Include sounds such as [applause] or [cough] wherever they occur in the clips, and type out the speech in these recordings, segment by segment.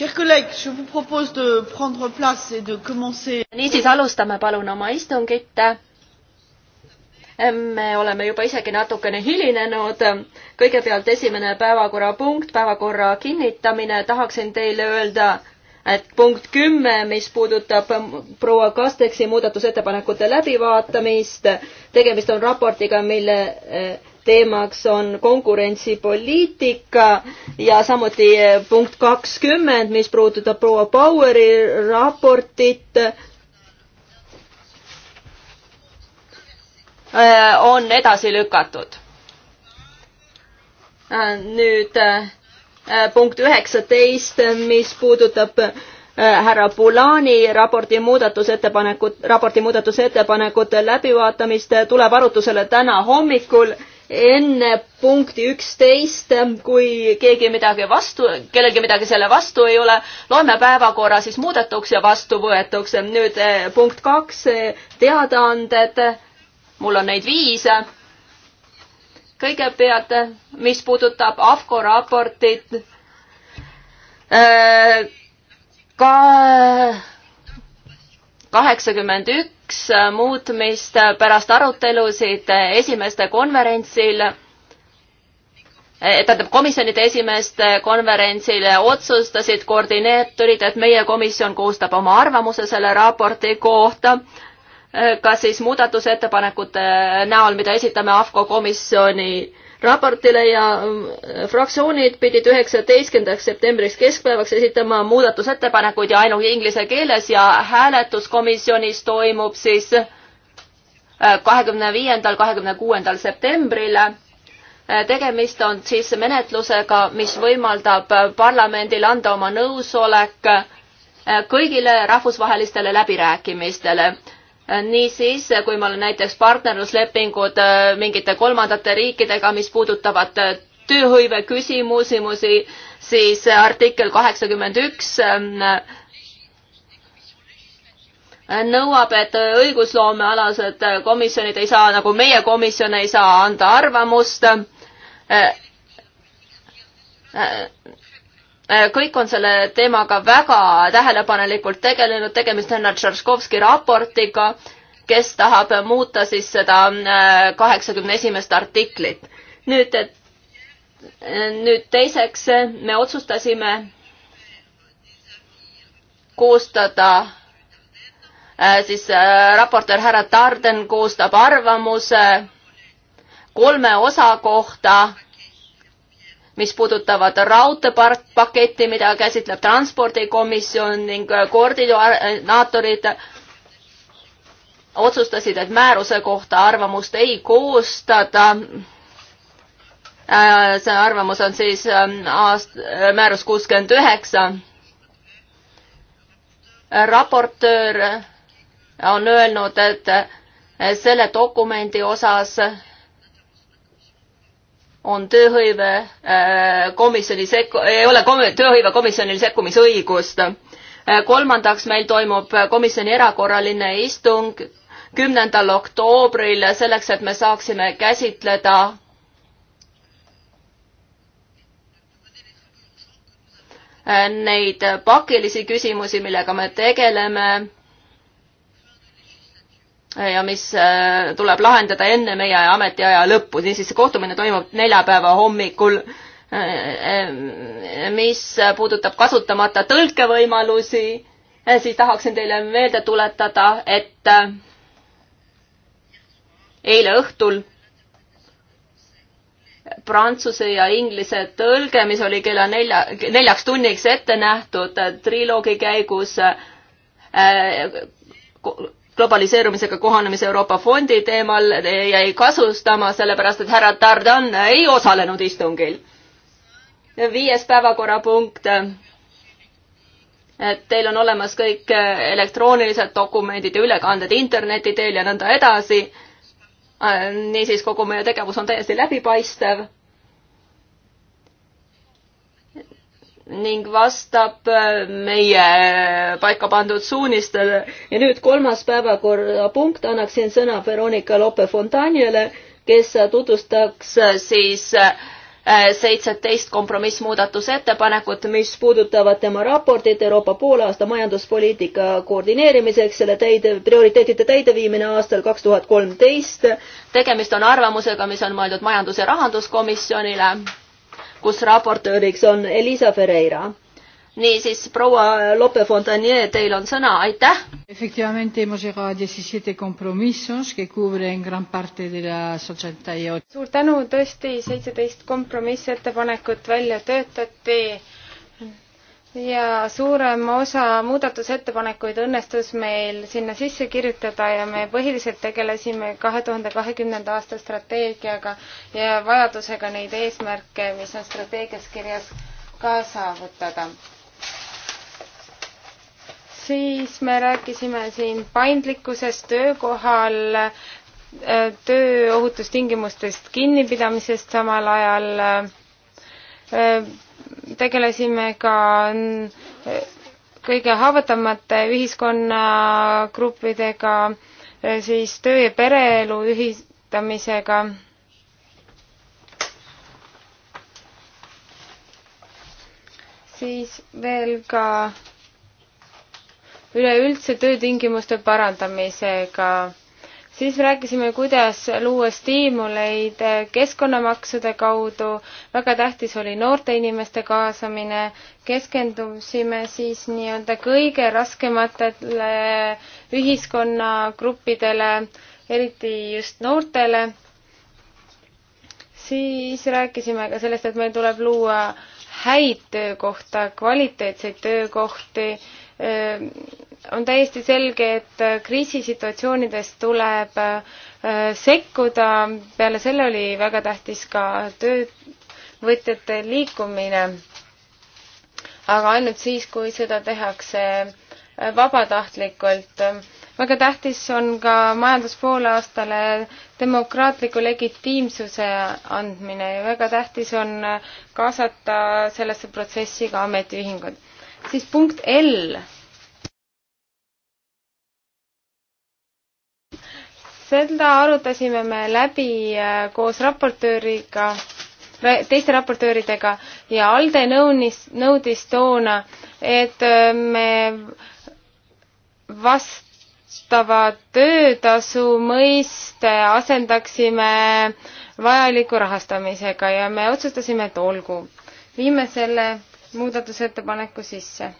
Chers collègues, je vous propose de prendre place et de commencer. niisiis, alustame palun oma istungit. me oleme juba isegi natukene hilinenud. kõigepealt esimene päevakorrapunkt, päevakorra kinnitamine. tahaksin teile öelda, et punkt kümme, mis puudutab proua Kasteksi muudatusettepanekute läbivaatamist. tegemist on raportiga, mille teemaks on konkurentsipoliitika ja samuti punkt kakskümmend, mis puudutab proua Baueri raportit, äh, on edasi lükatud. Äh, nüüd äh, punkt üheksateist, mis puudutab härra Bulani raporti muudatusettepanekut, raporti muudatusettepanekute läbivaatamist tuleb arutusele täna hommikul enne punkti üksteist, kui keegi midagi vastu, kellelgi midagi selle vastu ei ole, loeme päevakorra siis muudetuks ja vastuvõetuks. nüüd eh, punkt kaks, eh, teadaanded. mul on neid viis. kõigepealt, mis puudutab AFCO raportit. Eh, ka kaheksakümmend üks äh, muutmist pärast arutelusid äh, esimeste konverentsil, äh, tähendab komisjonide esimeeste konverentsil otsustasid koordineetorid, et meie komisjon koostab oma arvamuse selle raporti kohta, kas siis muudatusettepanekute näol, mida esitame AFCO komisjoni raportile ja mm, fraktsioonid pidid üheksateistkümnendaks septembriks keskpäevaks esitama muudatusettepanekuid ja ainult inglise keeles ja hääletuskomisjonis toimub siis äh, kahekümne viiendal, kahekümne kuuendal septembril äh, tegemist on siis menetlusega, mis võimaldab äh, parlamendil anda oma nõusolek kõigile rahvusvahelistele läbirääkimistele. Äh, niisiis, äh, kui meil on näiteks partnerluslepingud äh, mingite kolmandate riikidega, mis puudutavad tööhõive küsimusi, siis artikkel kaheksakümmend üks ähm, nõuab, et õigusloomealased komisjonid ei saa, nagu meie komisjon ei saa anda arvamust Äh, kõik on selle teemaga väga tähelepanelikult tegelenud, tegemist on Tšerskovski raportiga, kes tahab muuta siis seda äh, kaheksakümne esimest artiklit. nüüd, äh, nüüd teiseks me otsustasime koostada siis raportöör härra Tarden koostab arvamuse kolme osa kohta mis puudutavad raudteepaketti, mida käsitleb transpordikomisjon ning koordinaatorid otsustasid, et määruse kohta arvamust ei koostada. Äh, see arvamus on siis ähm, aast-, äh, määrus kuuskümmend üheksa. raportöör on öelnud, et äh, selle dokumendi osas on tööhõive äh, komisjoni sekku-, ei ole kom-, tööhõivekomisjonil sekkumisõigust. Äh, kolmandaks meil toimub komisjoni erakorraline istung kümnendal oktoobril selleks, et me saaksime käsitleda äh, neid pakilisi küsimusi, millega me tegeleme ja mis äh, tuleb lahendada enne meie ametiaja lõppu, niisiis see kohtumine toimub neljapäeva hommikul. Äh, äh, mis puudutab kasutamata tõlkevõimalusi, siis tahaksin teile meelde tuletada, et eile õhtul prantsuse ja inglise tõlge, mis oli kella nelja, neljaks tunniks ette nähtud triloogi käigus äh, globaliseerumisega kohanemise Euroopa fondi teemal jäi kasustama, sellepärast et härra Tardan ei osalenud istungil. viies päevakorrapunkt. et teil on olemas kõik elektroonilised dokumendid ja ülekanded interneti teel ja nõnda edasi. niisiis kogu meie tegevus on täiesti läbipaistev ning vastab äh, meie paika pandud suunistele. ja nüüd kolmas päevakorrapunkt, annaksin sõna Veronika Lope-Fontanjele, kes tutvustaks äh, siis äh, seitseteist kompromissmuudatusettepanekut, mis puudutavad tema raportit Euroopa poolaasta majanduspoliitika koordineerimiseks, selle täide, prioriteetide täideviimine aastal kaks tuhat kolmteist. tegemist on arvamusega, mis on mõeldud majandus- ja rahanduskomisjonile kus raportööriks on Elisa Ferreira. niisiis, proua Lope Fontanier, teil on sõna, aitäh! suur tänu, tõesti seitseteist kompromissettepanekut välja töötati ja suurem osa muudatusettepanekuid õnnestus meil sinna sisse kirjutada ja me põhiliselt tegelesime kahe tuhande kahekümnenda aasta strateegiaga ja vajadusega neid eesmärke, mis on strateegias kirjas, ka saavutada. siis me rääkisime siin paindlikkusest töökohal, äh, tööohutustingimustest kinnipidamisest samal ajal äh, tegelesime ka kõige haavatavamate ühiskonnagruppidega, siis töö ja pereelu ühitamisega. siis veel ka üleüldse töötingimuste parandamisega siis rääkisime, kuidas luua stiimuleid keskkonnamaksude kaudu, väga tähtis oli noorte inimeste kaasamine, keskendusime siis nii-öelda kõige raskematele ühiskonnagruppidele, eriti just noortele, siis rääkisime ka sellest, et meil tuleb luua häid töökohta, kvaliteetseid töökohti, on täiesti selge, et äh, kriisisituatsioonides tuleb äh, sekkuda, peale selle oli väga tähtis ka töövõtjate liikumine. aga ainult siis, kui seda tehakse äh, vabatahtlikult. väga tähtis on ka majanduspoolaastale demokraatliku legitiimsuse andmine ja väga tähtis on kaasata sellesse protsessi ka ametiühingud. siis punkt L seda arutasime me läbi äh, koos raportööriga, teiste raportööridega ja ALDE nõunis, nõudis toona, et äh, me vastava töötasu mõiste asendaksime vajaliku rahastamisega ja me otsustasime, et olgu, viime selle muudatusettepaneku sisse.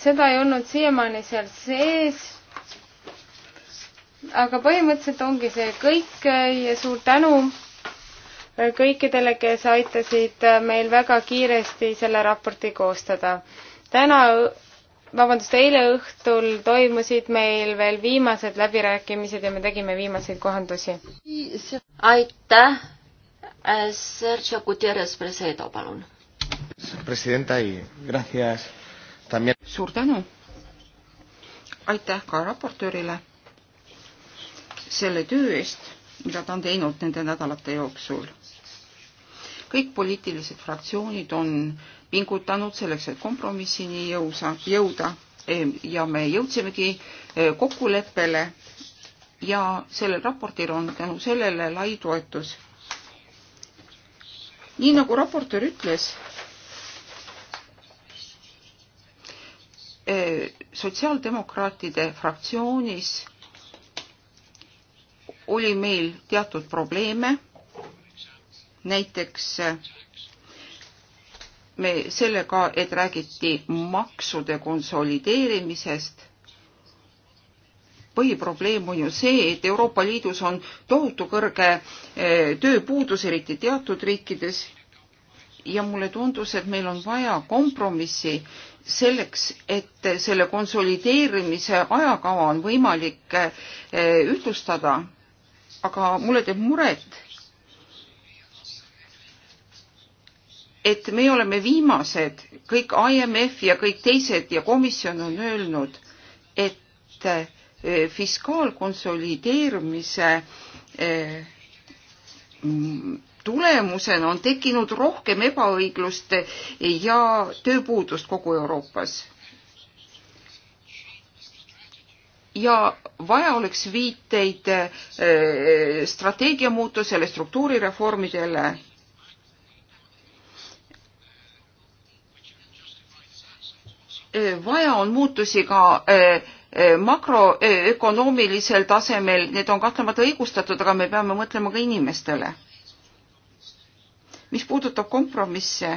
seda ei olnud siiamaani seal sees aga põhimõtteliselt ongi see kõik ja suur tänu kõikidele, kes aitasid meil väga kiiresti selle raporti koostada. täna, vabandust, eile õhtul toimusid meil veel viimased läbirääkimised ja me tegime viimaseid kohandusi. aitäh. Sergio Gutierrez Presedo, palun. suur tänu. aitäh ka raportöörile selle töö eest, mida ta on teinud nende nädalate jooksul. kõik poliitilised fraktsioonid on pingutanud selleks, et kompromissini jõusa, jõuda ja me jõudsimegi eh, kokkuleppele ja sellel raportil on tänu sellele lai toetus. nii nagu raportöör ütles, eh, sotsiaaldemokraatide fraktsioonis oli meil teatud probleeme. näiteks me sellega, et räägiti maksude konsolideerimisest. põhiprobleem on ju see, et Euroopa Liidus on tohutu kõrge eh, tööpuudus, eriti teatud riikides. ja mulle tundus, et meil on vaja kompromissi selleks, et selle konsolideerimise ajakava on võimalik eh, ühtlustada aga mulle teeb muret, et me oleme viimased, kõik IMF ja kõik teised ja komisjon on öelnud, et eh, fiskaalkonsolideerumise eh, tulemusena on tekkinud rohkem ebaõiglust ja tööpuudust kogu Euroopas ja vaja oleks viiteid eh, strateegia muutusele, struktuurireformidele. vaja on muutusi ka eh, eh, makroökonoomilisel tasemel, need on kahtlemata õigustatud, aga me peame mõtlema ka inimestele. mis puudutab kompromisse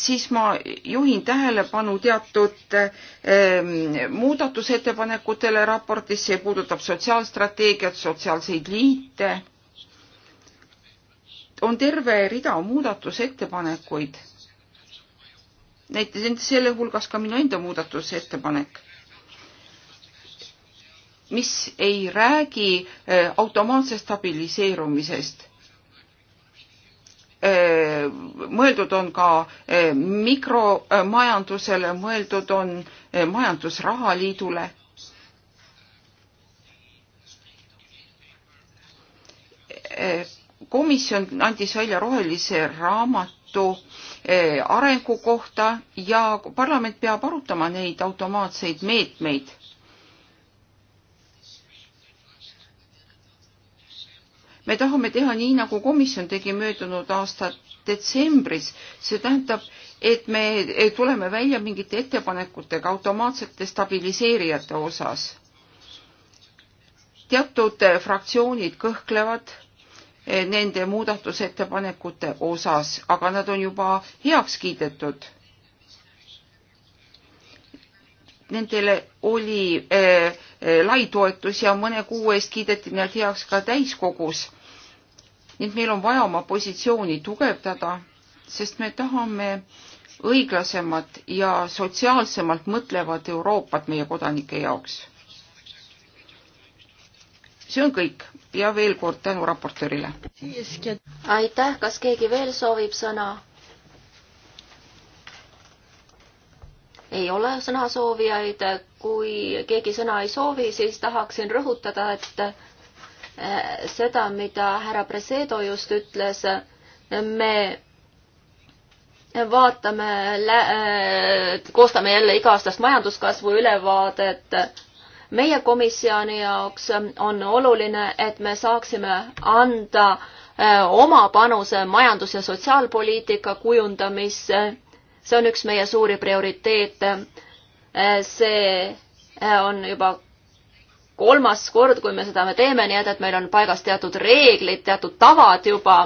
siis ma juhin tähelepanu teatud ehm, muudatusettepanekutele raportis, see puudutab sotsiaalstrateegiat, sotsiaalseid liite. on terve rida muudatusettepanekuid. näiteks selle hulgas ka minu enda muudatusettepanek, mis ei räägi eh, automaatse stabiliseerumisest Äh, mõeldud on ka äh, mikromajandusele, mõeldud on äh, majandusrahaliidule. komisjon andis välja rohelise raamatu arengu kohta ja parlament peab arutama neid automaatseid meetmeid me tahame teha nii, nagu komisjon tegi möödunud aasta detsembris, see tähendab, et me tuleme välja mingite ettepanekutega automaatsete stabiliseerijate osas. teatud fraktsioonid kõhklevad eh, nende muudatusettepanekute osas, aga nad on juba heaks kiidetud nendele oli äh, äh, lai toetus ja mõne kuu eest kiideti nad heaks ka täiskogus. nii et meil on vaja oma positsiooni tugevdada, sest me tahame õiglasemat ja sotsiaalsemalt mõtlevat Euroopat meie kodanike jaoks. see on kõik ja veel kord tänu raportöörile. aitäh, kas keegi veel soovib sõna? ei ole sõnasoovijaid. kui keegi sõna ei soovi, siis tahaksin rõhutada, et eh, seda, mida härra Presedo just ütles, me vaatame, eh, koostame jälle iga-aastast majanduskasvu ülevaadet. meie komisjoni jaoks on oluline, et me saaksime anda eh, oma panuse majandus- ja sotsiaalpoliitika kujundamisse see on üks meie suuri prioriteete. Eh, see eh, on juba kolmas kord, kui me seda me teeme, nii et, et meil on paigas teatud reeglid, teatud tavad juba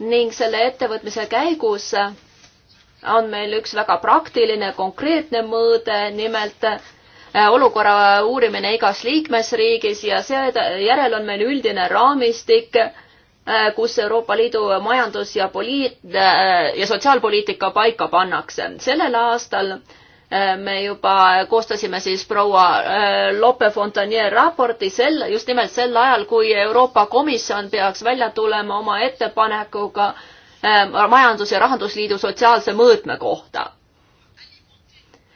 ning selle ettevõtmise käigus on meil üks väga praktiline, konkreetne mõõde, nimelt eh, olukorra uurimine igas liikmesriigis ja see järel on meil üldine raamistik Äh, kus Euroopa Liidu majandus- ja poliit- äh, ja sotsiaalpoliitika paika pannakse. sellel aastal äh, me juba koostasime siis proua Lope Fontanier raporti sel, just nimelt sel ajal, kui Euroopa Komisjon peaks välja tulema oma ettepanekuga majandus- ja rahandusliidu sotsiaalse mõõtme kohta.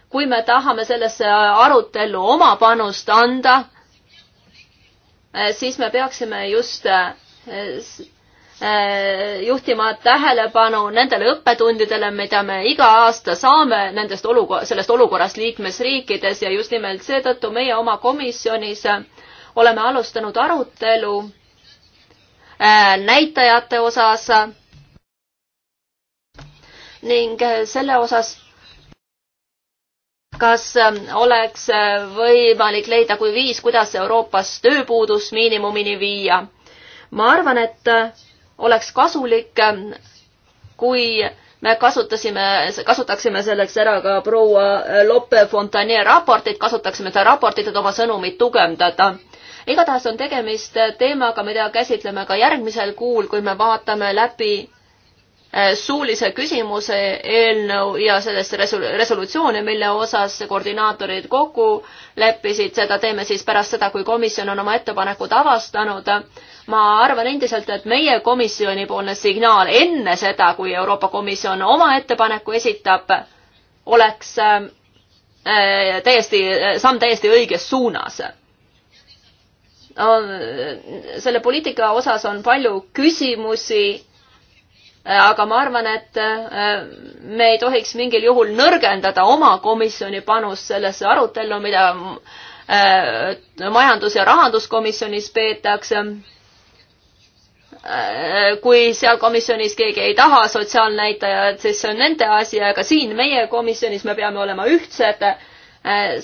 kui me tahame sellesse arutellu oma panust anda, siis me peaksime just Äh, juhtima tähelepanu nendele õppetundidele, mida me iga aasta saame nendest olukor-, sellest olukorrast liikmesriikides ja just nimelt seetõttu meie oma komisjonis oleme alustanud arutelu äh, näitajate osas ning äh, selle osas, kas oleks võimalik leida kui viis, kuidas Euroopas tööpuudus miinimumini viia ma arvan, et äh, oleks kasulik, äh, kui me kasutasime, kasutaksime selleks ära ka proua äh, Lope Fontanier raportit, kasutaksime seda raportit, et oma sõnumit tugevdada. igatahes on tegemist teemaga, mida käsitleme ka järgmisel kuul, kui me vaatame läbi suulise küsimuse eelnõu ja sellest resolutsiooni, mille osas koordinaatorid kokku leppisid, seda teeme siis pärast seda, kui komisjon on oma ettepanekud avastanud ma arvan endiselt, et meie komisjonipoolne signaal enne seda, kui Euroopa Komisjon oma ettepaneku esitab, oleks äh, äh, täiesti, äh, samm täiesti õiges suunas. selle poliitika osas on palju küsimusi, aga ma arvan, et me ei tohiks mingil juhul nõrgendada oma komisjoni panust sellesse arutellu, mida majandus- ja rahanduskomisjonis peetakse Äh, kui seal komisjonis keegi ei taha sotsiaalnäitajad, siis see on nende asi, aga siin meie komisjonis me peame olema ühtsed äh,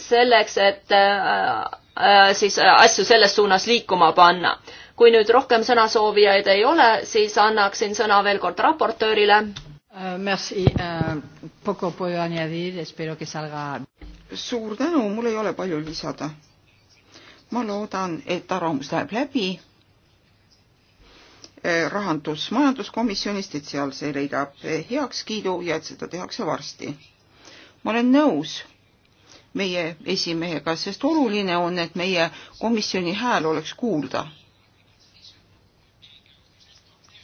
selleks, et äh, siis asju selles suunas liikuma panna. kui nüüd rohkem sõnasoovijaid ei ole, siis annaksin sõna veel kord raportöörile. suur tänu, mul ei ole palju lisada. ma loodan, et arvamus läheb läbi Eh, rahandus-majanduskomisjonist, et seal see leidab heakskiidu ja et seda tehakse varsti. ma olen nõus meie esimehega, sest oluline on, et meie komisjoni hääl oleks kuulda.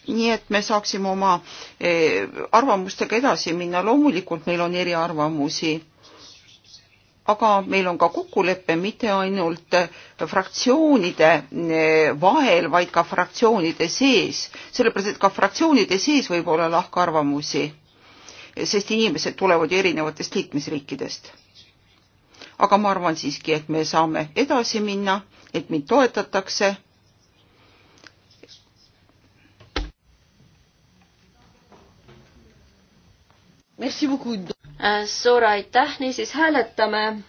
nii et me saaksime oma eh, arvamustega edasi minna, loomulikult meil on eriarvamusi aga meil on ka kokkulepe mitte ainult fraktsioonide eh, vahel, vaid ka fraktsioonide sees, sellepärast et ka fraktsioonide sees võib olla lahkarvamusi, sest inimesed tulevad ju erinevatest liikmesriikidest. aga ma arvan siiski, et me saame edasi minna, et mind toetatakse Merci beaucoup. Äh, suur aitäh, niisiis hääletame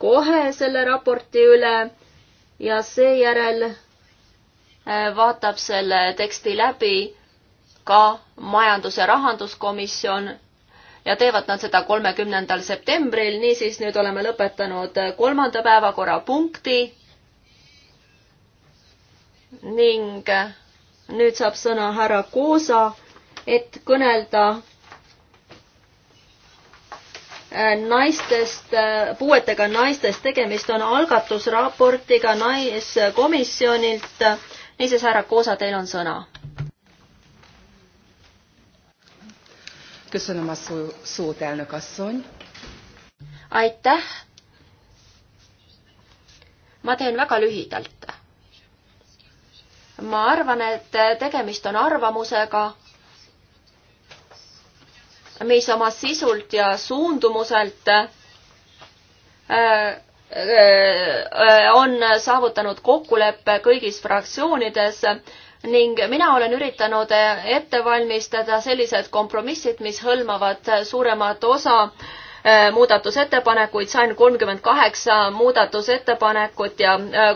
kohe selle raporti üle ja seejärel äh, vaatab selle teksti läbi ka majandus- ja rahanduskomisjon ja teevad nad seda kolmekümnendal septembril, niisiis nüüd oleme lõpetanud äh, kolmanda päevakorrapunkti ning nüüd saab sõna härra Koosa, et kõnelda Äh, naistest, äh, puuetega naistest, tegemist on algatusraportiga naiskomisjonilt. niisiis, härra Koosa, teil on sõna. köszönöm a szó, szót, elnök asszony. Aitäh! Ma teen väga lühidalt. Ma arvan, et tegemist on arvamusega, mis oma sisult ja suundumuselt äh, äh, on saavutanud kokkuleppe kõigis fraktsioonides ning mina olen üritanud äh, ette valmistada sellised kompromissid, mis hõlmavad suuremat osa muudatusettepanekuid, sain kolmkümmend kaheksa muudatusettepanekut ja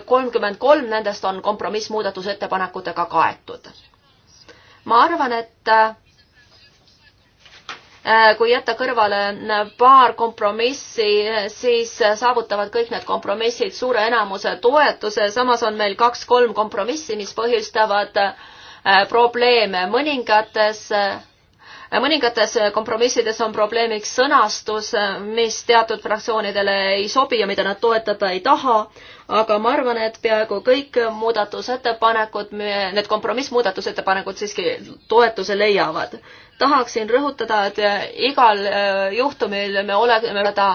kolmkümmend kolm nendest on kompromissmuudatusettepanekutega kaetud. ma arvan, et Äh, kui jätta kõrvale paar kompromissi, siis saavutavad kõik need kompromissid suure enamuse toetuse, samas on meil kaks-kolm kompromissi, mis põhjustavad äh, probleeme mõningates äh, mõningates kompromissides on probleemiks sõnastus, mis teatud fraktsioonidele ei sobi ja mida nad toetada ei taha, aga ma arvan, et peaaegu kõik muudatusettepanekud, need kompromissmuudatusettepanekud siiski toetuse leiavad. tahaksin rõhutada, et igal äh, juhtumil me oleme seda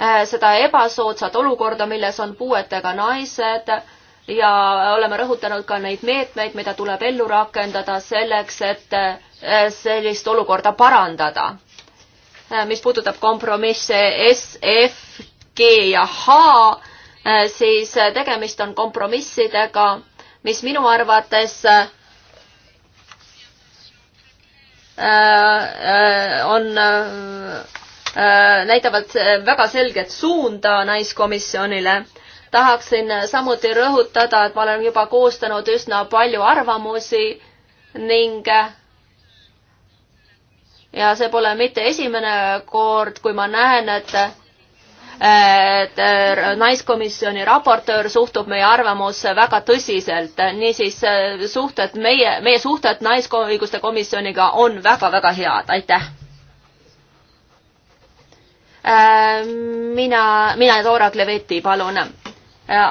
äh, seda ebasoodsat olukorda, milles on puuetega naised ja oleme rõhutanud ka neid meetmeid, mida tuleb ellu rakendada selleks, et eh, sellist olukorda parandada. Eh, mis puudutab kompromisse S, F, G ja H, eh, siis tegemist on kompromissidega, mis minu arvates on, näitavad väga selget suunda naiskomisjonile tahaksin samuti rõhutada, et ma olen juba koostanud üsna palju arvamusi ning ja see pole mitte esimene kord, kui ma näen, et et Naiskomisjoni raportöör suhtub meie arvamusse väga tõsiselt, niisiis suhted meie, meie suhted Naisõiguste komisjoniga on väga-väga head, aitäh! Äh, mina, mina ja Dora Kleveti, palun Äh,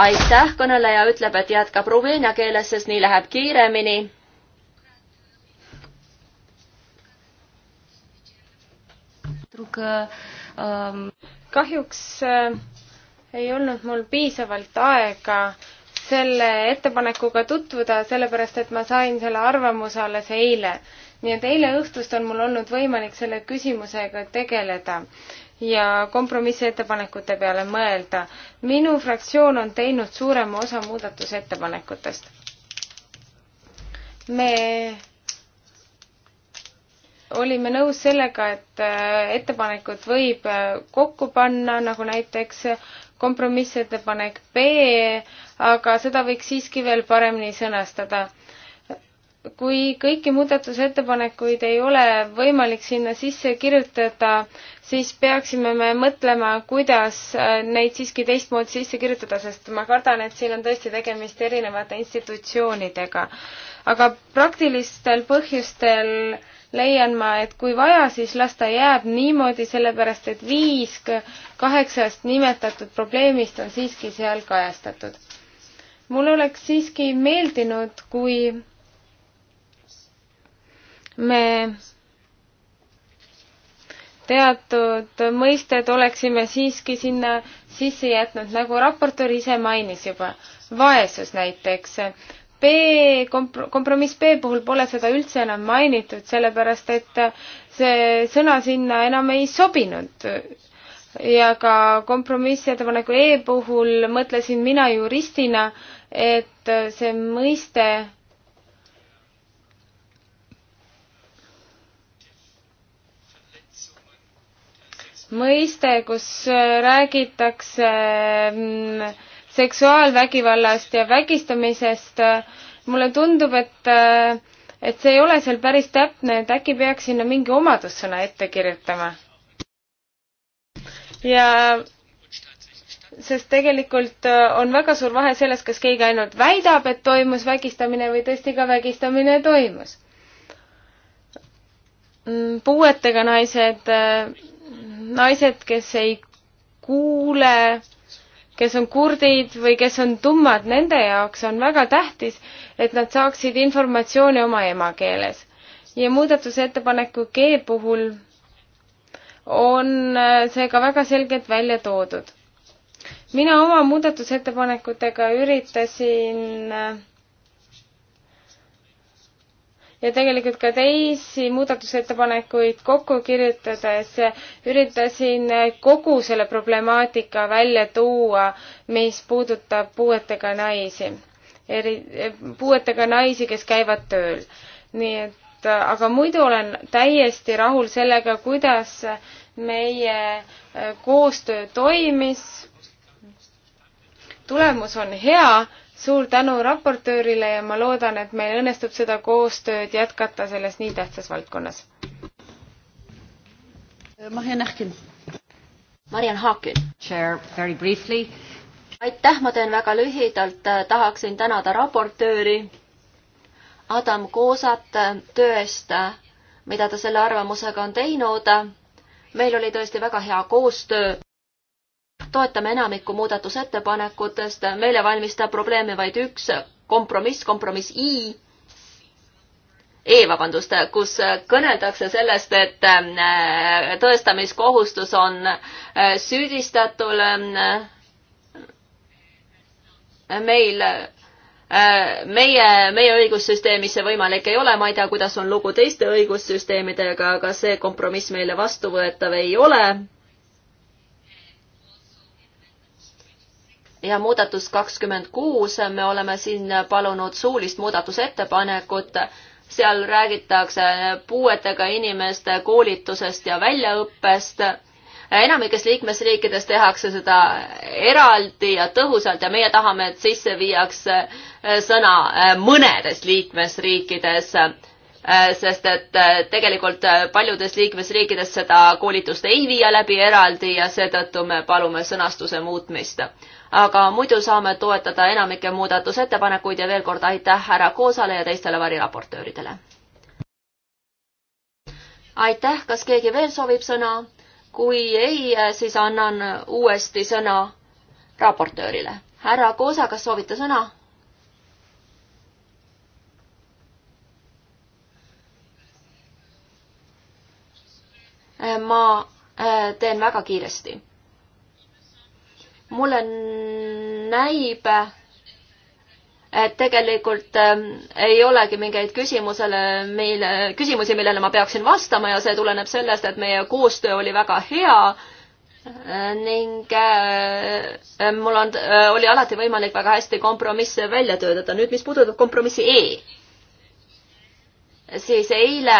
aitäh, kõneleja ütleb, et jätkab rumeenia keeles, sest nii läheb kiiremini. Ähm, kahjuks äh, ei olnud mul piisavalt aega selle ettepanekuga tutvuda, sellepärast et ma sain selle arvamuse alles eile. nii et eile õhtust on mul olnud võimalik selle küsimusega tegeleda ja kompromissettepanekute peale mõelda. minu fraktsioon on teinud suurema osa muudatusettepanekutest. me olime nõus sellega, et äh, ettepanekut võib äh, kokku panna, nagu näiteks kompromissettepanek B, aga seda võiks siiski veel paremini sõnastada kui kõiki muudatusettepanekuid ei ole võimalik sinna sisse kirjutada, siis peaksime me mõtlema, kuidas äh, neid siiski teistmoodi sisse kirjutada, sest ma kardan, et siin on tõesti tegemist erinevate institutsioonidega. aga praktilistel põhjustel leian ma, et kui vaja, siis las ta jääb niimoodi, sellepärast et viis kaheksast nimetatud probleemist on siiski seal kajastatud. mul oleks siiski meeldinud, kui me teatud mõisted oleksime siiski sinna sisse jätnud, nagu raportöör ise mainis juba. vaesus näiteks. B komp-, kompromiss B puhul pole seda üldse enam mainitud, sellepärast et see sõna sinna enam ei sobinud. ja ka kompromissettepaneku E puhul mõtlesin mina juristina, et see mõiste mõiste, kus äh, räägitakse mm, seksuaalvägivallast ja vägistamisest. mulle tundub, et, äh, et see ei ole seal päris täpne, et äkki peaks sinna mingi omadussõna ette kirjutama. ja sest tegelikult äh, on väga suur vahe selles, kas keegi ainult väidab, et toimus vägistamine või tõesti ka vägistamine toimus. Mm, puuetega naised naised, kes ei kuule, kes on kurdid või kes on tummad, nende jaoks on väga tähtis, et nad saaksid informatsiooni oma emakeeles. ja muudatusettepaneku G puhul on äh, see ka väga selgelt välja toodud. mina oma muudatusettepanekutega üritasin äh, ja tegelikult ka teisi muudatusettepanekuid kokku kirjutades üritasin kogu selle problemaatika välja tuua, mis puudutab puuetega naisi, eri, puuetega naisi, kes käivad tööl. nii et, aga muidu olen täiesti rahul sellega, kuidas meie koostöö toimis. tulemus on hea suur tänu raportöörile ja ma loodan, et meil õnnestub seda koostööd jätkata selles nii tähtsas valdkonnas. Mariann Harkin. Mariann Harkin. Chair, very briefly. aitäh, ma teen väga lühidalt, tahaksin tänada raportööri Adam Koosat töö eest, mida ta selle arvamusega on teinud. meil oli tõesti väga hea koostöö toetame enamikku muudatusettepanekutest, meile valmistab probleeme vaid üks kompromiss, kompromiss I E, vabandust, kus kõneldakse sellest, et äh, tõestamiskohustus on äh, süüdistatul. Äh, meil, meie, meie õigussüsteemis see võimalik ei ole, ma ei tea, kuidas on lugu teiste õigussüsteemidega, aga see kompromiss meile vastuvõetav ei ole ja muudatus kakskümmend kuus, me oleme siin palunud suulist muudatusettepanekut, seal räägitakse puuetega inimeste koolitusest ja väljaõppest. enamikes liikmesriikides tehakse seda eraldi ja tõhusalt ja meie tahame, et sisse viiakse sõna mõnedes liikmesriikides sest et tegelikult paljudes liikmesriikides seda koolitust ei viia läbi eraldi ja seetõttu me palume sõnastuse muutmist aga muidu saame toetada enamikke muudatusettepanekuid ja veel kord aitäh härra Koosale ja teistele variraportööridele. aitäh, kas keegi veel soovib sõna? kui ei, siis annan uuesti sõna raportöörile. härra Koosa, kas soovite sõna? ma eh, teen väga kiiresti mulle näib, et tegelikult ähm, ei olegi mingeid küsimusele, mille, küsimusi, millele ma peaksin vastama ja see tuleneb sellest, et meie koostöö oli väga hea äh, ning äh, mul on, äh, oli alati võimalik väga hästi kompromisse välja töötada. nüüd, mis puudutab kompromissi E, siis eile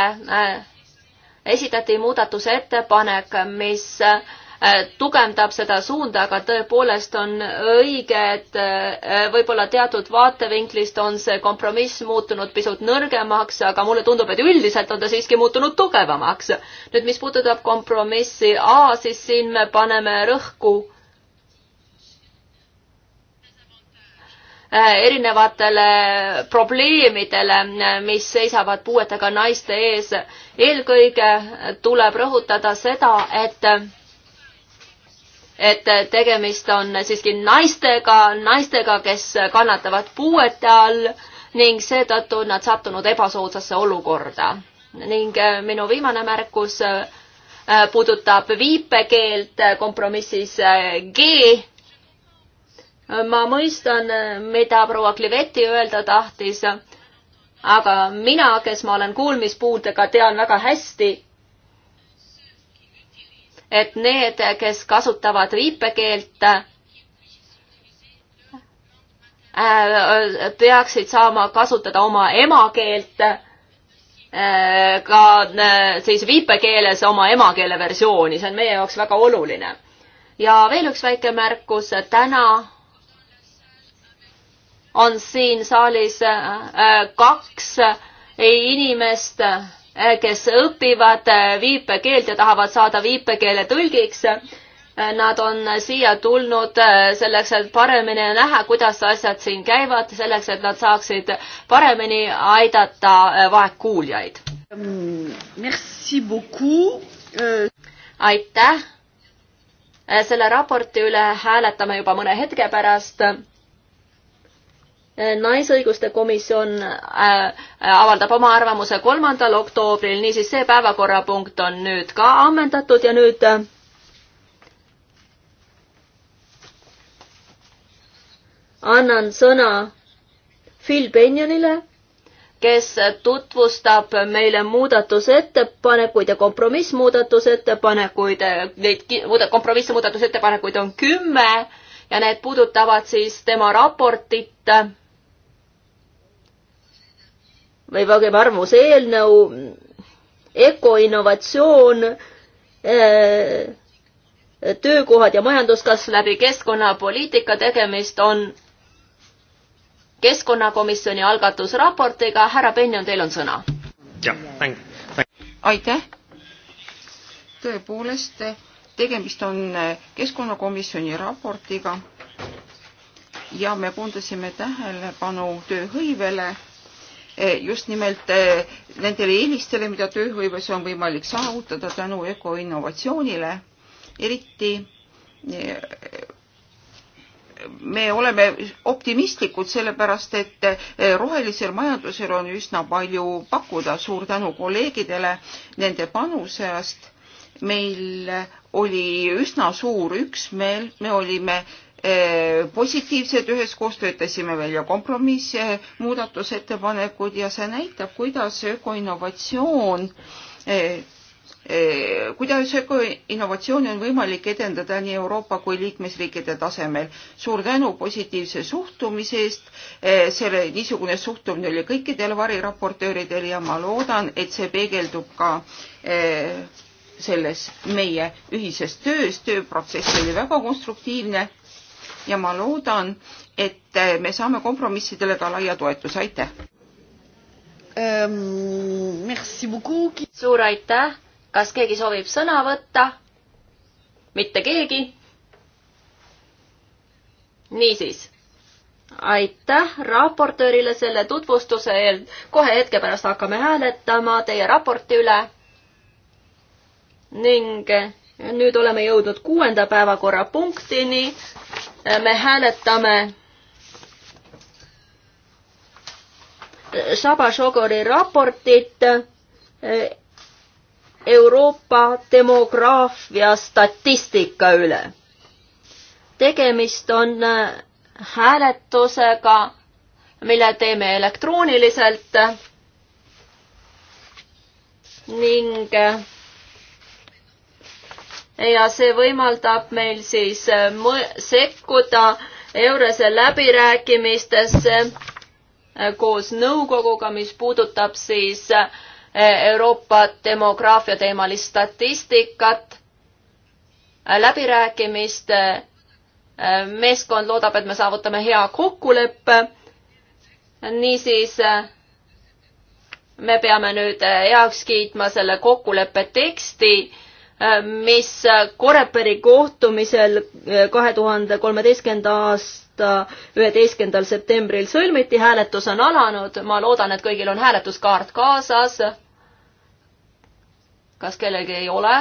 esitati muudatusettepanek, mis äh, Äh, tugevdab seda suunda, aga tõepoolest on õige, et äh, võib-olla teatud vaatevinklist on see kompromiss muutunud pisut nõrgemaks, aga mulle tundub, et üldiselt on ta siiski muutunud tugevamaks. nüüd, mis puudutab kompromissi A, siis siin me paneme rõhku äh, erinevatele probleemidele, mis seisavad puuetega naiste ees. eelkõige tuleb rõhutada seda, et et tegemist on siiski naistega, naistega, kes kannatavad puuete all ning seetõttu on nad sattunud ebasoodsasse olukorda. ning äh, minu viimane märkus äh, puudutab viipekeelt äh, kompromissis G. ma mõistan, mida proua Kliveti öelda tahtis, aga mina, kes ma olen kuulmispuudega, tean väga hästi, et need, kes kasutavad viipekeelt, äh, peaksid saama kasutada oma emakeelt äh, ka äh, siis viipekeeles oma emakeele versiooni, see on meie jaoks väga oluline. ja veel üks väike märkus, täna on siin saalis kaks inimest Äh, kes õpivad äh, viipekeelt ja tahavad saada viipekeele tõlgiks. Äh, nad on siia tulnud selleks, et paremini näha, kuidas asjad siin käivad, selleks, et nad saaksid paremini aidata vaegkuuljaid. Ähm, aitäh! selle raporti üle hääletame juba mõne hetke pärast Äh, naisõiguste komisjon äh, äh, avaldab oma arvamuse kolmandal oktoobril, niisiis see päevakorrapunkt on nüüd ka ammendatud ja nüüd annan sõna Phil Benjonile, kes tutvustab meile muudatusettepanekuid ja kompromissmuudatusettepanekuid, neid kompromissmuudatusettepanekuid on kümme ja need puudutavad siis tema raportit või pigem arvamuse eelnõu, ökoinnovatsioon, äh, töökohad ja majanduskasv läbi keskkonnapoliitika tegemist on keskkonnakomisjoni algatusraportiga. härra Penjon, teil on sõna. aitäh. tõepoolest, tegemist on keskkonnakomisjoni raportiga ja me koondasime tähelepanu tööhõivele Eh, just nimelt eh, nendele eelistele, mida tööhõives on võimalik saavutada tänu ökoinnovatsioonile, eriti eh, me oleme optimistlikud, sellepärast et rohelisel majandusel on üsna palju pakkuda. suur tänu kolleegidele nende panuse eest. meil oli üsna suur üksmeel, me olime Äh, positiivsed, üheskoos töötasime välja kompromisse, muudatusettepanekud ja see näitab, kuidas ökoinnovatsioon äh, äh, kuidas ökoinnovatsiooni on võimalik edendada nii Euroopa kui liikmesriikide tasemel. suur tänu positiivse suhtumise eest, selle, niisugune suhtumine oli kõikidel variraportööridel ja ma loodan, et see peegeldub ka selles meie ühises töös, tööprotsess oli väga konstruktiivne ja ma loodan, et me saame kompromissidele ka laia toetuse, aitäh ähm,! suur aitäh, kas keegi soovib sõna võtta? mitte keegi? niisiis, aitäh raportöörile selle tutvustuse eel, kohe hetke pärast hakkame hääletama teie raporti üle ning nüüd oleme jõudnud kuuenda päevakorrapunktini. Äh, me hääletame äh, Shaba Shogori raportit äh, Euroopa demograafia statistika üle. tegemist on hääletusega, mille teeme elektrooniliselt ning ja see võimaldab meil siis äh, sekkuda Eurese läbirääkimistesse äh, koos nõukoguga, mis puudutab siis äh, Euroopa demograafia teemalist statistikat. läbirääkimiste meeskond loodab, et me saavutame hea kokkuleppe. niisiis me peame nüüd heaks kiitma selle kokkuleppe teksti mis Coreperi kohtumisel eh, kahe tuhande kolmeteistkümnenda aasta üheteistkümnendal septembril sõlmiti, hääletus on alanud, ma loodan, et kõigil on hääletuskaart kaasas. kas kellelgi ei ole?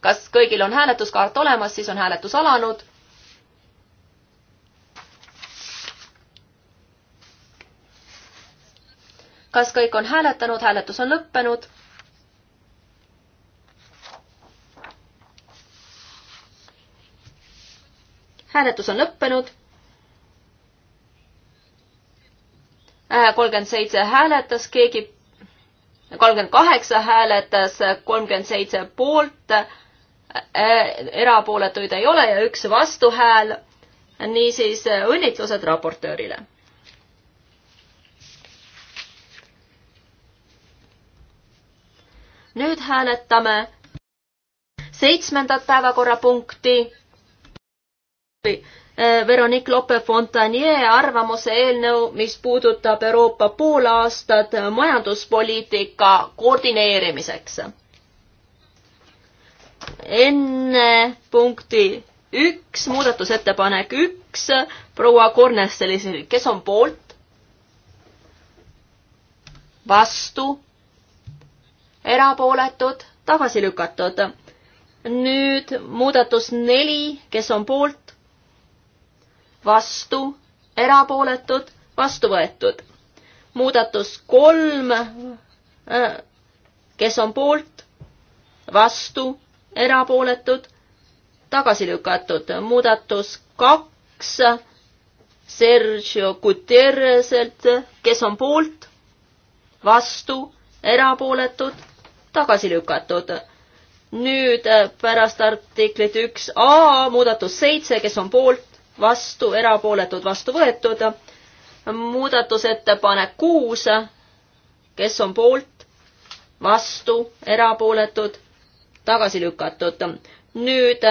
kas kõigil on hääletuskaart olemas, siis on hääletus alanud kas kõik on hääletanud, hääletus on lõppenud hääletus on lõppenud. Äh, kolmkümmend seitse hääletas, keegi, kolmkümmend kaheksa hääletas, kolmkümmend seitse poolt, äh, erapooletuid ei ole ja üks vastuhääl. niisiis äh, õnnitlused raportöörile nüüd hääletame seitsmendat päevakorrapunkti, Äh, Veronique Lope-Fontanier arvamuse eelnõu, mis puudutab Euroopa poolaastat majanduspoliitika koordineerimiseks. enne punkti üks, muudatusettepanek üks, proua Kornestelisel, kes on poolt? vastu? erapooletud? tagasi lükatud? nüüd muudatus neli, kes on poolt? vastu, erapooletud, vastu võetud. muudatus kolm, äh, kes on poolt, vastu, erapooletud, tagasi lükatud. muudatus kaks, Sergio Guterreselt, kes on poolt, vastu, erapooletud, tagasi lükatud nüüd äh, pärast artiklit üks A muudatus seitse, kes on poolt, vastu, erapooletud, vastu võetud. muudatusettepanek kuus, kes on poolt, vastu, erapooletud, tagasi lükatud. nüüd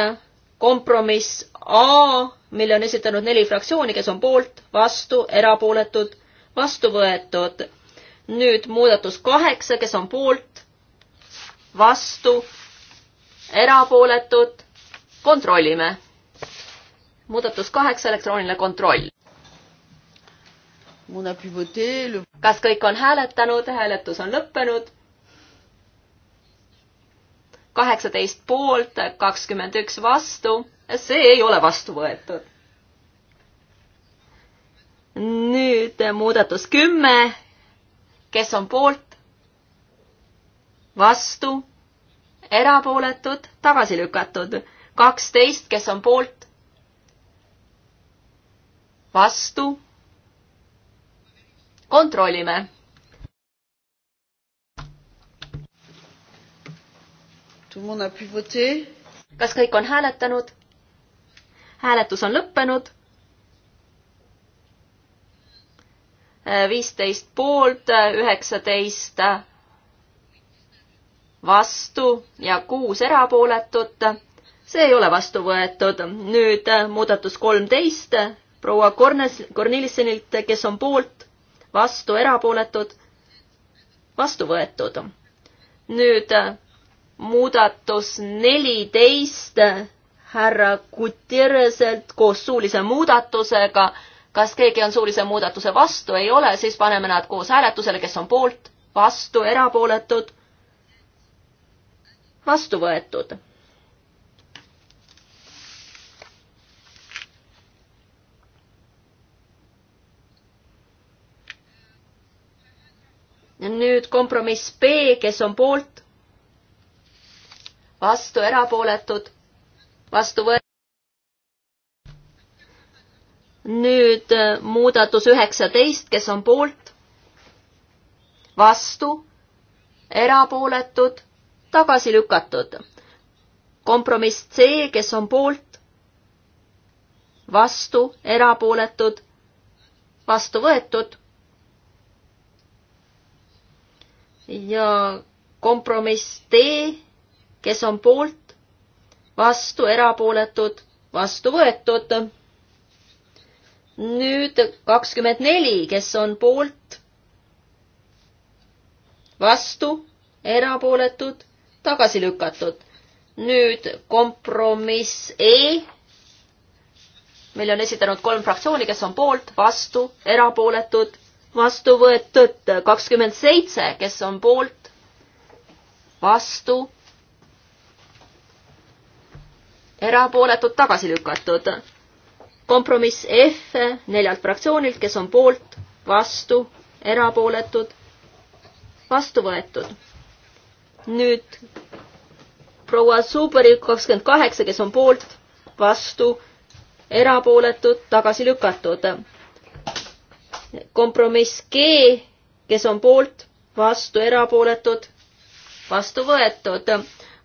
kompromiss A, mille on esitanud neli fraktsiooni, kes on poolt, vastu, erapooletud, vastu võetud. nüüd muudatus kaheksa, kes on poolt, vastu, erapooletud, kontrollime muudatus kaheksa, elektrooniline kontroll. kas kõik on hääletanud, hääletus on lõppenud? kaheksateist poolt, kakskümmend üks vastu, see ei ole vastu võetud. nüüd muudatus kümme, kes on poolt, vastu, erapooletud, tagasi lükatud, kaksteist, kes on poolt, vastu. kontrollime. kas kõik on hääletanud? hääletus on lõppenud. Äh, viisteist poolt, äh, üheksateist äh, vastu ja kuus erapooletut. see ei ole vastu võetud. nüüd muudatus kolmteist proua Kornes, Kornilissenilt, kes on poolt, vastu, erapooletud, vastu võetud. nüüd äh, muudatus neliteist härra Gutierrezelt koos suulise muudatusega. kas keegi on suulise muudatuse vastu? ei ole, siis paneme nad koos hääletusele, kes on poolt, vastu, erapooletud, vastu võetud nüüd kompromiss B, kes on poolt, vastu erapooletud, vastu võetud. nüüd äh, muudatus üheksateist, kes on poolt, vastu, erapooletud, tagasi lükatud. kompromiss C, kes on poolt, vastu, erapooletud, vastu võetud ja kompromiss D, kes on poolt, vastu, erapooletud, vastu võetud. nüüd kakskümmend neli, kes on poolt, vastu, erapooletud, tagasi lükatud. nüüd kompromiss E meil on esitanud kolm fraktsiooni, kes on poolt, vastu, erapooletud, vastu võetud kakskümmend seitse, kes on poolt, vastu, erapooletud, tagasi lükatud. kompromiss F neljalt fraktsioonilt, kes on poolt, vastu, erapooletud, vastu võetud. nüüd proua Suberi kakskümmend kaheksa, kes on poolt, vastu, erapooletud, tagasi lükatud kompromiss G, kes on poolt, vastu, erapooletud, vastu võetud.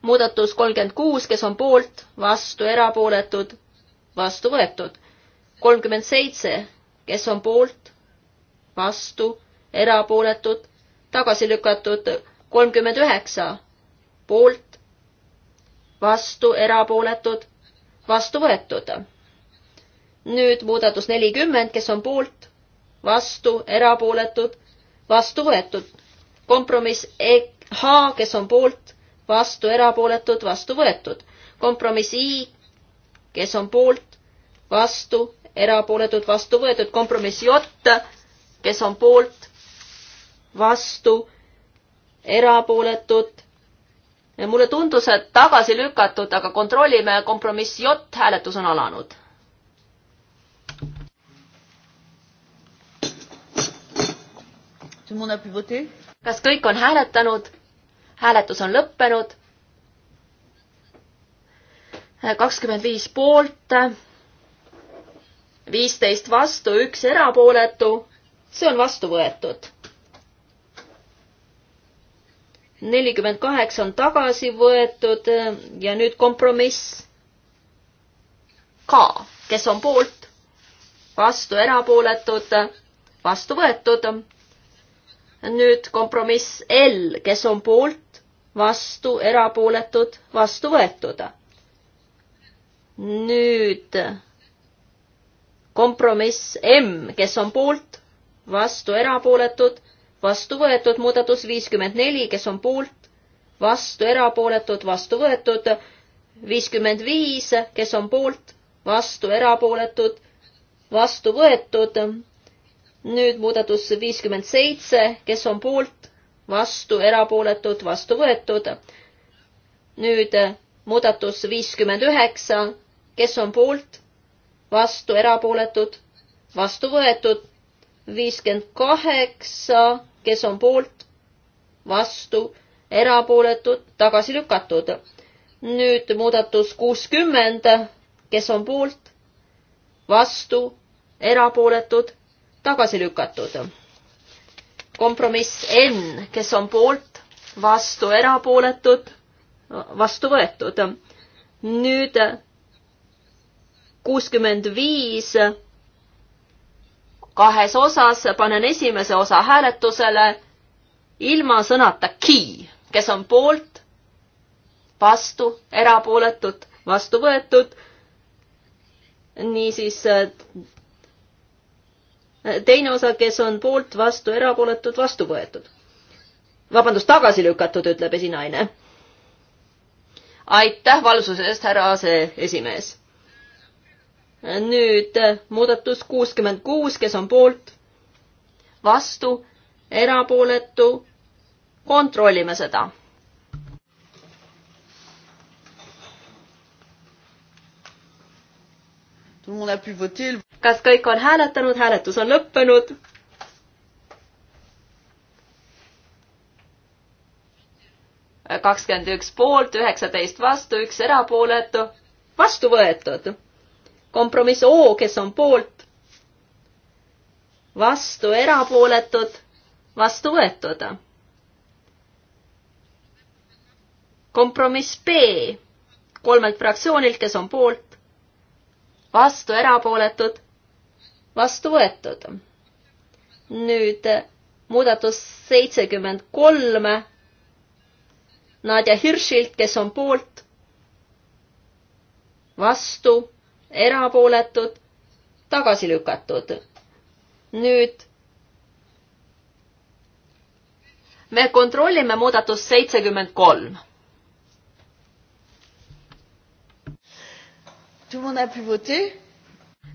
muudatus kolmkümmend kuus, kes on poolt, vastu, erapooletud, vastu võetud. kolmkümmend seitse, kes on poolt, vastu, erapooletud, tagasi lükatud. kolmkümmend üheksa, poolt, vastu, erapooletud, vastu võetud. nüüd muudatus nelikümmend, kes on poolt, vastu, erapooletud, vastu võetud. kompromiss e, H, kes on poolt, vastu, erapooletud, vastu võetud. kompromiss I, kes on poolt, vastu, erapooletud, vastu võetud. kompromiss J, kes on poolt, vastu, erapooletud. mulle tundus, et tagasi lükatud, aga kontrollime, kompromiss J, hääletus on alanud kas kõik on hääletanud? hääletus on lõppenud. kakskümmend viis poolt, viisteist vastu, üks erapooletu. see on vastu võetud. nelikümmend kaheksa on tagasi võetud ja nüüd kompromiss ka, kes on poolt, vastu erapooletud, vastu võetud nüüd kompromiss L, kes on poolt, vastu, erapooletud, vastu võetud. nüüd kompromiss M, kes on poolt, vastu, erapooletud, vastu võetud, muudatus viiskümmend neli, kes on poolt, vastu, erapooletud, vastu võetud, viiskümmend viis, kes on poolt, vastu, erapooletud, vastu võetud nüüd muudatus viiskümmend seitse, kes on poolt, vastu, erapooletud, vastu võetud. nüüd eh, muudatus viiskümmend üheksa, kes on poolt, vastu, erapooletud, vastu võetud. viiskümmend kaheksa, kes on poolt, vastu, erapooletud, tagasi lükatud. nüüd muudatus kuuskümmend, kes on poolt, vastu, erapooletud, tagasi lükatud. kompromiss N, kes on poolt, vastu erapooletud, vastu võetud. nüüd kuuskümmend viis kahes osas, panen esimese osa hääletusele ilma sõnata ki, kes on poolt, vastu, erapooletud, vastu võetud. niisiis teine osa, kes on poolt, vastu, erapooletud, vastu võetud. vabandust, tagasi lükatud, ütleb esinaine. aitäh valvsuse eest, härra aseesimees. nüüd eh, muudatus kuuskümmend kuus, kes on poolt, vastu, erapooletu, kontrollime seda kas kõik on hääletanud, hääletus on lõppenud? kakskümmend üks poolt, üheksateist vastu, üks erapooletu, vastu võetud. kompromiss O, kes on poolt, vastu erapooletud, vastu võetud. kompromiss B kolmelt fraktsioonilt, kes on poolt, vastu erapooletud, vastu võetud. nüüd eh, muudatus seitsekümmend kolm Nadja Hirschilt, kes on poolt, vastu, erapooletud, tagasi lükatud. nüüd me kontrollime muudatust seitsekümmend kolm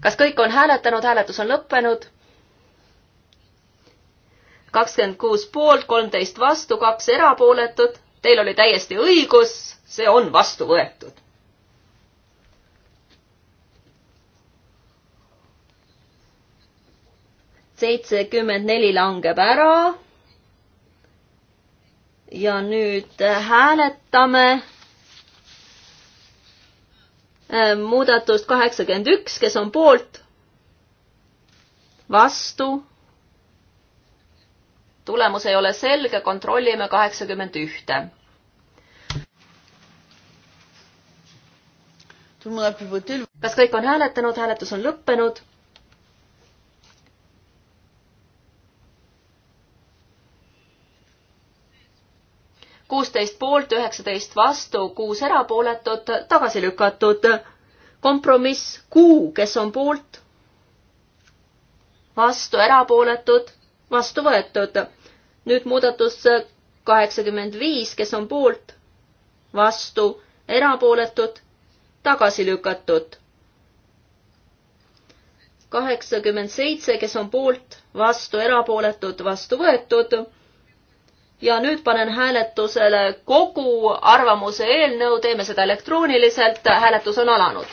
kas kõik on hääletanud, hääletus on lõppenud? kakskümmend kuus poolt, kolmteist vastu, kaks erapooletut. Teil oli täiesti õigus, see on vastu võetud. seitsekümmend neli langeb ära. ja nüüd hääletame Äh, muudatust kaheksakümmend üks, kes on poolt, vastu. tulemus ei ole selge, kontrollime kaheksakümmend ühte. kas kõik on hääletanud, hääletus on lõppenud kuusteist poolt, üheksateist vastu, kuus erapooletut, tagasi lükatud. kompromiss Q, kes on poolt, vastu, erapooletud, vastu võetud. nüüd muudatus kaheksakümmend viis, kes on poolt, vastu, erapooletud, tagasi lükatud. kaheksakümmend seitse, kes on poolt, vastu, erapooletud, vastu võetud ja nüüd panen hääletusele kogu arvamuse eelnõu, teeme seda elektrooniliselt, hääletus on alanud.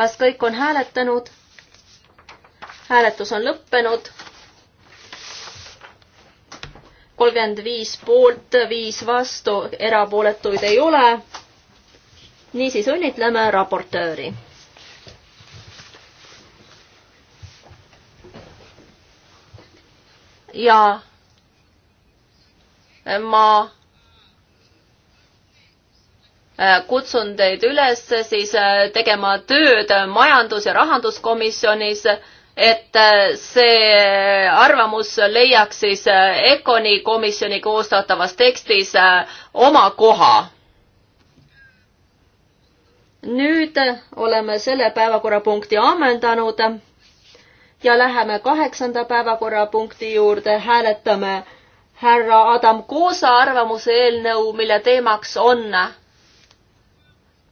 kas kõik on hääletanud? hääletus on lõppenud. kolmkümmend viis poolt, viis vastu, erapooletuid ei ole. niisiis õnnitleme raportööri ja ma äh, kutsun teid üles siis äh, tegema tööd majandus- ja rahanduskomisjonis, et äh, see arvamus leiaks siis ECONi komisjoni koostatavas tekstis oma koha. nüüd oleme selle päevakorrapunkti ammendanud ja läheme kaheksanda päevakorrapunkti juurde, hääletame härra Adam Koosa arvamuse eelnõu, mille teemaks on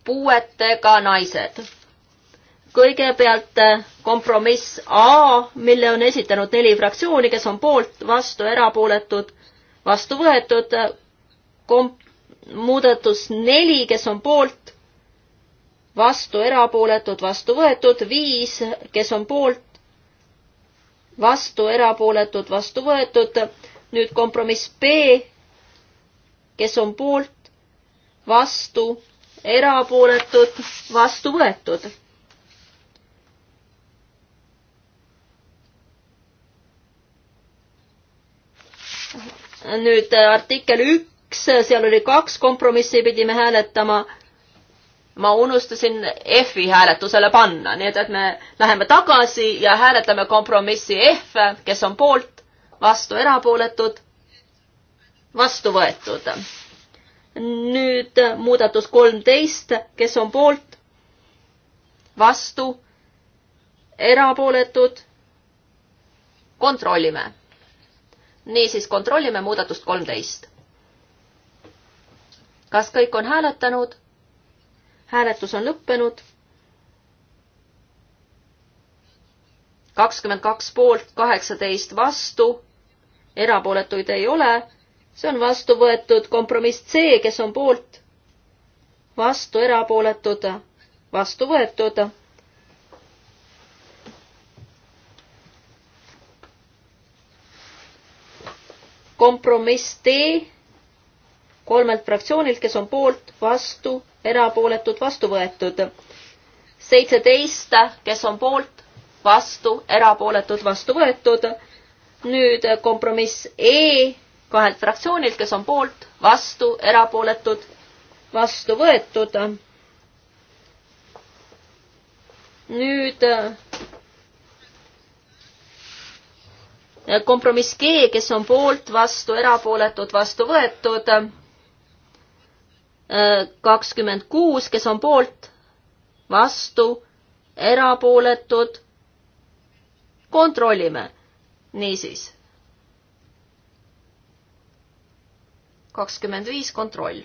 puuetega naised. kõigepealt kompromiss A, mille on esitanud neli fraktsiooni, kes on poolt, vastu, erapooletud, vastu võetud, komp-, muudatus neli, kes on poolt, vastu, erapooletud, vastu võetud, viis, kes on poolt, vastu, erapooletud, vastu võetud. nüüd kompromiss B, kes on poolt, vastu, erapooletud, vastu võetud. nüüd artikkel üks, seal oli kaks kompromissi, pidime hääletama ma unustasin F-i hääletusele panna, nii et, et me läheme tagasi ja hääletame kompromissi F, kes on poolt, vastu erapooletud, vastu võetud. nüüd muudatus kolmteist, kes on poolt, vastu, erapooletud, kontrollime. niisiis, kontrollime muudatust kolmteist. kas kõik on hääletanud? hääletus on lõppenud. kakskümmend kaks poolt, kaheksateist vastu, erapooletuid ei ole. see on vastu võetud kompromiss C, kes on poolt, vastu, erapooletud, vastu võetud kompromiss D kolmelt fraktsioonilt, kes on poolt, vastu, erapooletud, vastu võetud. seitseteist, kes on poolt, vastu, erapooletud, vastu võetud. nüüd kompromiss E kahelt fraktsioonilt, kes on poolt, vastu, erapooletud, vastu võetud. nüüd kompromiss G, kes on poolt, vastu, erapooletud, vastu võetud kakskümmend kuus, kes on poolt, vastu, erapooletud. kontrollime. niisiis. kakskümmend viis, kontroll.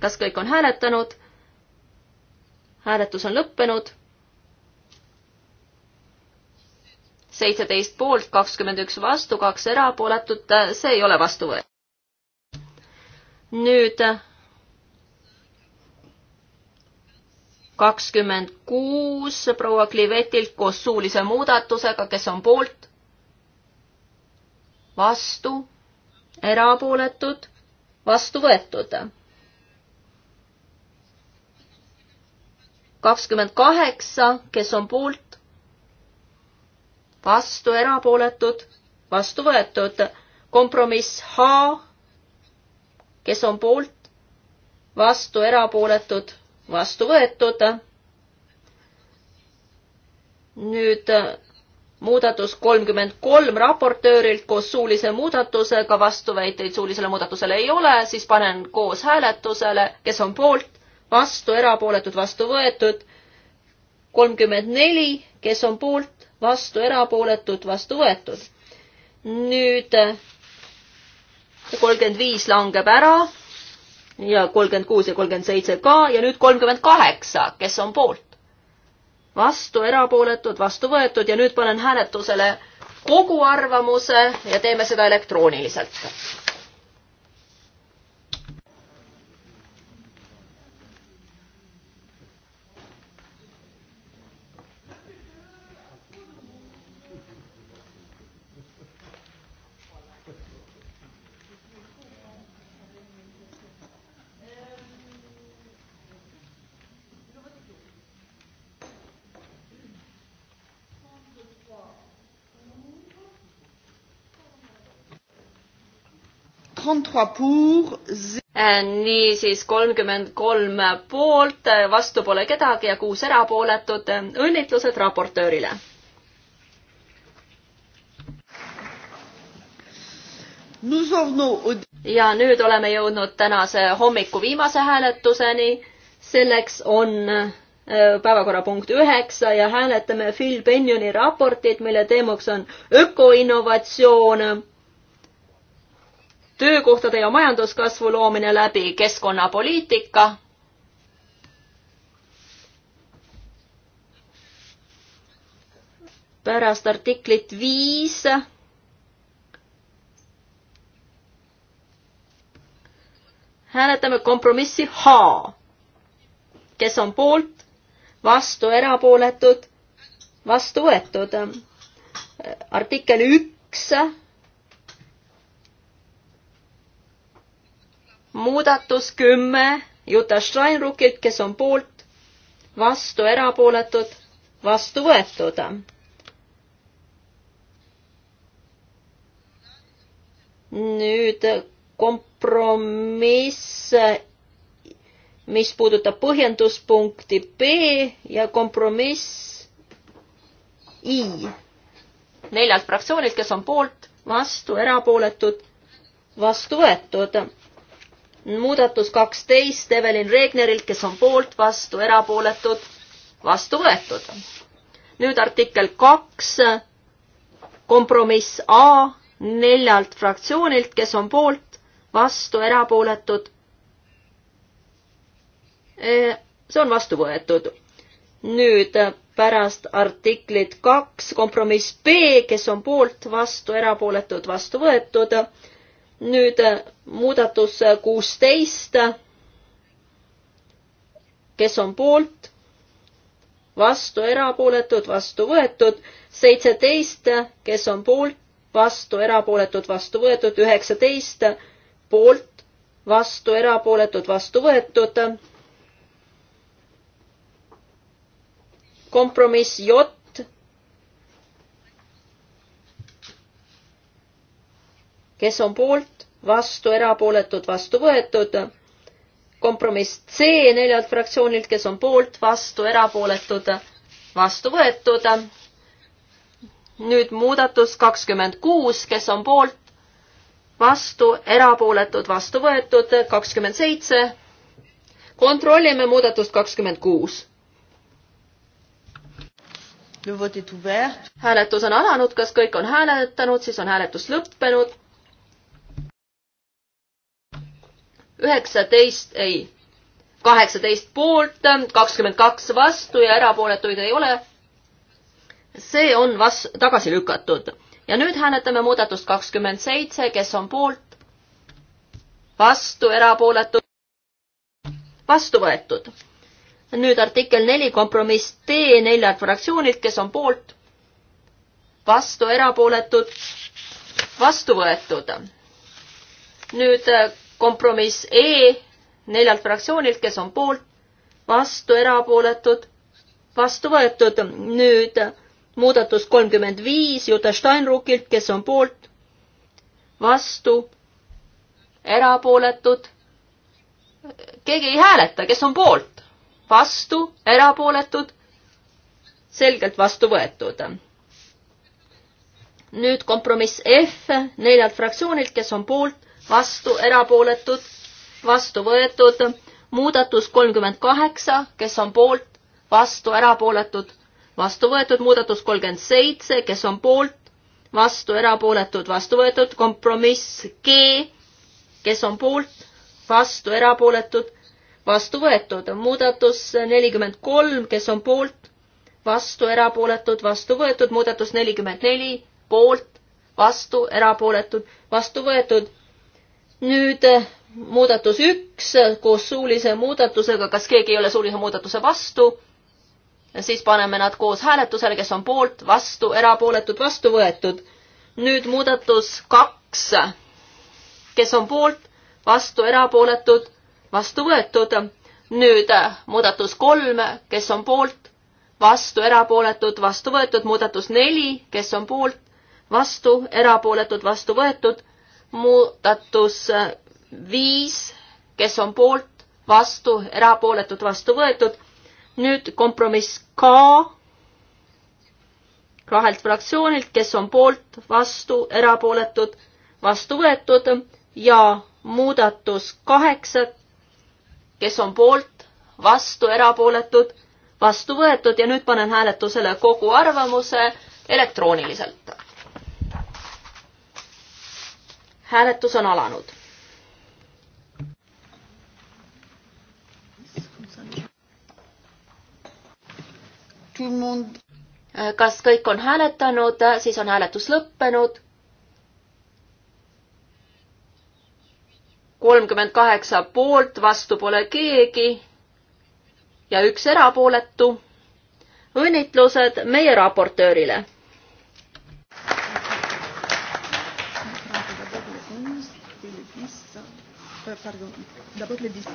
kas kõik on hääletanud? hääletus on lõppenud. seitseteist poolt, kakskümmend üks vastu, kaks erapooletut, see ei ole vastu võetud. nüüd kakskümmend kuus proua Klivetilt koos suulise muudatusega, kes on poolt, vastu, erapooletud, vastu võetud. kakskümmend kaheksa, kes on poolt, vastu, erapooletud, vastu võetud. kompromiss H, kes on poolt, vastu, erapooletud vastu võetud. nüüd äh, muudatus kolmkümmend kolm raportöörilt koos suulise muudatusega, vastuväiteid suulisele muudatusele ei ole, siis panen koos hääletusele, kes on poolt, vastu, erapooletud, vastu võetud. kolmkümmend neli, kes on poolt, vastu, erapooletud, vastu võetud. nüüd kolmkümmend viis langeb ära ja kolmkümmend kuus ja kolmkümmend seitse ka ja nüüd kolmkümmend kaheksa, kes on poolt? vastu, erapooletud, vastu võetud ja nüüd panen hääletusele kogu arvamuse ja teeme seda elektrooniliselt Äh, niisiis kolmkümmend kolm poolt, äh, vastu pole kedagi ja kuus erapooletut. õnnitlused raportöörile. ja nüüd oleme jõudnud tänase hommiku viimase hääletuseni. selleks on äh, päevakorrapunkt üheksa ja hääletame Phil Benjoni raportit, mille teemaks on ökoinnovatsioon töökohtade ja majanduskasvu loomine läbi keskkonnapoliitika. pärast artiklit viis hääletame kompromissi H. kes on poolt, vastu, erapooletud, vastu võetud. artikkel üks muudatus kümme Juta Steinruckilt, kes on poolt, vastu erapooletud, vastu võetud. nüüd kompromiss, mis puudutab põhjenduspunkti B ja kompromiss I. neljalt fraktsioonilt, kes on poolt, vastu, erapooletud, vastu võetud muudatus kaksteist Evelyn Regnerilt, kes on poolt, vastu, erapooletud, vastu võetud. nüüd artikkel kaks, kompromiss A neljalt fraktsioonilt, kes on poolt, vastu, erapooletud. Eh, see on vastu võetud. nüüd pärast artiklit kaks, kompromiss B, kes on poolt, vastu, erapooletud, vastu võetud nüüd äh, muudatus äh, kuusteist. kes on poolt? vastu erapooletud, vastu võetud. seitseteist, kes on poolt? vastu erapooletud, vastu võetud. üheksateist, poolt, vastu erapooletud, vastu võetud. kompromiss J kes on poolt, vastu, erapooletud, vastu võetud. kompromiss C neljalt fraktsioonilt, kes on poolt, vastu, erapooletud, vastu võetud. nüüd muudatus kakskümmend kuus, kes on poolt, vastu, erapooletud, vastu võetud, kakskümmend seitse. kontrollime muudatust kakskümmend kuus. hääletus on alanud, kas kõik on hääletanud, siis on hääletus lõppenud üheksateist, ei, kaheksateist poolt, kakskümmend kaks vastu ja erapooletuid ei ole. see on vas-, tagasi lükatud. ja nüüd hääletame muudatust kakskümmend seitse, kes on poolt, vastu, erapooletud, vastu võetud. nüüd artikkel neli, kompromiss D neljalt fraktsioonilt, kes on poolt, vastu, erapooletud, vastu võetud. nüüd kompromiss E neljalt fraktsioonilt, kes on poolt, vastu, erapooletud, vastu võetud. nüüd muudatus kolmkümmend viis Jutta Steinruckilt, kes on poolt, vastu, erapooletud. keegi ei hääleta, kes on poolt, vastu, erapooletud, selgelt vastu võetud. nüüd kompromiss F neljalt fraktsioonilt, kes on poolt, vastu erapooletud, vastu võetud, muudatus kolmkümmend kaheksa, kes on poolt, vastu erapooletud, vastu võetud, muudatus kolmkümmend seitse, kes on poolt, vastu erapooletud, vastu võetud, kompromiss G, kes on poolt, vastu erapooletud, vastu võetud, muudatus nelikümmend kolm, kes on poolt, vastu erapooletud, vastu võetud, muudatus nelikümmend neli, poolt, vastu erapooletud, vastu võetud nüüd eh, muudatus üks koos suulise muudatusega, kas keegi ei ole suulise muudatuse vastu? siis paneme nad koos hääletusele, kes on poolt, vastu, erapooletud, vastu võetud. nüüd muudatus kaks, kes on poolt, vastu, erapooletud, vastu võetud. nüüd eh, muudatus kolm, kes on poolt, vastu, erapooletud, vastu võetud. muudatus neli, kes on poolt, vastu, erapooletud, vastu võetud muudatus viis, kes on poolt, vastu, erapooletud, vastu võetud. nüüd kompromiss K kahelt fraktsioonilt, kes on poolt, vastu, erapooletud, vastu võetud ja muudatus kaheksa, kes on poolt, vastu, erapooletud, vastu võetud ja nüüd panen hääletusele kogu arvamuse elektrooniliselt hääletus on alanud. kas kõik on hääletanud, siis on hääletus lõppenud. kolmkümmend kaheksa poolt, vastu pole keegi ja üks erapooletu. õnnitlused meie raportöörile euh, pardon, d'abord le 19.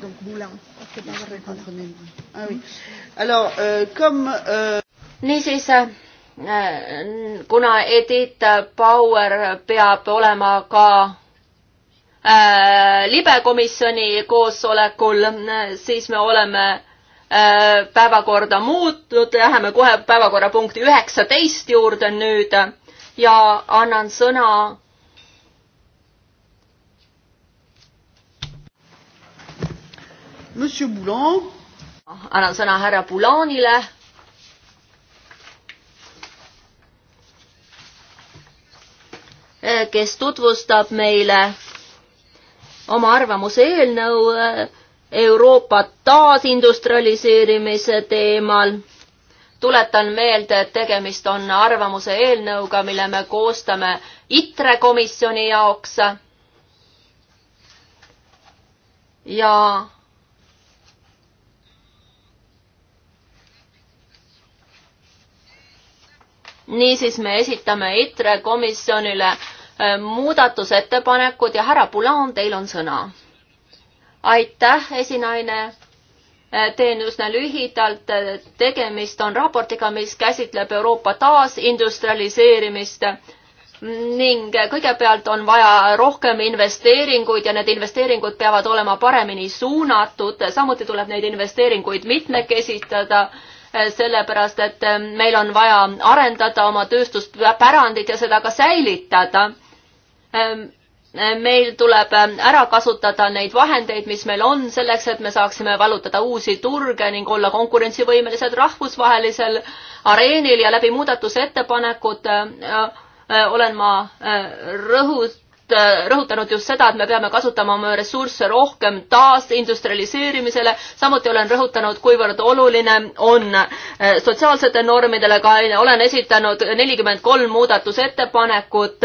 Donc Boulin, parce que pas vrai qu'on Ah oui. Alors, euh, comme... Euh... Niisiis, äh, kuna Edith Bauer peab olema ka äh, libekomisjoni koosolekul, siis me oleme äh, päevakorda muutnud, läheme kohe päevakorrapunkti üheksateist juurde nüüd ja annan sõna Monsieur Boulan. annan sõna härra Boulanile. Eh, kes tutvustab meile oma arvamuse eelnõu eh, Euroopa taasindustrialiseerimise teemal. tuletan meelde, et tegemist on arvamuse eelnõuga, mille me koostame ITRE komisjoni jaoks. ja niisiis me esitame ITRE komisjonile äh, muudatusettepanekud ja härra Pulan, teil on sõna. aitäh, esinaine. Äh, teen üsna lühidalt, äh, tegemist on raportiga, mis käsitleb Euroopa taasindustrialiseerimist ning kõigepealt on vaja rohkem investeeringuid ja need investeeringud peavad olema paremini suunatud, samuti tuleb neid investeeringuid mitmekesitada Eh, sellepärast et eh, meil on vaja arendada oma tööstuspärandit ja seda ka säilitada. Ehm, eh, meil tuleb ära kasutada neid vahendeid, mis meil on, selleks et me saaksime vallutada uusi turge ning olla konkurentsivõimelised rahvusvahelisel areenil ja läbi muudatusettepanekud olen ma rõhut-, just äh, rõhutanud just seda, et me peame kasutama oma ressursse rohkem taasindustrialiseerimisele. samuti olen rõhutanud, kuivõrd oluline on äh, sotsiaalsete normidele ka, olen esitanud nelikümmend kolm muudatusettepanekut,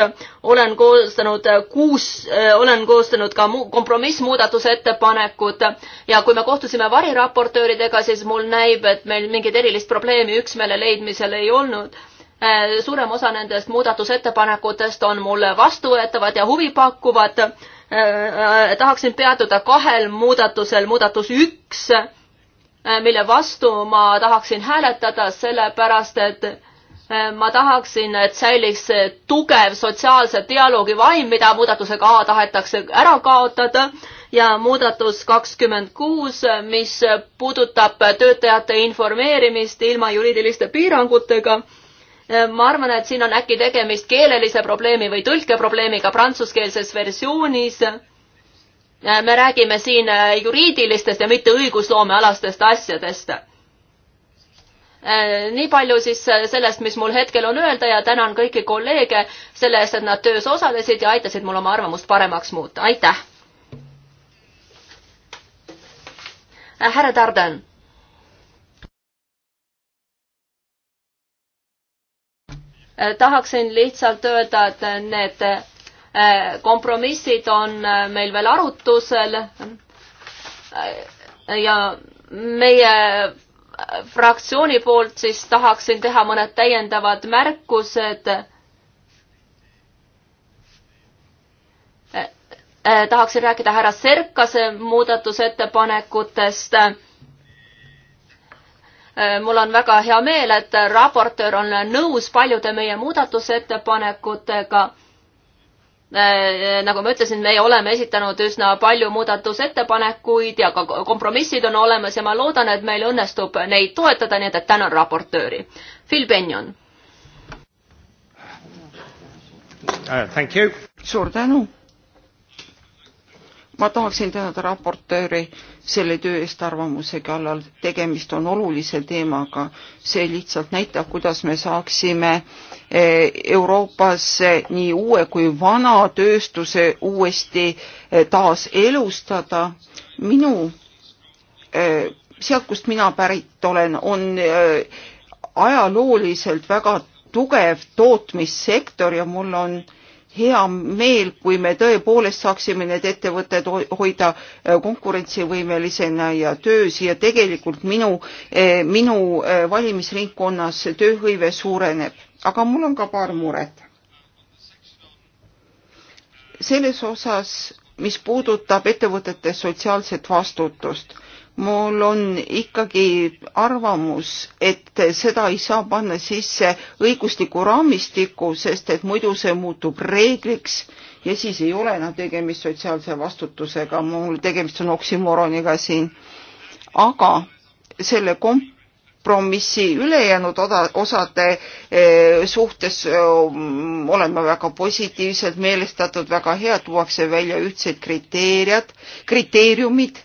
olen koostanud äh, kuus, olen koostanud ka kompromissmuudatusettepanekud ja kui me kohtusime variraportööridega, siis mul näib, et meil mingit erilist probleemi üksmeele leidmisel ei olnud Äh, suurem osa nendest muudatusettepanekutest on mulle vastuvõetavad ja huvipakkuvad. Äh, äh, tahaksin peatuda kahel muudatusel, muudatus üks, mille vastu ma tahaksin hääletada, sellepärast et ma tahaksin, et säiliks tugev sotsiaalse dialoogi vaim, mida muudatusega A tahetakse ära kaotada ja muudatus kakskümmend kuus, mis puudutab töötajate informeerimist ilma juriidiliste piirangutega Äh, ma arvan, et siin on äkki tegemist keelelise probleemi või tõlkeprobleemiga prantsuskeelses versioonis. Äh, me räägime siin äh, juriidilistest ja mitte õigusloomealastest asjadest. nii palju siis sellest, mis mul hetkel on öelda ja tänan kõiki kolleege selle eest, et nad töös osalesid ja aitasid mul oma arvamust paremaks muuta, aitäh. härra Tardan Äh, tahaksin lihtsalt öelda, et need äh, kompromissid on äh, meil veel arutusel ja meie fraktsiooni poolt siis tahaksin teha mõned täiendavad märkused. tahaksin rääkida härra Serkase muudatusettepanekutest Äh, mul on väga hea meel, et raportöör on nõus paljude meie muudatusettepanekutega. Äh, nagu ma ütlesin, meie oleme esitanud üsna palju muudatusettepanekuid ja ka kompromissid on olemas ja ma loodan, et meil õnnestub neid toetada, nii et, et tänan raportööri. Phil Benjon uh,. suur tänu. ma tahaksin tänada raportööri selle töö eest arvamuse kallal. tegemist on olulise teemaga. see lihtsalt näitab, kuidas me saaksime eh, Euroopas nii uue kui vana tööstuse uuesti eh, taas elustada. minu, eh, sealt, kust mina pärit olen, on ajalooliselt väga tugev tootmissektor ja mul on äh, hea meel, kui me tõepoolest saaksime need ettevõtted hoida äh, konkurentsivõimelisena ja töös ja tegelikult minu, äh, minu äh, valimisringkonnas tööhõive suureneb. aga mul on ka paar muret. selles osas, mis puudutab ettevõtete sotsiaalset vastutust mul on ikkagi arvamus, et seda ei saa panna sisse õigusliku raamistiku, sest et muidu see muutub reegliks ja siis ei ole enam tegemist sotsiaalse vastutusega, mul tegemist on oksimoroniga siin. aga selle komp-, kompromissi ülejäänud osade eh, suhtes eh, olen ma väga positiivselt meelestatud, väga hea, tuuakse välja ühtsed kriteeriad, kriteeriumid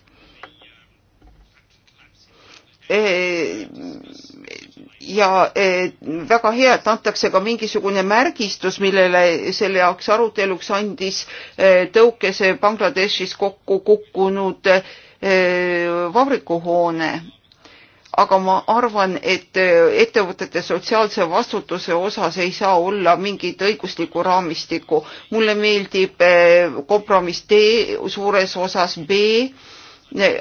ja väga hea, et antakse ka mingisugune märgistus, millele selle jaoks aruteluks andis tõuke see Bangladeshis kokku kukkunud vabrikuhoone. aga ma arvan, et ettevõtete sotsiaalse vastutuse osas ei saa olla mingit õiguslikku raamistikku. mulle meeldib kompromiss D suures osas B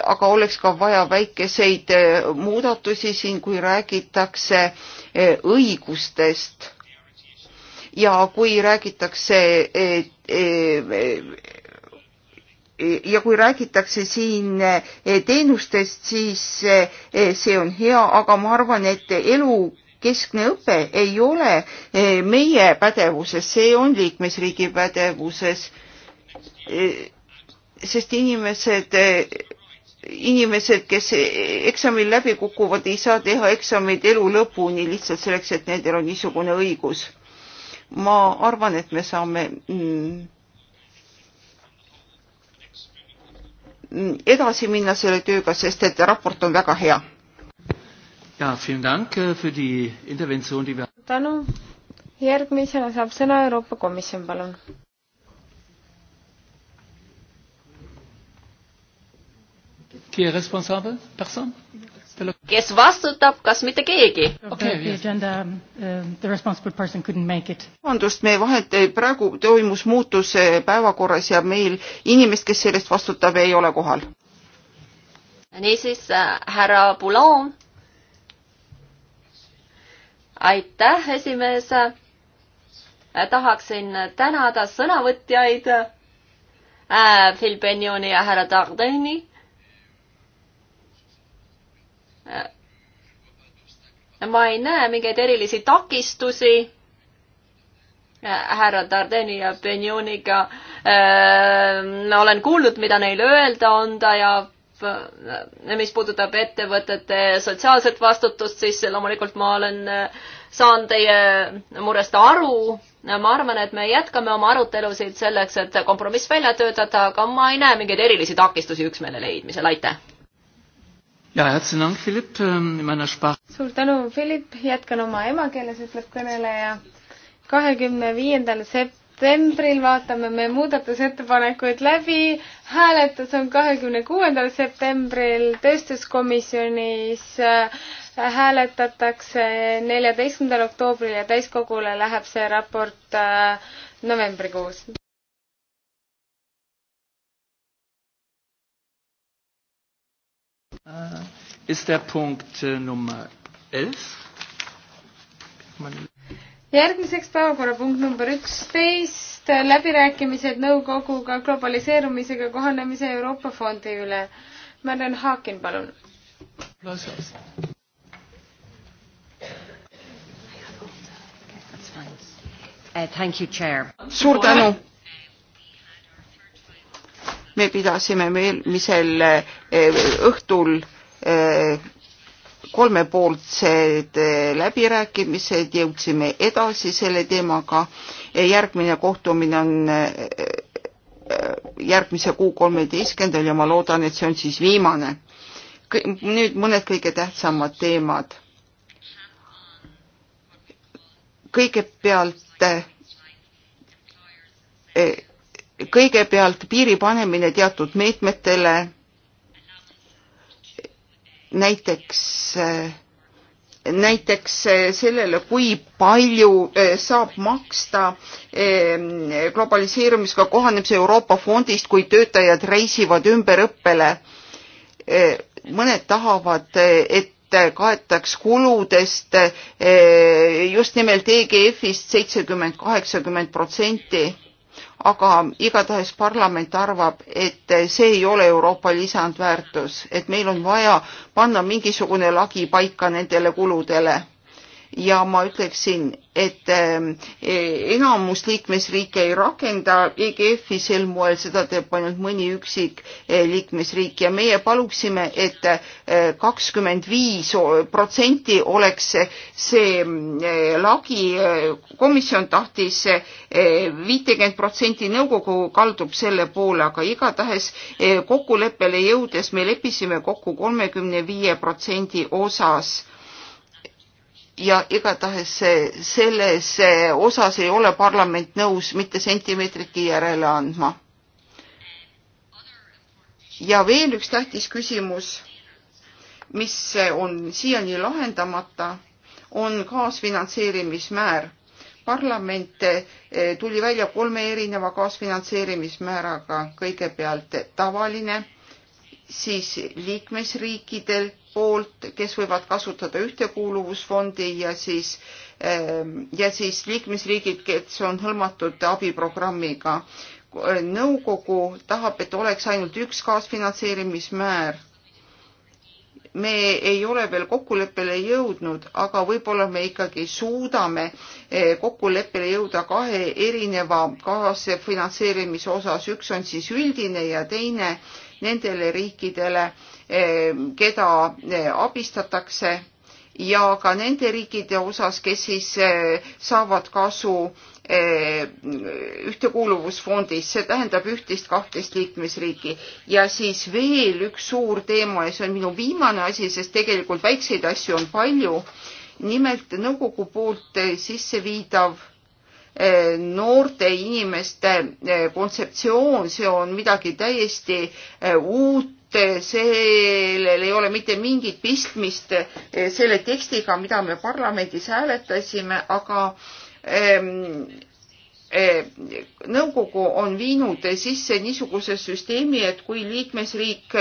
aga oleks ka vaja väikeseid eh, muudatusi siin, kui räägitakse eh, õigustest ja kui räägitakse eh, ja kui räägitakse siin teenustest, siis see on hea, aga ma arvan, et elukeskne õpe ei ole meie pädevuses, see on liikmesriigi pädevuses. sest inimesed inimesed, kes eksamil läbi kukuvad, ei saa teha eksameid elu lõpuni lihtsalt selleks, et nendel on niisugune õigus. ma arvan, et me saame mm, edasi minna selle tööga, sest et raport on väga hea. ja, äh, tänu. järgmisena saab sõna Euroopa Komisjon, palun kes vastutab, kas mitte keegi? Um, vabandust, me vahet, eh, praegu toimus muutus eh, päevakorras ja meil inimest, kes sellest vastutab, ei ole kohal. niisiis, äh, härra Boulon. aitäh, esimees. Äh, tahaksin tänada sõnavõtjaid äh,, Phil Benjoni ja härra Dardeni Äh, ma ei näe mingeid erilisi takistusi äh, härra Dardeni ja Benjoniga äh,. olen kuulnud, mida neil öelda on ta ja äh, mis puudutab ettevõtete sotsiaalset vastutust, siis loomulikult ma olen, saan teie murest aru. ma arvan, et me jätkame oma arutelusid selleks, et kompromiss välja töötada, aga ma ei näe mingeid erilisi takistusi üksmeele leidmisel, aitäh ja, herzlichen Dank, Philipp, ähm, in meiner Sprache. suur tänu, Philipp, jätkan oma emakeeles, ütleb kõneleja. kahekümne viiendal septembril vaatame me muudatusettepanekuid läbi. hääletus on kahekümne kuuendal septembril tööstuskomisjonis äh, hääletatakse neljateistkümnendal oktoobril ja täiskogule läheb see raport äh, novembrikuus. Äh, ist der punkt äh, nummer elf. järgmiseks päevakorrapunkt number üksteist, äh, läbirääkimised nõukoguga globaliseerumisega kohanemise Euroopa fondi üle. Märlen Haakin, palun. suur tänu me pidasime eelmisel eh, õhtul eh, kolmepoolsed eh, läbirääkimised, jõudsime edasi selle teemaga. järgmine kohtumine on järgmise kuu kolmeteistkümnendal ja ma loodan, et see on siis viimane. nüüd mõned kõige tähtsamad teemad. kõigepealt kõigepealt piiri panemine teatud meetmetele, näiteks, eh, näiteks eh, sellele, kui palju eh, saab maksta globaliseerumisega kohanemise Euroopa fondist, kui töötajad reisivad ümberõppele. mõned tahavad, et kaetaks kuludest just nimelt EGF-ist seitsekümmend, kaheksakümmend protsenti aga igatahes parlament arvab, et see ei ole Euroopa lisandväärtus, et meil on vaja panna mingisugune lagi paika nendele kuludele ja ma ütleksin, et ähm, e-, enamus liikmesriike ei rakenda EGF-i sel moel, seda teeb ainult mõni üksik e, liikmesriik ja meie paluksime et, et kakskümmend viis protsenti oleks see e, lagi, komisjon tahtis viitekümmet protsenti, nõukogu kaldub selle poole, aga igatahes kokkuleppele jõudes me leppisime kokku kolmekümne viie protsendi osas ja igatahes selles eh, osas ei ole parlament nõus mitte sentimeetritki järele andma. ja veel üks tähtis küsimus, mis on siiani lahendamata, on kaasfinantseerimismäär. parlament eh, tuli välja kolme erineva kaasfinantseerimismääraga, kõigepealt tavaline, siis liikmesriikidelt poolt, kes võivad kasutada ühtekuuluvusfondi ja siis, ehm, ja siis liikmesriigid, kes on hõlmatud abiprogrammiga. nõukogu tahab, et oleks ainult üks kaasfinantseerimismäär. me ei ole veel kokkuleppele jõudnud, aga võib-olla me ikkagi suudame eh, kokkuleppele jõuda kahe erineva kaasfinantseerimise osas, üks on siis üldine ja teine nendele riikidele Ehm, keda eh, abistatakse ja ka nende riikide osas, kes siis eh, saavad kasu eh, ühtekuuluvusfondist, see tähendab üht-teist, kahtteist liikmesriiki. ja siis veel üks suur teema ja see on minu viimane asi, sest tegelikult väikseid asju on palju. nimelt nõukogu poolt sisse viidav noorte inimeste kontseptsioon, see on midagi täiesti uut sellel ei ole mitte mingit pistmist eh, selle tekstiga, mida me parlamendis hääletasime, aga ehm, eh, nõukogu on viinud sisse niisuguse süsteemi, et kui liikmesriik,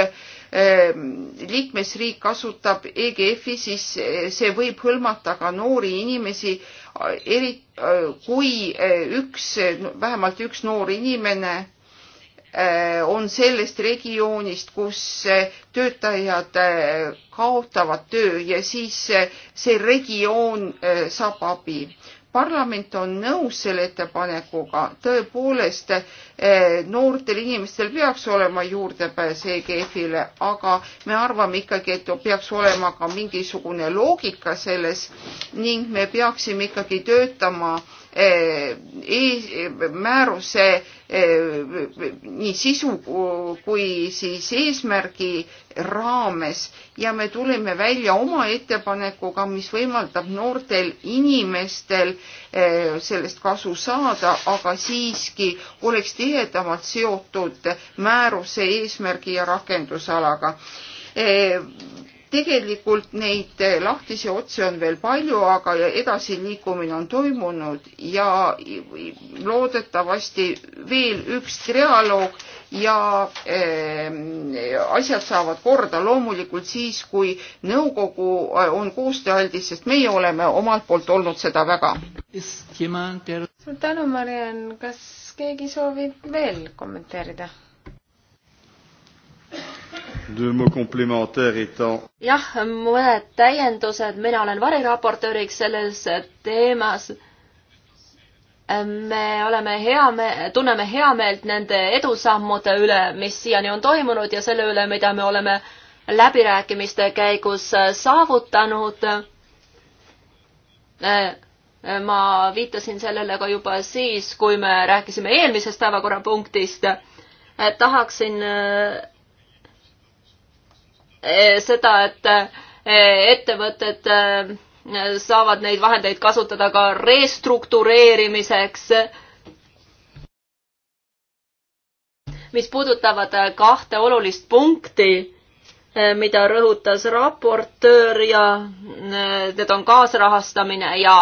ehm, liikmesriik kasutab EGF-i, siis eh, see võib hõlmata ka noori inimesi, eri, kui üks, vähemalt üks noor inimene Äh, on sellest regioonist, kus äh, töötajad äh, kaotavad töö ja siis see regioon saab abi. parlament on nõus selle ettepanekuga, tõepoolest noortel inimestel peaks olema juurdepääs EGF-ile, aga me arvame ikkagi, et peaks olema ka mingisugune loogika selles ning me peaksime ikkagi töötama äh, Eh, määruse eh, nii sisu kui siis eesmärgi raames ja me tulime välja oma ettepanekuga, mis võimaldab noortel inimestel eh, sellest kasu saada, aga siiski oleks tihedamalt seotud määruse eesmärgi ja rakendusalaga tegelikult neid eh, lahtisi otsi on veel palju, aga edasiliikumine on toimunud ja loodetavasti veel üks trialoog ja ehm, asjad saavad korda loomulikult siis, kui nõukogu eh, on koostööaldis, sest meie oleme omalt poolt olnud seda väga. suur tänu, Mariann, kas keegi soovib veel kommenteerida? jah, mõned täiendused, mina olen variraportööriks selles teemas. me oleme hea me-, tunneme heameelt nende edusammude üle, mis siiani on toimunud ja selle üle, mida me oleme läbirääkimiste käigus saavutanud. Äh, ma viitasin sellele ka juba siis, kui me rääkisime eelmisest päevakorrapunktist. Äh, tahaksin äh, Eh, seda, et eh, ettevõtted eh, saavad neid vahendeid kasutada ka restruktureerimiseks mis puudutavad kahte olulist punkti, mida rõhutas raportöör ja need on kaasrahastamine ja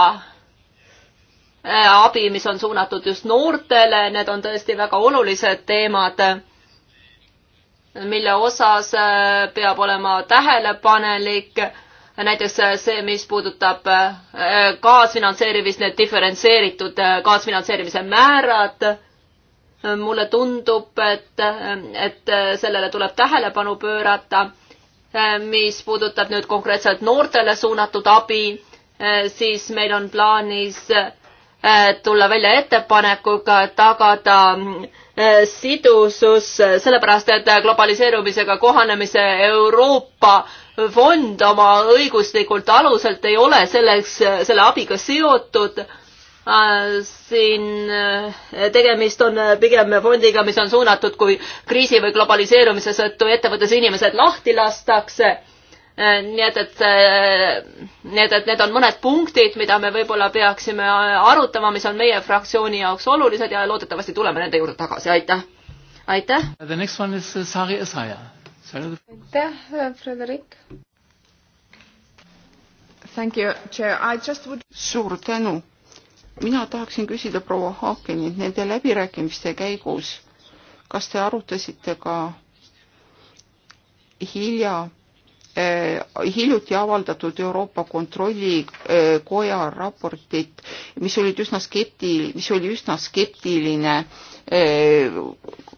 abi, mis on suunatud just noortele, need on tõesti väga olulised teemad mille osas äh, peab olema tähelepanelik, näiteks äh, see, mis puudutab äh, kaasfinantseerimist, need diferentseeritud kaasfinantseerimise määrad, mulle tundub, et, et sellele tuleb tähelepanu pöörata. mis puudutab nüüd konkreetselt noortele suunatud abi, siis meil on plaanis tulla välja ettepanekuga tagada ta mm, Äh, sidusus, äh, sellepärast et äh, globaliseerumisega kohanemise Euroopa fond oma õiguslikult aluselt ei ole selleks, selle abiga seotud. siin tegemist on pigem fondiga, mis on suunatud, kui kriisi või globaliseerumise tõttu ettevõttes inimesed lahti lastakse Äh, nii et, et äh, need, et need on mõned punktid, mida me võib-olla peaksime äh, arutama, mis on meie fraktsiooni jaoks olulised ja loodetavasti tuleme nende juurde tagasi, aitäh. aitäh. Uh, aitäh, uh, Frederik. Thank you, chair, I just would. suur tänu. mina tahaksin küsida proua Haakenilt nende läbirääkimiste käigus, kas te arutasite ka hilja Eh, hiljuti avaldatud Euroopa Kontrollikoja eh, raportit, mis olid üsna skeptil-, mis oli üsna skeptiline eh,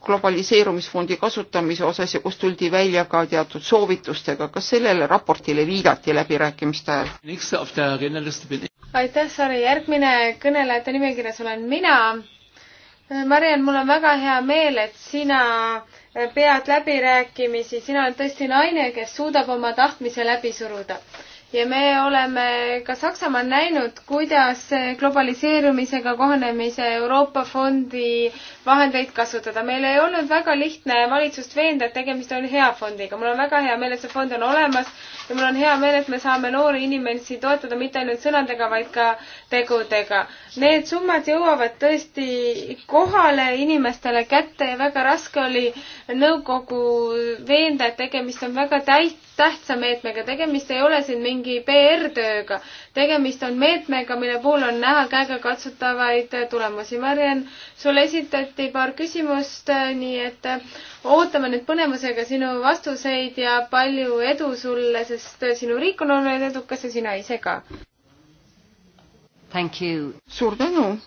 globaliseerumisfondi kasutamise osas ja kus tuldi välja ka teatud soovitustega. kas sellele raportile viidati läbirääkimiste ajal? aitäh, Sari, järgmine kõnelejate nimekirjas olen mina. Mariann, mul on väga hea meel, et sina pead läbirääkimisi, sina oled tõesti naine, kes suudab oma tahtmise läbi suruda ja me oleme ka Saksamaal näinud, kuidas globaliseerumisega kohanemise Euroopa Fondi vahendeid kasutada. meil ei olnud väga lihtne valitsust veenda, et tegemist on hea fondiga. mul on väga hea meel, et see fond on olemas ja mul on hea meel, et me saame noori inimesi toetada mitte ainult sõnadega, vaid ka tegudega. Need summad jõuavad tõesti kohale inimestele kätte ja väga raske oli nõukogu veenda, et tegemist on väga täit-, tähtsa meetmega, tegemist ei ole siin mingi PR-tööga. tegemist on meetmega, mille puhul on näha käegakatsutavaid tulemusi. Mariann, sulle esitati paar küsimust, äh, nii et äh, ootame nüüd põnevusega sinu vastuseid ja palju edu sulle, sest äh, sinu riik on olnud edukas ja sina ise ka. suur tänu.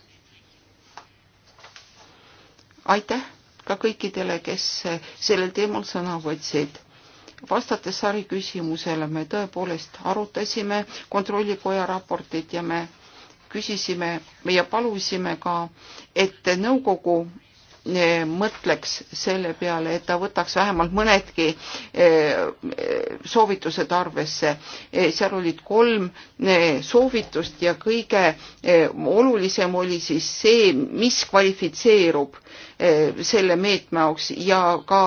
aitäh ka kõikidele, kes sellel teemal sõna võtsid vastates Sari küsimusele me tõepoolest arutasime kontrollikoja raportit ja me küsisime ja palusime ka, et nõukogu E, mõtleks selle peale, et ta võtaks vähemalt mõnedki e, e, soovitused arvesse. seal olid kolm soovitust ja kõige olulisem oli siis see, mis kvalifitseerub selle meetme jaoks ja ka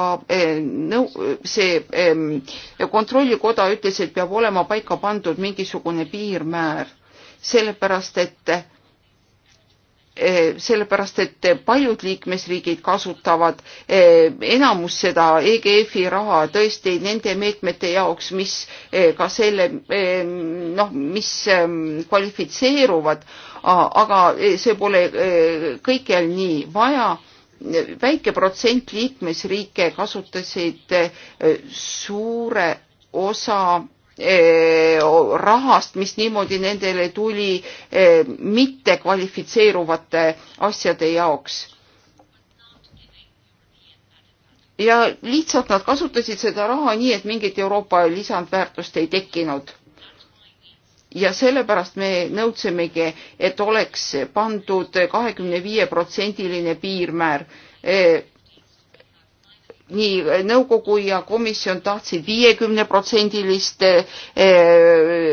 nõu-, see kontrollikoda ütles, et peab olema paika pandud mingisugune piirmäär, sellepärast et Eh, sellepärast, et paljud liikmesriigid kasutavad eh, enamus seda EGF-i raha tõesti nende meetmete jaoks, mis eh, ka selle noh, mis ehm, kvalifitseeruvad, aga see pole kõikjal nii vaja väike protsent liikmesriike kasutasid suure osa Eh, rahast, mis niimoodi nendele tuli eh, mitte kvalifitseeruvate asjade jaoks. ja lihtsalt nad kasutasid seda raha nii, et mingit Euroopa lisandväärtust ei tekkinud ja sellepärast me nõudsimegi, et oleks pandud kahekümne viie protsendiline piirmäär eh, nii nõukogu ja komisjon tahtsid viiekümneprotsendilist eh,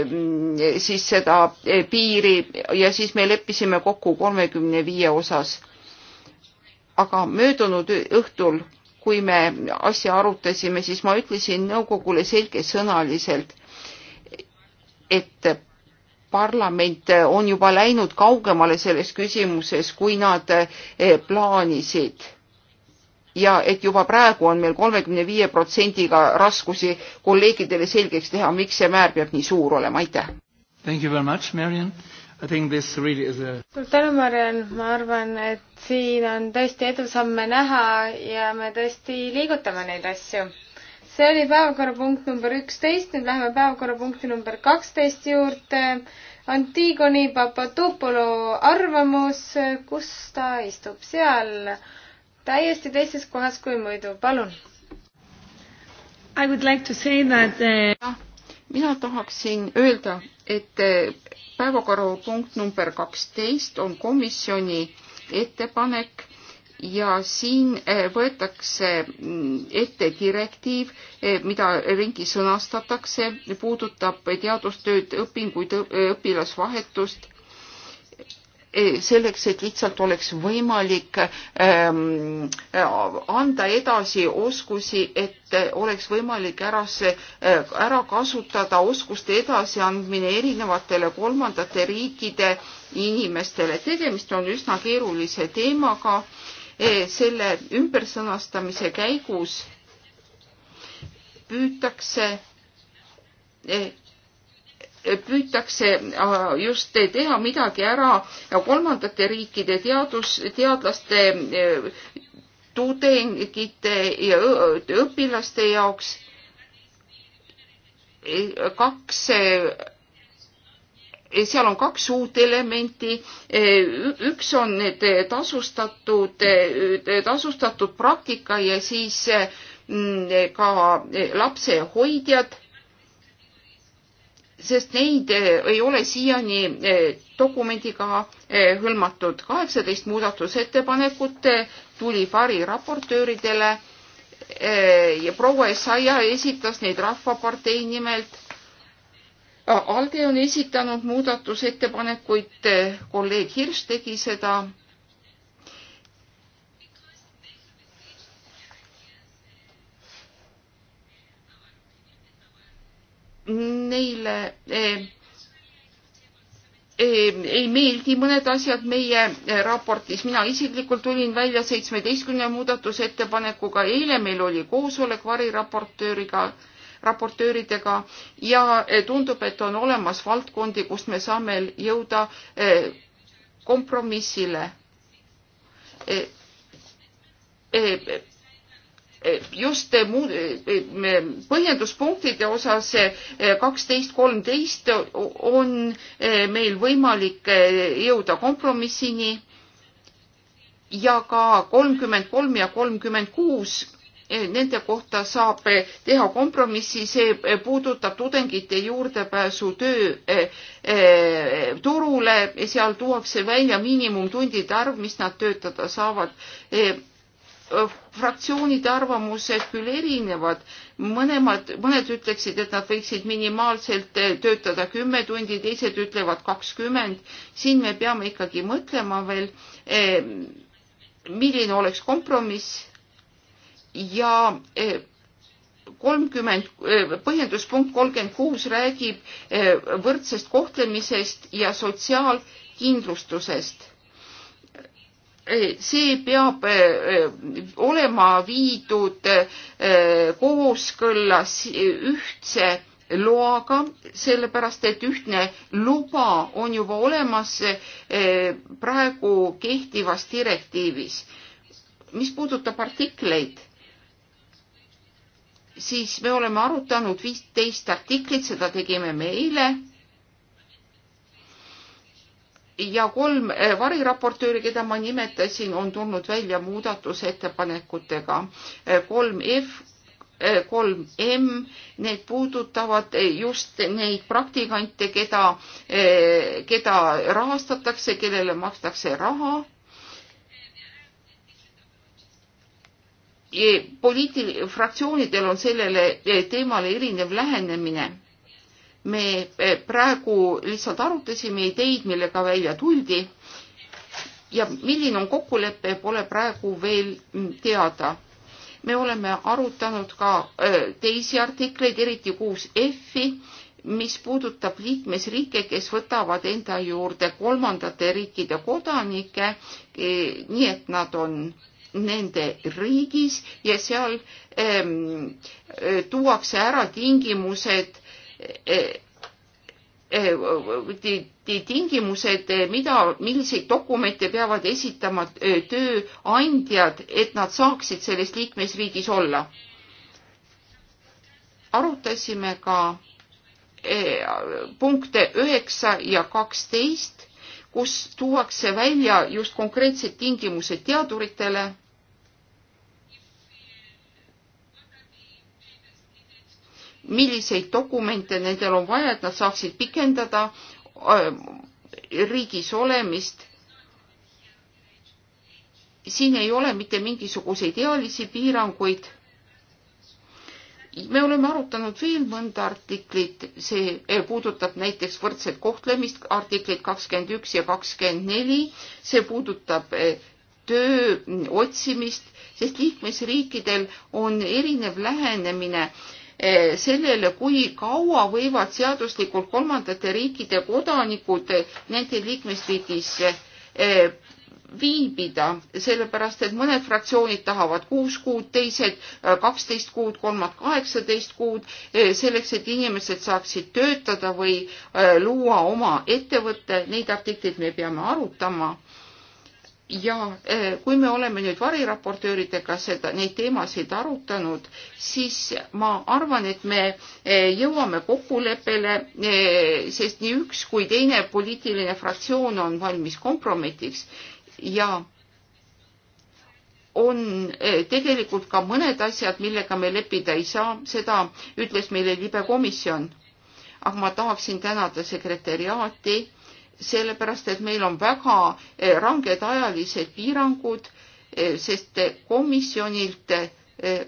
mm, siis seda eh, piiri ja siis me leppisime kokku kolmekümne viie osas. aga möödunud õhtul, kui me asja arutasime, siis ma ütlesin nõukogule selgesõnaliselt, et parlament on juba läinud kaugemale selles küsimuses, kui nad eh, plaanisid ja et juba praegu on meil kolmekümne viie protsendiga raskusi kolleegidele selgeks teha, miks see määr peab nii suur olema, aitäh! Thank you very much, Mariann. I think this really is a suur tänu, Mariann, ma arvan, et siin on tõesti edusamme näha ja me tõesti liigutame neid asju. see oli päevakorrapunkt number üksteist, nüüd läheme päevakorrapunkti number kaksteist juurde. Antigoni Papatopolo arvamus, kus ta istub seal täiesti teises kohas kui muidu, palun. I would like to say that uh... mina tahaksin öelda, et eh, päevakorrapunkt number kaksteist on komisjoni ettepanek ja siin eh, võetakse mm, ette direktiiv, mida ringi sõnastatakse, puudutab teadustööd, õpinguid, õpilasvahetust E, selleks, et lihtsalt oleks võimalik ähm, anda edasi oskusi, et oleks võimalik ära see, äh, ära kasutada oskuste edasiandmine erinevatele kolmandate riikide inimestele. tegemist on üsna keerulise teemaga. E, selle ümbersõnastamise käigus püütakse e, püütakse äh, just teha midagi ära kolmandate riikide teadus, teadlaste, äh, tudengite ja õpilaste jaoks. kaks äh, seal on kaks uut elementi. üks on need tasustatud, tasustatud praktika ja siis ka lapsehoidjad sest neid eh, ei ole siiani eh, dokumendiga eh, hõlmatud. kaheksateist muudatusettepanekut tuli Fari raportööridele ja proua Essaia esitas neid Rahvapartei nimelt. ALDE on esitanud muudatusettepanekuid, kolleeg Hirš tegi seda neile eh, eh, ei meeldi mõned asjad meie eh, raportis. mina isiklikult tulin välja seitsmeteistkümne muudatusettepanekuga. eile meil oli koosolek variraportööriga, raportööridega ja tundub, et on olemas valdkondi, kust me saame jõuda kompromissile Eh, just eh, muud, eh, põhjenduspunktide osas kaksteist, kolmteist on meil võimalik jõuda kompromissini ja ka kolmkümmend kolm ja kolmkümmend kuus nende kohta saab teha kompromissi, see puudutab tudengite juurdepääsu tööturule, seal tuuakse välja miinimumtundide arv, mis nad töötada saavad fraktsioonide arvamused küll erinevad, mõlemad, mõned ütleksid, et nad võiksid minimaalselt eh, töötada kümme tundi, teised ütlevad kakskümmend. siin me peame ikkagi mõtlema veel, eh, milline oleks kompromiss ja eh, kolmkümmend, põhjenduspunkt kolmkümmend kuus räägib võrdsest kohtlemisest ja sotsiaalkindlustusest see peab eh, olema viidud eh, kooskõlla ühtse loaga, sellepärast et ühtne luba on juba olemas eh, praegu kehtivas direktiivis. mis puudutab artikleid, siis me oleme arutanud viisteist artiklit, seda tegime me eile ja kolm eh, variraportööri, keda ma nimetasin, on tulnud välja muudatusettepanekutega. Eh, kolm F, eh, kolm M, need puudutavad just neid praktikante, keda, keda rahastatakse, kellele makstakse raha poliitil-, fraktsioonidel on sellele teemale erinev lähenemine me eh, praegu lihtsalt arutasime ideid, millega välja tuldi ja milline on kokkulepe, pole praegu veel teada. me oleme arutanud ka eh, teisi artikleid, eriti kuus F-i, mis puudutab liikmesriike, kes võtavad enda juurde kolmandate riikide kodanikke, eh, nii et nad on nende riigis ja seal ähm, tuuakse ära tingimused tingimused, mida, milliseid dokumente peavad esitama tööandjad, et nad saaksid selles liikmesriigis olla. arutasime ka e, punkte üheksa ja kaksteist, kus tuuakse välja just konkreetsed tingimused teaduritele milliseid dokumente nendel on vaja, et nad saaksid pikendada äh, riigis olemist. siin ei ole mitte mingisuguseid ealisi piiranguid. me oleme arutanud veel mõnda artiklit, see äh, puudutab näiteks võrdset kohtlemist, artiklid kakskümmend üks ja kakskümmend neli, see puudutab äh, töö otsimist, sest liikmesriikidel on erinev lähenemine Eh, sellele, kui kaua võivad seaduslikult kolmandate riikide kodanikud nende liikmesriigis eh, viibida, sellepärast et mõned fraktsioonid tahavad kuus kuud, teised eh, kaksteist kuud, kolmad kaheksateist kuud, selleks et inimesed saaksid töötada või luua oma ettevõtte, neid artikleid me peame arutama ja eh, kui me oleme nüüd variraportööridega seda, neid teemasid arutanud, siis ma arvan, et me eh, jõuame kokkuleppele, eh, sest nii üks kui teine poliitiline fraktsioon on valmis kompromissiks ja on tegelikult ka mõned asjad, millega me leppida ei saa, seda ütles meile libe komisjon. aga ma tahaksin tänada sekretäriaati sellepärast et meil on väga eh, ranged ajalised piirangud, eh, sest komisjonilt eh,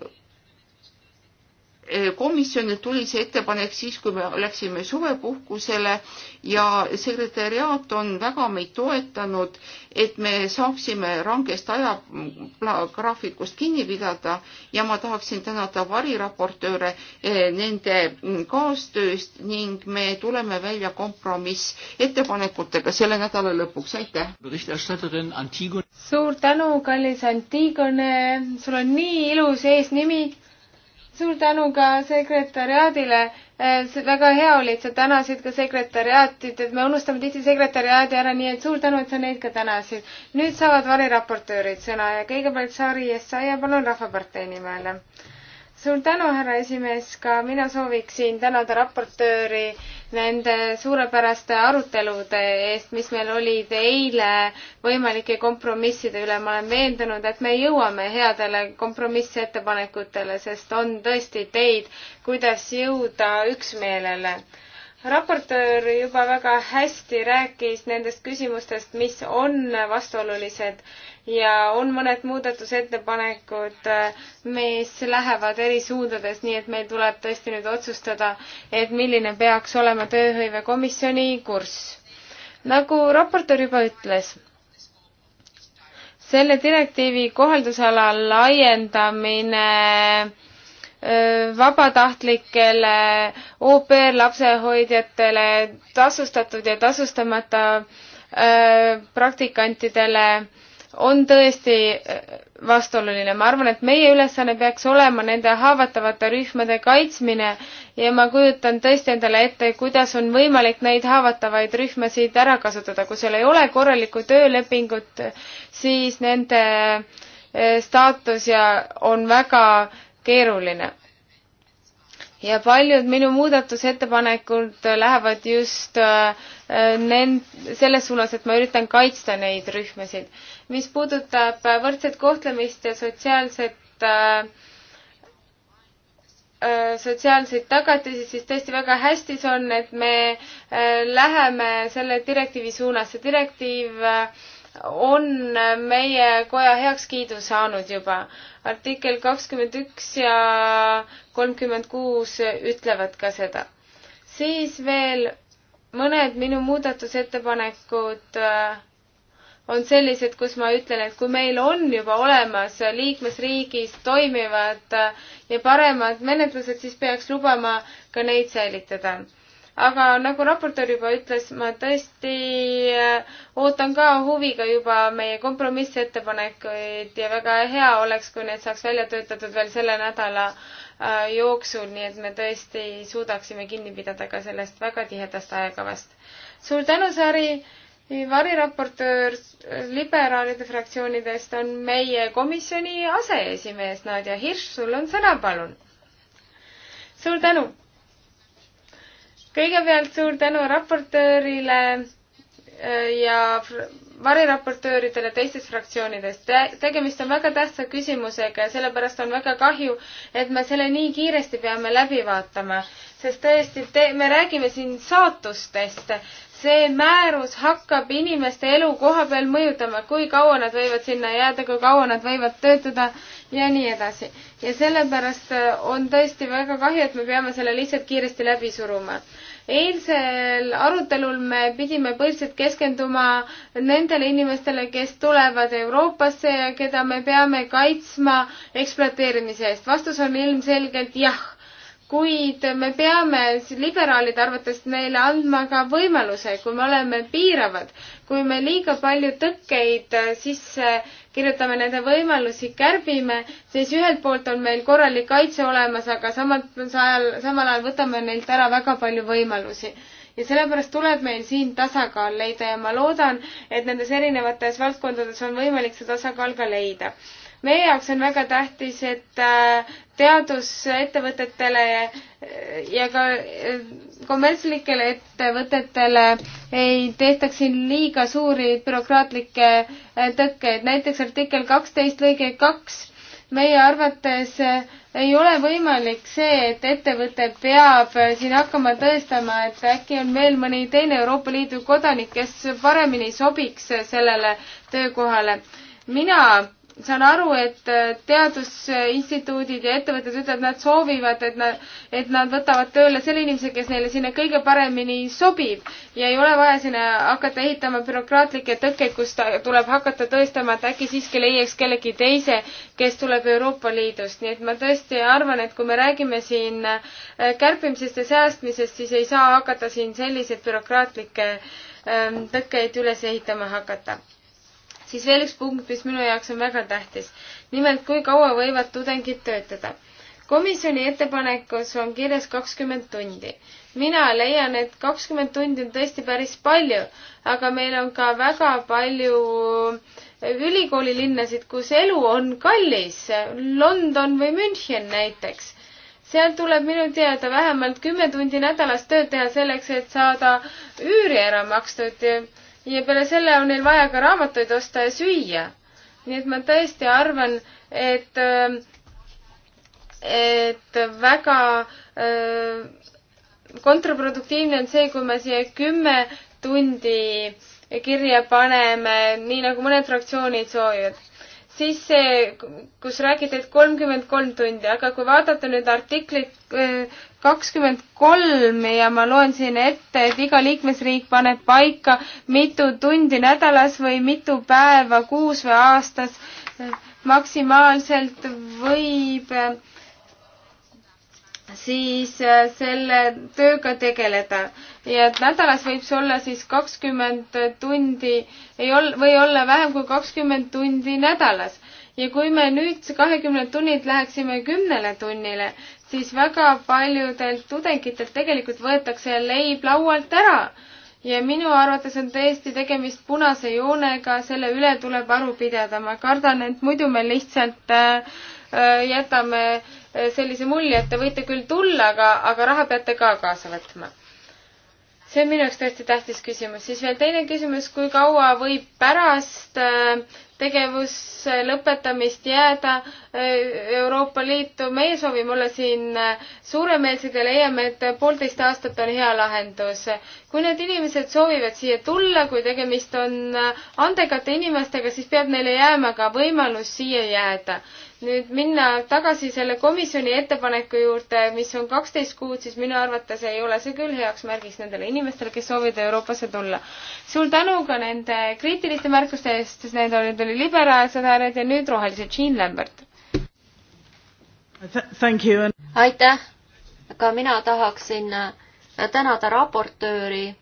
komisjonilt tuli see ettepanek siis, kui me läksime suvepuhkusele ja sekretäriaat on väga meid toetanud, et me saaksime rangest ajagraafikust kinni pidada ja ma tahaksin tänada variraportööre eh, nende kaastööst ning me tuleme välja kompromissettepanekutega selle nädala lõpuks, aitäh! suur tänu, kallis Antigone, sul on nii ilus eesnimi suur tänu ka sekretäriaadile, eh, see väga hea oli, et sa tänasid ka sekretäriaati, et me unustame tihti sekretäriaadi ära, nii et suur tänu, et sa neid ka tänasid. nüüd saavad variraportöörid sõna ja kõigepealt Sari Essaia, palun Rahvapartei nimel suur tänu, härra esimees, ka mina sooviksin tänada raportööri nende suurepäraste arutelude eest, mis meil olid eile võimalike kompromisside üle. ma olen veendunud, et me jõuame headele kompromissettepanekutele, sest on tõesti teid, kuidas jõuda üksmeelele raportöör juba väga hästi rääkis nendest küsimustest, mis on vastuolulised ja on mõned muudatusettepanekud, mis lähevad eri suundades, nii et meil tuleb tõesti nüüd otsustada, et milline peaks olema tööhõivekomisjoni kurss. nagu raportöör juba ütles, selle direktiivi kohaldusala laiendamine vabatahtlikele, au pair lapsehoidjatele, tasustatud ja tasustamata praktikantidele on tõesti vastuoluline. ma arvan, et meie ülesanne peaks olema nende haavatavate rühmade kaitsmine ja ma kujutan tõesti endale ette, kuidas on võimalik neid haavatavaid rühmasid ära kasutada. kui sul ei ole korralikku töölepingut, siis nende staatus ja on väga keeruline. ja paljud minu muudatusettepanekud lähevad just äh, nend-, selles suunas, et ma üritan kaitsta neid rühmasid. mis puudutab võrdset kohtlemist ja sotsiaalset äh, äh sotsiaalseid tagatisi, siis tõesti väga hästi see on, et me äh, läheme selle direktiivi suunas. see direktiiv äh, on meie koja heakskiidu saanud juba. artikkel kakskümmend üks ja kolmkümmend kuus ütlevad ka seda. siis veel mõned minu muudatusettepanekud äh, on sellised, kus ma ütlen, et kui meil on juba olemas liikmesriigis toimivad äh, ja paremad menetlused, siis peaks lubama ka neid säilitada aga nagu raportöör juba ütles, ma tõesti äh, ootan ka huviga juba meie kompromissettepanekuid ja väga hea oleks, kui need saaks välja töötatud veel selle nädala äh, jooksul, nii et me tõesti suudaksime kinni pidada ka sellest väga tihedast ajakavast. suur tänu, Sari! variraportöör äh, liberaalide fraktsioonidest on meie komisjoni aseesimees Nadja Hirš, sul on sõna, palun! suur tänu! kõigepealt suur tänu raportöörile äh, ja variraportööridele teistest fraktsioonidest Te. tegemist on väga tähtsa küsimusega ja sellepärast on väga kahju, et me selle nii kiiresti peame läbi vaatama, sest tõesti, me räägime siin saatustest see määrus hakkab inimeste elu koha peal mõjutama, kui kaua nad võivad sinna jääda, kui kaua nad võivad töötada ja nii edasi. ja sellepärast äh, on tõesti väga kahju, et me peame selle lihtsalt kiiresti läbi suruma. eilsel arutelul me pidime põhiliselt keskenduma nendele inimestele, kes tulevad Euroopasse ja keda me peame kaitsma ekspluateerimise eest. vastus on ilmselgelt jah kuid me peame liberaalide arvates neile andma ka võimaluse, kui me oleme piiravad, kui me liiga palju tõkkeid sisse kirjutame, nende võimalusi kärbime, siis ühelt poolt on meil korralik kaitse olemas, aga samalt ajal, samal ajal võtame neilt ära väga palju võimalusi ja sellepärast tuleb meil siin tasakaal leida ja ma loodan, et nendes erinevates valdkondades on võimalik see tasakaal ka leida meie jaoks on väga tähtis, et äh, teadusettevõtetele äh, ja ka äh, kommertslikele ettevõtetele ei tehtaks siin liiga suuri bürokraatlikke tõkkeid. näiteks artikkel kaksteist lõige kaks meie arvates ei ole võimalik see, et ettevõte peab siin hakkama tõestama, et äkki on veel mõni teine Euroopa Liidu kodanik, kes paremini sobiks sellele töökohale. mina saan aru, et äh, teadusinstituudid ja ettevõtted ütlevad, nad soovivad, et nad, et nad võtavad tööle selle inimese, kes neile sinna kõige paremini sobib ja ei ole vaja sinna hakata ehitama bürokraatlikke tõkkeid, kus tuleb hakata tõestama, et äkki siiski leiaks kellegi teise, kes tuleb Euroopa Liidust. nii et ma tõesti arvan, et kui me räägime siin äh, kärpimisest ja säästmisest, siis ei saa hakata siin selliseid bürokraatlikke ähm, tõkkeid üles ehitama hakata siis veel üks punkt, mis minu jaoks on väga tähtis. nimelt, kui kaua võivad tudengid töötada. komisjoni ettepanekus on kirjas kakskümmend tundi. mina leian, et kakskümmend tundi on tõesti päris palju, aga meil on ka väga palju eh, ülikoolilinnasid, kus elu on kallis. London või München näiteks seal tuleb minu teada vähemalt kümme tundi nädalas tööd teha selleks, et saada üüri ära makstud ja peale selle on neil vaja ka raamatuid osta ja süüa. nii et ma tõesti arvan, et, äh, et väga äh, kontraproduktiivne on see, kui me siia kümme tundi kirja paneme, nii nagu mõned fraktsioonid soovivad siis see, kus räägiti, et kolmkümmend kolm tundi, aga kui vaadata nüüd artiklit äh, kakskümmend kolm ja ma loen siin ette, et iga liikmesriik paneb paika, mitu tundi nädalas või mitu päeva kuus või aastas äh, maksimaalselt võib äh, siis äh, selle tööga tegeleda. ja et nädalas võib see olla siis kakskümmend tundi, ei ol-, või olla vähem kui kakskümmend tundi nädalas. ja kui me nüüd kahekümnelt tunnilt läheksime kümnele tunnile, siis väga paljudelt tudengitelt tegelikult võetakse leib laualt ära. ja minu arvates on tõesti tegemist punase joonega, selle üle tuleb aru pidada. ma kardan, et muidu me lihtsalt äh, Äh, jätame äh, sellise mulje, et te võite küll tulla, aga, aga raha peate ka kaasa võtma. see on minu jaoks tõesti tähtis küsimus. siis veel teine küsimus, kui kaua võib pärast äh, tegevuse lõpetamist jääda Euroopa Liitu. meie soovime olla siin suuremeelsed ja leiame, et poolteist aastat on hea lahendus. kui need inimesed soovivad siia tulla, kui tegemist on andekate inimestega, siis peab neile jääma ka võimalus siia jääda nüüd minna tagasi selle komisjoni ettepaneku juurde, mis on kaksteist kuud, siis minu arvates ei ole see küll heaks märgiks nendele inimestele, kes soovivad Euroopasse tulla. suur tänu ka nende kriitiliste märkuste eest, sest need olid, oli liberaalsed hääled ja nüüd rohelised, Jean Lambert. aitäh, ka mina tahaksin äh, tänada raportööri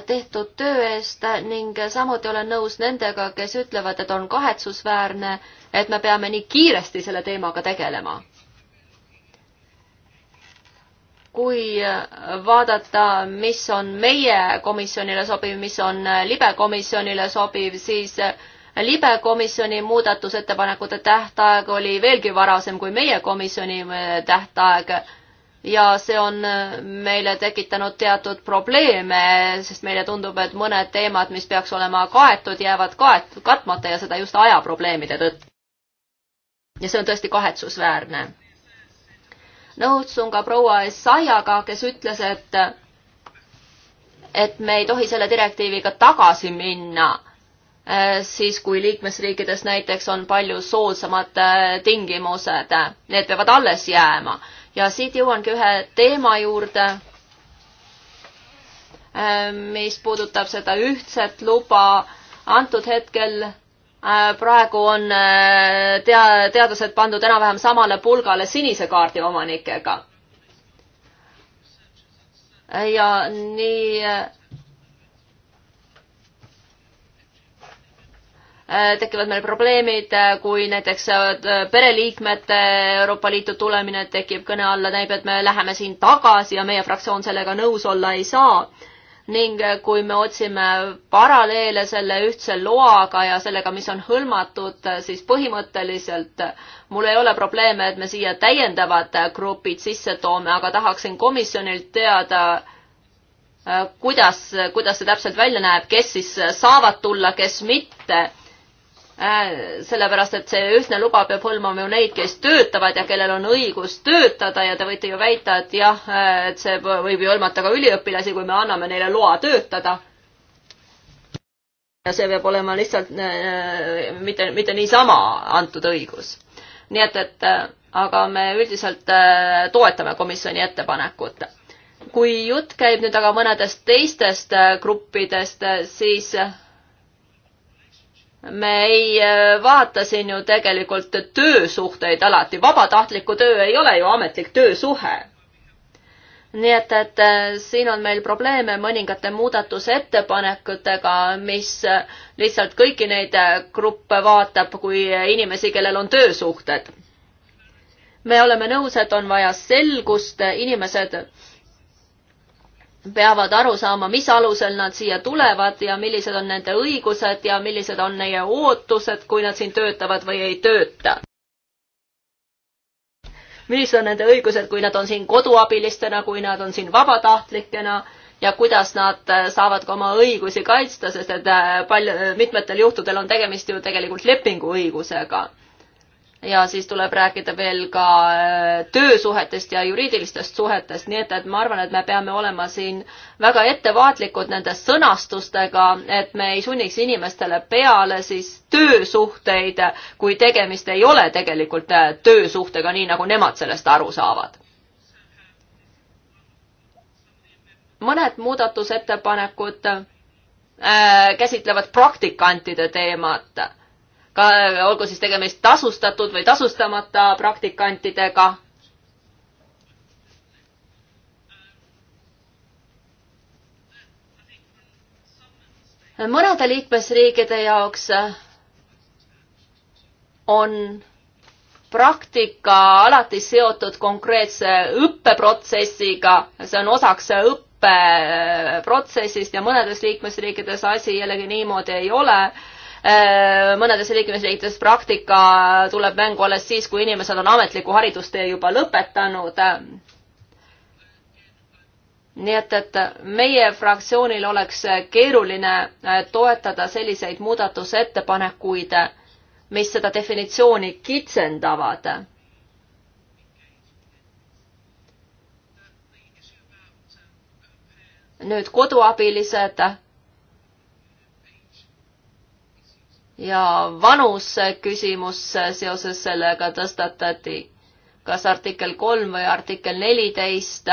tehtud töö eest ning samuti olen nõus nendega, kes ütlevad, et on kahetsusväärne, et me peame nii kiiresti selle teemaga tegelema. kui vaadata, mis on meie komisjonile sobiv, mis on libe komisjonile sobiv, siis libe komisjoni muudatusettepanekute tähtaeg oli veelgi varasem kui meie komisjoni tähtaeg ja see on äh, meile tekitanud teatud probleeme, sest meile tundub, et mõned teemad, mis peaks olema kaetud, jäävad kaet-, katmata ja seda just ajaprobleemide tõttu. ja see on tõesti kahetsusväärne. nõustun ka proua Essayaga, kes ütles, et et me ei tohi selle direktiiviga tagasi minna, äh, siis kui liikmesriikides näiteks on palju soodsamad äh, tingimused, need peavad alles jääma ja siit jõuangi ühe teema juurde, äh, mis puudutab seda ühtset luba. antud hetkel äh, praegu on äh, tea-, teadlased pandud enam-vähem samale pulgale sinise kaardi omanikega. ja nii Äh, tekivad meil probleemid, äh, kui näiteks äh, pereliikmete Euroopa Liitu tulemine tekib kõne alla, näib, et me läheme siin tagasi ja meie fraktsioon sellega nõus olla ei saa. ning kui me otsime paralleele selle ühtse loaga ja sellega, mis on hõlmatud, siis põhimõtteliselt mul ei ole probleeme, et me siia täiendavad grupid sisse toome, aga tahaksin komisjonilt teada, kuidas, kuidas see täpselt välja näeb, kes siis saavad tulla, kes mitte Äh, sellepärast, et see ühtne luba peab hõlmama ju neid, kes töötavad ja kellel on õigus töötada ja te võite ju väita, et jah, et see võib ju hõlmata ka üliõpilasi, kui me anname neile loa töötada. ja see peab olema lihtsalt äh, äh, mitte, mitte niisama antud õigus. nii et, et aga me üldiselt toetame komisjoni ettepanekut. kui jutt käib nüüd aga mõnedest teistest gruppidest, siis me ei äh, vaata siin ju tegelikult töösuhteid alati, vabatahtliku töö ei ole ju ametlik töösuhe. nii et, et äh, siin on meil probleeme mõningate muudatusettepanekutega, mis äh, lihtsalt kõiki neid gruppe vaatab kui inimesi, kellel on töösuhted. me oleme nõus, et on vaja selgust, inimesed peavad aru saama, mis alusel nad siia tulevad ja millised on nende õigused ja millised on neie ootused, kui nad siin töötavad või ei tööta. millised on nende õigused, kui nad on siin koduabilistena, kui nad on siin vabatahtlikena ja kuidas nad äh, saavad ka oma õigusi kaitsta, sest et äh, palju, mitmetel juhtudel on tegemist ju tegelikult lepinguõigusega ja siis tuleb rääkida veel ka äh, töösuhetest ja juriidilistest suhetest, nii et, et ma arvan, et me peame olema siin väga ettevaatlikud nende sõnastustega, et me ei sunniks inimestele peale siis töösuhteid, kui tegemist ei ole tegelikult äh, töösuhtega, nii nagu nemad sellest aru saavad. mõned muudatusettepanekud äh, käsitlevad praktikantide teemat ka olgu siis tegemist tasustatud või tasustamata praktikantidega. mõnede liikmesriikide jaoks on praktika alati seotud konkreetse õppeprotsessiga, see on osaks õppeprotsessist ja mõnedes liikmesriikides asi jällegi niimoodi ei ole Äh, mõnedes liikmesriikides praktika tuleb mängu alles siis, kui inimesed on ametliku haridustee juba lõpetanud. nii et, et meie fraktsioonil oleks keeruline äh, toetada selliseid muudatusettepanekuid, mis seda definitsiooni kitsendavad nüüd koduabilised ja vanuse küsimus seoses sellega tõstatati, kas artikkel kolm või artikkel neliteist.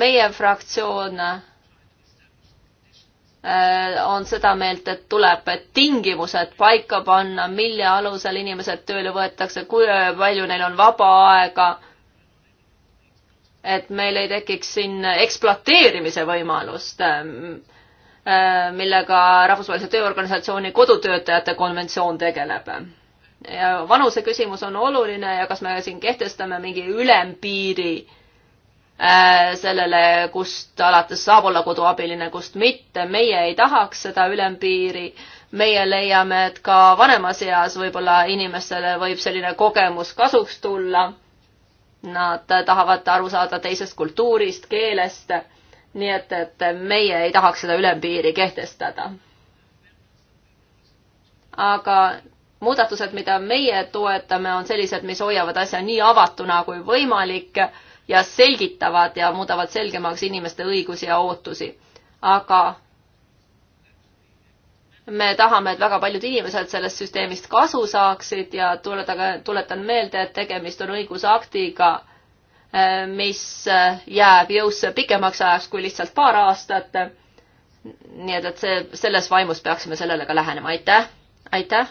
meie fraktsioon äh, on seda meelt, et tuleb tingimused paika panna, mille alusel inimesed tööle võetakse, kui äh, palju neil on vaba aega. et meil ei tekiks siin ekspluateerimise võimalust. Äh, millega Rahvusvahelise Tööorganisatsiooni kodutöötajate konventsioon tegeleb. ja vanuse küsimus on oluline ja kas me siin kehtestame mingi ülempiiri äh, sellele, kust alates saab olla koduabiline, kust mitte. meie ei tahaks seda ülempiiri. meie leiame, et ka vanemas eas võib-olla inimestele võib selline kogemus kasuks tulla. Nad tahavad aru saada teisest kultuurist, keelest nii et, et meie ei tahaks seda ülempiiri kehtestada. aga muudatused, mida meie toetame, on sellised, mis hoiavad asja nii avatuna kui võimalik ja selgitavad ja muudavad selgemaks inimeste õigusi ja ootusi. aga me tahame, et väga paljud inimesed sellest süsteemist kasu saaksid ja tuletage, tuletan meelde, et tegemist on õigusaktiga mis äh, jääb jõusse pikemaks ajaks kui lihtsalt paar aastat. nii et, et see, selles vaimus peaksime sellele ka lähenema, aitäh, aitäh.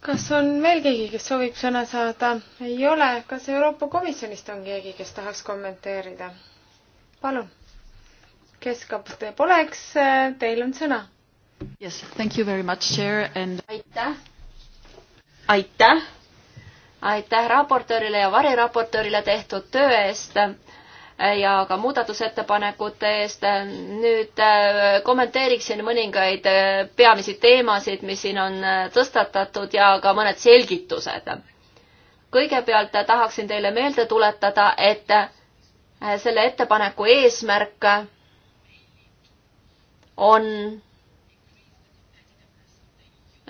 kas on veel keegi, kes soovib sõna saada? ei ole, kas Euroopa Komisjonist on keegi, kes tahaks kommenteerida? palun, kes ka poleks, teil on sõna. Yes, thank you very much, Chair and aitäh. aitäh aitäh raportöörile ja variraportöörile tehtud töö eest äh, ja ka muudatusettepanekute eest. nüüd äh, kommenteeriksin mõningaid äh, peamisi teemasid, mis siin on tõstatatud ja ka mõned selgitused. kõigepealt tahaksin teile meelde tuletada, et selle ettepaneku eesmärk on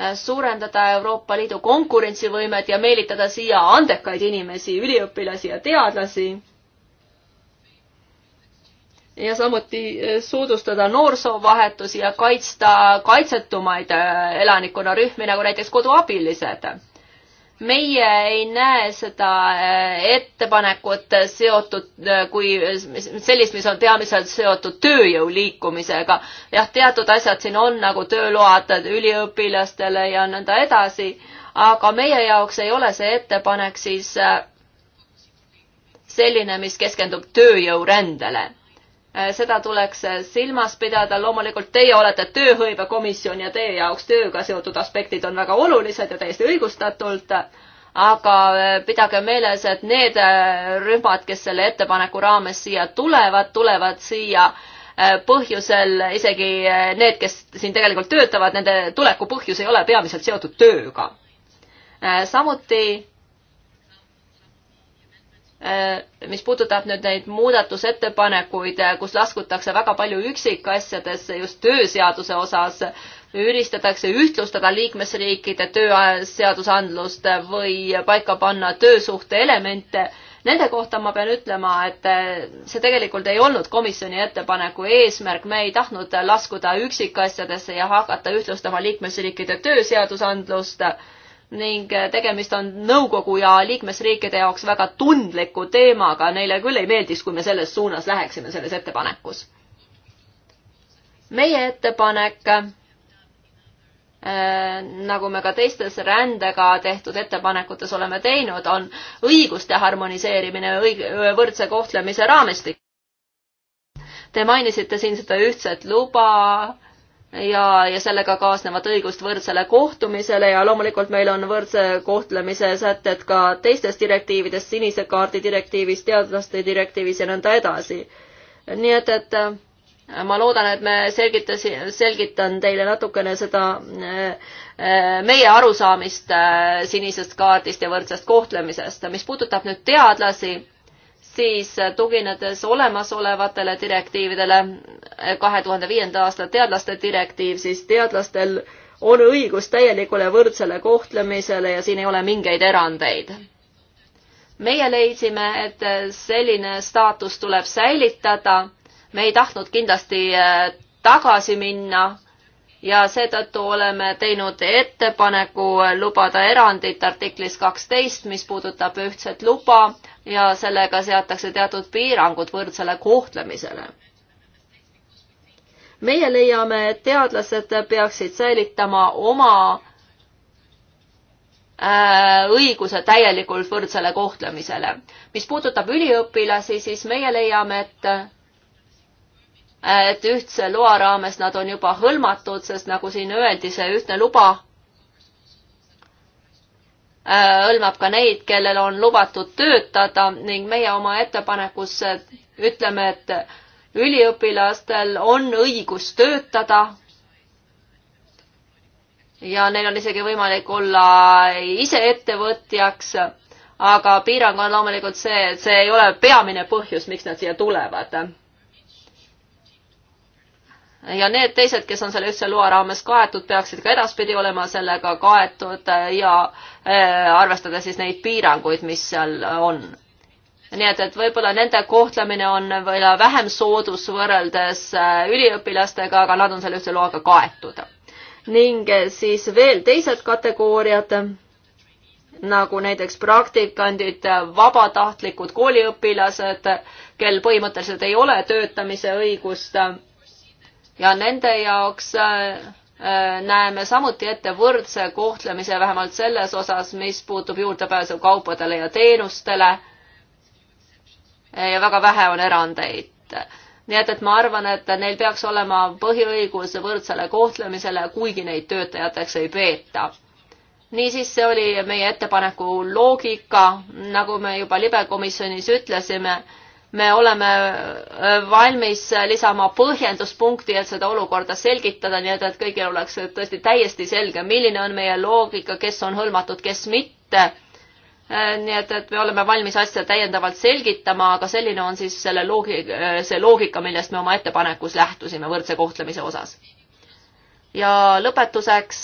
Äh, suurendada Euroopa Liidu konkurentsivõimet ja meelitada siia andekaid inimesi, üliõpilasi ja teadlasi. ja samuti äh, soodustada noorsoovahetusi ja kaitsta kaitsetumaid äh, elanikkonnarühmi, nagu näiteks koduabilised meie ei näe seda äh, ettepanekut seotud äh, kui sellist, mis on peamiselt seotud tööjõu liikumisega. jah, teatud asjad siin on nagu tööload üliõpilastele ja nõnda edasi, aga meie jaoks ei ole see ettepanek siis äh, selline, mis keskendub tööjõurändele Äh, seda tuleks äh, silmas pidada, loomulikult teie olete tööhõivekomisjon ja teie jaoks tööga seotud aspektid on väga olulised ja täiesti õigustatult, aga äh, pidage meeles, et need rühmad, kes selle ettepaneku raames siia tulevad, tulevad siia põhjusel, isegi need, kes siin tegelikult töötavad, nende tuleku põhjus ei ole peamiselt seotud tööga. samuti Äh, mis puudutab nüüd neid muudatusettepanekuid, äh, kus laskutakse väga palju üksikasjadesse just tööseaduse osas, üristatakse ühtlustada liikmesriikide tööseadusandlust või paika panna töösuhte elemente. Nende kohta ma pean ütlema, et äh, see tegelikult ei olnud komisjoni ettepaneku eesmärk, me ei tahtnud laskuda üksikasjadesse ja hakata ühtlustama liikmesriikide tööseadusandlust ning äh, tegemist on nõukogu ja liikmesriikide jaoks väga tundliku teemaga, neile küll ei meeldiks, kui me selles suunas läheksime selles ettepanekus. meie ettepanek äh, nagu me ka teistes rändega tehtud ettepanekutes oleme teinud, on õiguste harmoniseerimine õig-, võrdse kohtlemise raamistik. Te mainisite siin seda ühtset luba, ja, ja sellega kaasnevat õigust võrdsele kohtumisele ja loomulikult meil on võrdse kohtlemise sätted ka teistes direktiivides, sinise kaardi direktiivis, teadlaste direktiivis ja nõnda edasi. nii et, et äh, ma loodan, et me selgitasin, selgitan teile natukene seda äh, äh, meie arusaamist sinisest kaardist ja võrdsest kohtlemisest. mis puudutab nüüd teadlasi siis tuginedes olemasolevatele direktiividele, kahe tuhande viienda aasta teadlaste direktiiv, siis teadlastel on õigus täielikule võrdsele kohtlemisele ja siin ei ole mingeid erandeid. meie leidsime, et selline staatus tuleb säilitada, me ei tahtnud kindlasti eh, tagasi minna ja seetõttu oleme teinud ettepaneku lubada erandit artiklis kaksteist, mis puudutab ühtset luba ja sellega seatakse teatud piirangud võrdsele kohtlemisele. meie leiame, et teadlased peaksid säilitama oma äh, õiguse täielikult võrdsele kohtlemisele. mis puudutab üliõpilasi, siis meie leiame, et äh, et ühtse loa raames nad on juba hõlmatud, sest nagu siin öeldi, see ühtne luba Äh, hõlmab ka neid, kellel on lubatud töötada ning meie oma ettepanekus ütleme, et üliõpilastel on õigus töötada. ja neil on isegi võimalik olla ise ettevõtjaks, aga piirang on loomulikult see, et see ei ole peamine põhjus, miks nad siia tulevad ja need teised, kes on selle ühtse loa raames kaetud, peaksid ka edaspidi olema sellega kaetud ja eh, arvestada siis neid piiranguid, mis seal on. nii et, et võib-olla nende kohtlemine on võib-olla vähem soodus võrreldes eh, üliõpilastega, aga nad on selle ühtse loaga kaetud. ning eh, siis veel teised kategooriad, nagu näiteks praktikandid, vabatahtlikud kooliõpilased, kel põhimõtteliselt ei ole töötamise õigust ja nende jaoks äh, äh, näeme samuti ette võrdse kohtlemise vähemalt selles osas, mis puutub juurdepääsu kaupadele ja teenustele. ja väga vähe on erandeid. nii et, et ma arvan, et neil peaks olema põhiõigus võrdsele kohtlemisele, kuigi neid töötajateks ei peeta. niisiis, see oli meie ettepaneku loogika, nagu me juba libekomisjonis ütlesime me oleme äh, valmis lisama põhjenduspunkti, et seda olukorda selgitada, nii et, et kõigil oleks tõesti täiesti selge, milline on meie loogika, kes on hõlmatud, kes mitte. Äh, nii et, et me oleme valmis asja täiendavalt selgitama, aga selline on siis selle loogi-, äh, see loogika, millest me oma ettepanekus lähtusime võrdse kohtlemise osas. ja lõpetuseks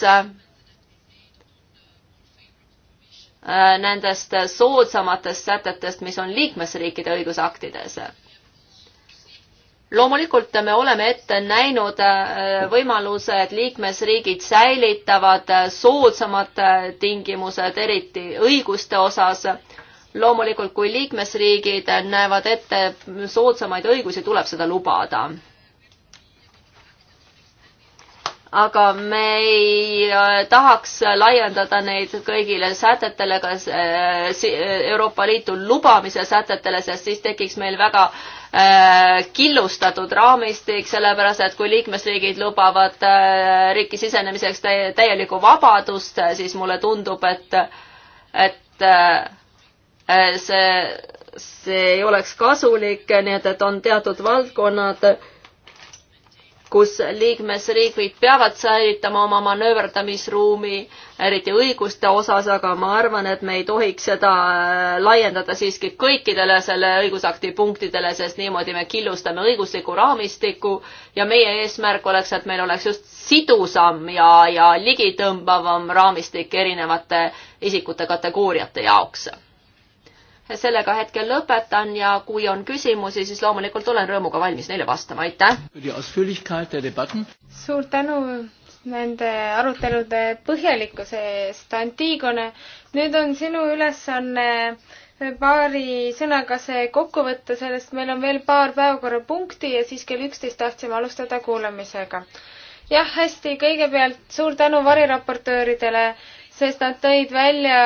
Äh, nendest soodsamatest sätetest, mis on liikmesriikide õigusaktides. loomulikult me oleme ette näinud äh, võimaluse, et liikmesriigid säilitavad äh, soodsamad tingimused, eriti õiguste osas. loomulikult, kui liikmesriigid näevad ette soodsamaid õigusi, tuleb seda lubada aga me ei äh, tahaks laiendada neid kõigile sätetele, ka äh, Euroopa Liidu lubamise sätetele, sest siis tekiks meil väga äh, killustatud raamistik, sellepärast et kui liikmesriigid lubavad riiki sisenemiseks täielikku vabadust, siis mulle tundub, et, et see, see ei oleks kasulik, nii et, et on teatud valdkonnad, kus liikmesriigid peavad säilitama oma manööverdamisruumi, eriti õiguste osas, aga ma arvan, et me ei tohiks seda äh, laiendada siiski kõikidele selle õigusakti punktidele, sest niimoodi me killustame õigusliku raamistiku ja meie eesmärk oleks, et meil oleks just sidusam ja, ja ligitõmbavam raamistik erinevate isikute kategooriate jaoks sellega hetkel lõpetan ja kui on küsimusi, siis loomulikult olen rõõmuga valmis neile vastama, aitäh! suur tänu nende arutelude põhjalikkuse eest, Antigone, nüüd on sinu ülesanne paari sõnaga see kokku võtta, sellest meil on veel paar päevakorrapunkti ja siis kell üksteist tahtsime alustada kuulamisega. jah, hästi, kõigepealt suur tänu variraportööridele sest nad tõid välja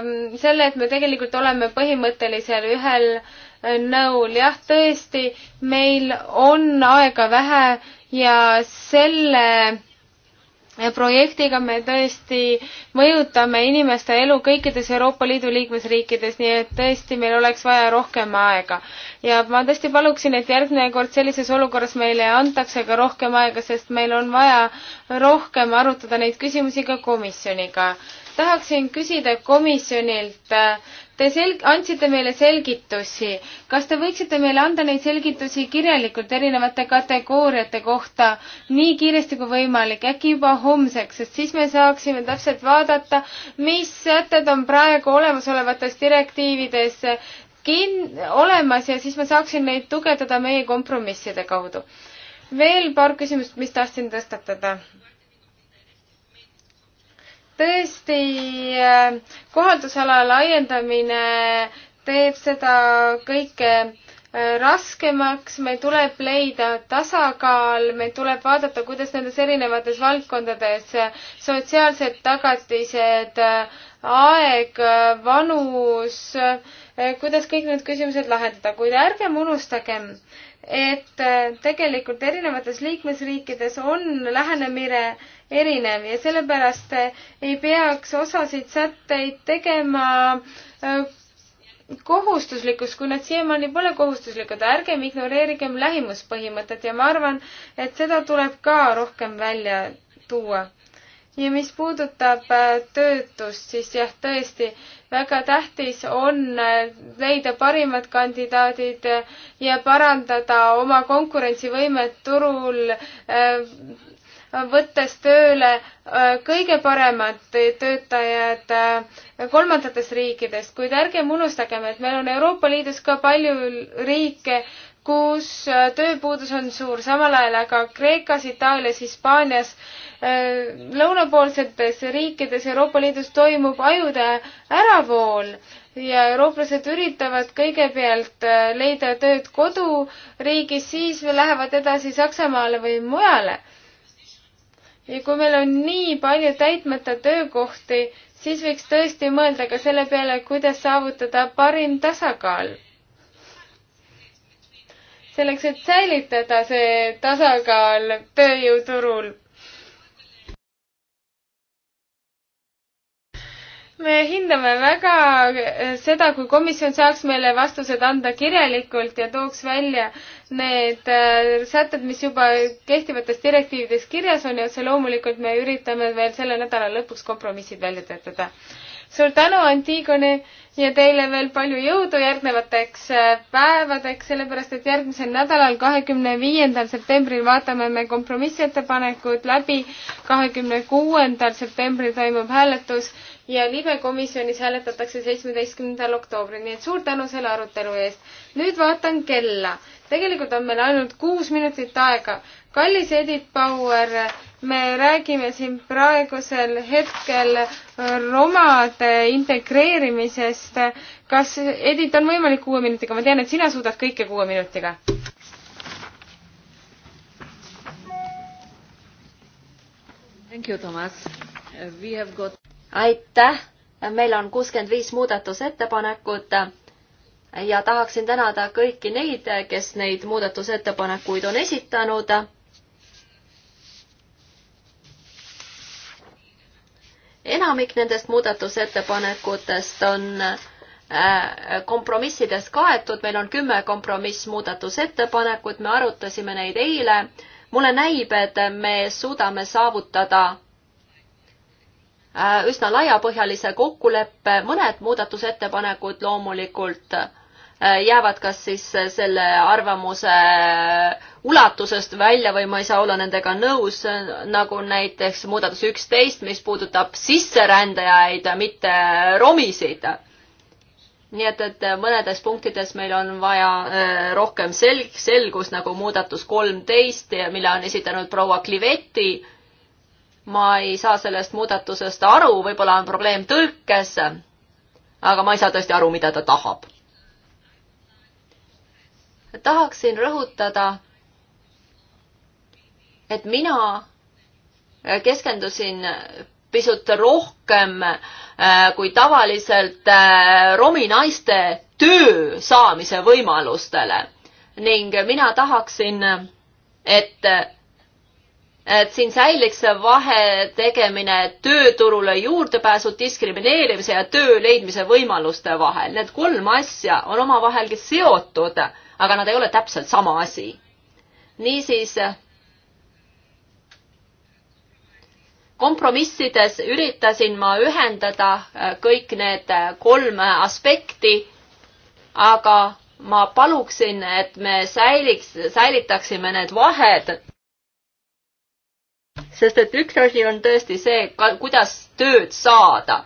ähm, selle, et me tegelikult oleme põhimõttelisel ühel äh, nõul. jah, tõesti, meil on aega vähe ja selle projektiga me tõesti mõjutame inimeste elu kõikides Euroopa Liidu liikmesriikides, nii et tõesti meil oleks vaja rohkem aega. ja ma tõesti paluksin, et järgmine kord sellises olukorras meile antakse ka rohkem aega, sest meil on vaja rohkem arutada neid küsimusi ka komisjoniga tahaksin küsida komisjonilt, Te sel-, andsite meile selgitusi. kas te võiksite meile anda neid selgitusi kirjalikult erinevate kategooriate kohta nii kiiresti kui võimalik, äkki juba homseks, sest siis me saaksime täpselt vaadata, mis sätted on praegu olemasolevates direktiivides kin-, olemas ja siis ma saaksin neid tugevdada meie kompromisside kaudu. veel paar küsimust, mis tahtsin tõstatada tõesti, äh, kohaldusala laiendamine teeb seda kõike äh, raskemaks, meil tuleb leida tasakaal, meil tuleb vaadata, kuidas nendes erinevates valdkondades sotsiaalsed tagatised, aeg, vanus, äh, kuidas kõik need küsimused lahendada, kuid ärgem unustagem, et tegelikult erinevates liikmesriikides on lähenemine erinev ja sellepärast ei peaks osasid sätteid tegema äh, kohustuslikuks, kui nad siiamaani pole kohustuslikud, ärgem ignoreerigem lähimuspõhimõtet ja ma arvan, et seda tuleb ka rohkem välja tuua. ja mis puudutab äh, töötust, siis jah, tõesti, väga tähtis on äh, leida parimad kandidaadid ja parandada oma konkurentsivõimet turul äh, võttes tööle äh, kõige paremad töötajad äh, kolmandatest riikidest, kuid ärgem unustagem, et meil on Euroopa Liidus ka palju riike, kus äh, tööpuudus on suur, samal ajal aga Kreekas, Itaalias, Hispaanias, lõunapoolsetes riikides Euroopa Liidus toimub ajude äravool ja eurooplased üritavad kõigepealt leida tööd koduriigis, siis lähevad edasi Saksamaale või mujale ja kui meil on nii palju täitmata töökohti, siis võiks tõesti mõelda ka selle peale, kuidas saavutada parim tasakaal. selleks, et säilitada see tasakaal tööjõuturul me hindame väga seda, kui komisjon saaks meile vastused anda kirjalikult ja tooks välja need äh, sätted, mis juba kehtivates direktiivides kirjas on ja otse loomulikult me üritame veel selle nädala lõpuks kompromissid välja töötada. suur tänu, Antigone, ja teile veel palju jõudu järgnevateks äh, päevadeks, sellepärast et järgmisel nädalal, kahekümne viiendal septembril vaatame me kompromissettepanekud läbi, kahekümne kuuendal septembril toimub hääletus ja libekomisjonis hääletatakse seitsmeteistkümnendal oktoobril, nii et suur tänu selle arutelu eest. nüüd vaatan kella. tegelikult on meil ainult kuus minutit aega. kallis Edith Bauer, me räägime siin praegusel hetkel romade integreerimisest. kas Edith on võimalik kuue minutiga, ma tean, et sina suudad kõike kuue minutiga. Thank you, Toomas. Uh, we have got aitäh, meil on kuuskümmend viis muudatusettepanekut ja tahaksin tänada kõiki neid, kes neid muudatusettepanekuid on esitanud. enamik nendest muudatusettepanekutest on äh, kompromissides kaetud, meil on kümme kompromissmuudatusettepanekut, me arutasime neid eile. mulle näib, et me suudame saavutada Äh, üsna laiapõhjalise kokkuleppe, mõned muudatusettepanekud loomulikult äh, jäävad kas siis selle arvamuse ulatusest välja või ma ei saa olla nendega nõus, nagu näiteks muudatus üksteist, mis puudutab sisserändajaid, mitte romisid. nii et, et mõnedes punktides meil on vaja äh, rohkem selg-, selgust, nagu muudatus kolmteist, mille on esitanud proua Kliveti ma ei saa sellest muudatusest aru, võib-olla on probleem tõlkes. aga ma ei saa tõesti aru, mida ta tahab. tahaksin rõhutada, et mina keskendusin pisut rohkem äh, kui tavaliselt äh, romi naiste töö saamise võimalustele ning mina tahaksin, et et siin säiliks see vahe tegemine tööturule juurdepääsu diskrimineerimise ja töö leidmise võimaluste vahel. Need kolm asja on omavahelgi seotud, aga nad ei ole täpselt sama asi. niisiis kompromissides üritasin ma ühendada kõik need kolm aspekti, aga ma paluksin, et me säiliks, säilitaksime need vahed sest et üks asi on tõesti see, kuidas tööd saada.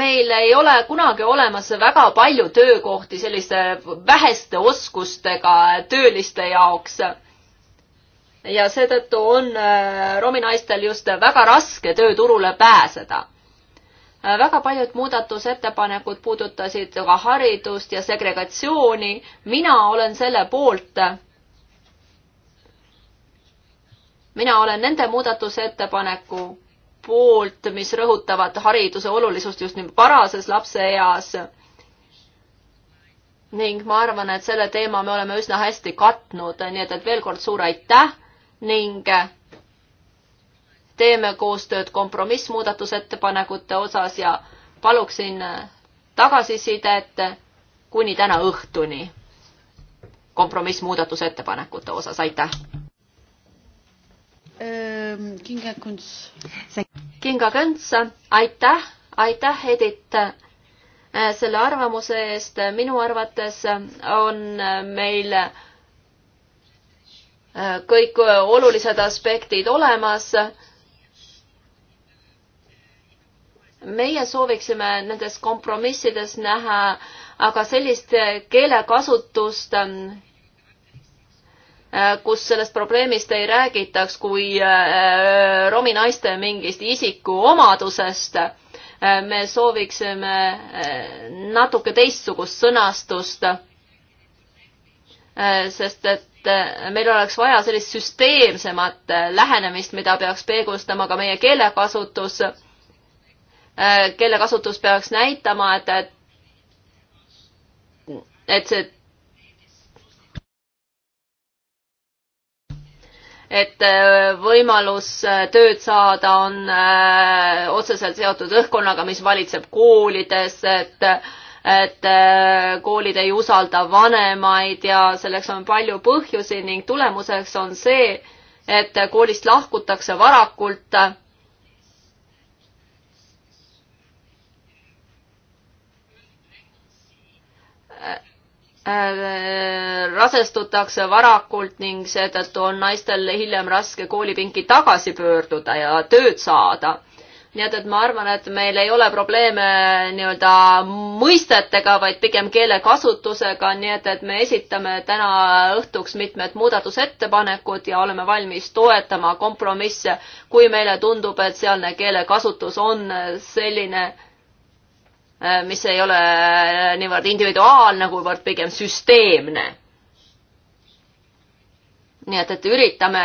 meil ei ole kunagi olemas väga palju töökohti selliste väheste oskustega tööliste jaoks. ja seetõttu on äh, rominaistel just väga raske tööturule pääseda väga paljud muudatusettepanekud puudutasid ka haridust ja segregatsiooni. mina olen selle poolt. mina olen nende muudatusettepaneku poolt, mis rõhutavad hariduse olulisust just nimelt varases lapseeas. ning ma arvan, et selle teema me oleme üsna hästi katnud, nii et, et veel kord suur aitäh ning teeme koostööd kompromissmuudatusettepanekute osas ja paluksin äh, tagasisidet äh, kuni täna õhtuni kompromissmuudatusettepanekute osas, aitäh. Ähm, Kinga Künts. Kinga Künts, aitäh, aitäh, Edith äh, selle arvamuse eest. minu arvates on meil kõik olulised aspektid olemas meie sooviksime nendes kompromissides näha aga sellist keelekasutust, ähm, äh, kus sellest probleemist ei räägitaks kui äh, äh, romi naiste mingist isikuomadusest. me sooviksime natuke teistsugust sõnastust, sest et meil oleks vaja sellist süsteemsemat lähenemist, mida peaks peegustama ka meie keelekasutus Äh, kelle kasutus peaks näitama, et, et, et see et äh, võimalus äh, tööd saada on otseselt seotud õhkkonnaga, mis valitseb koolides, et et koolid ei usalda vanemaid ja selleks on palju põhjusi ning tulemuseks on see, et koolist lahkutakse varakult Äh, rasestutakse varakult ning seetõttu on naistel hiljem raske koolipinki tagasi pöörduda ja tööd saada. nii et, et ma arvan, et meil ei ole probleeme nii-öelda mõistetega, vaid pigem keelekasutusega, nii et, et me esitame täna õhtuks mitmed muudatusettepanekud ja oleme valmis toetama kompromisse, kui meile tundub, et sealne keelekasutus on selline, Äh, mis ei ole äh, niivõrd individuaalne, kuivõrd pigem süsteemne. nii et, et üritame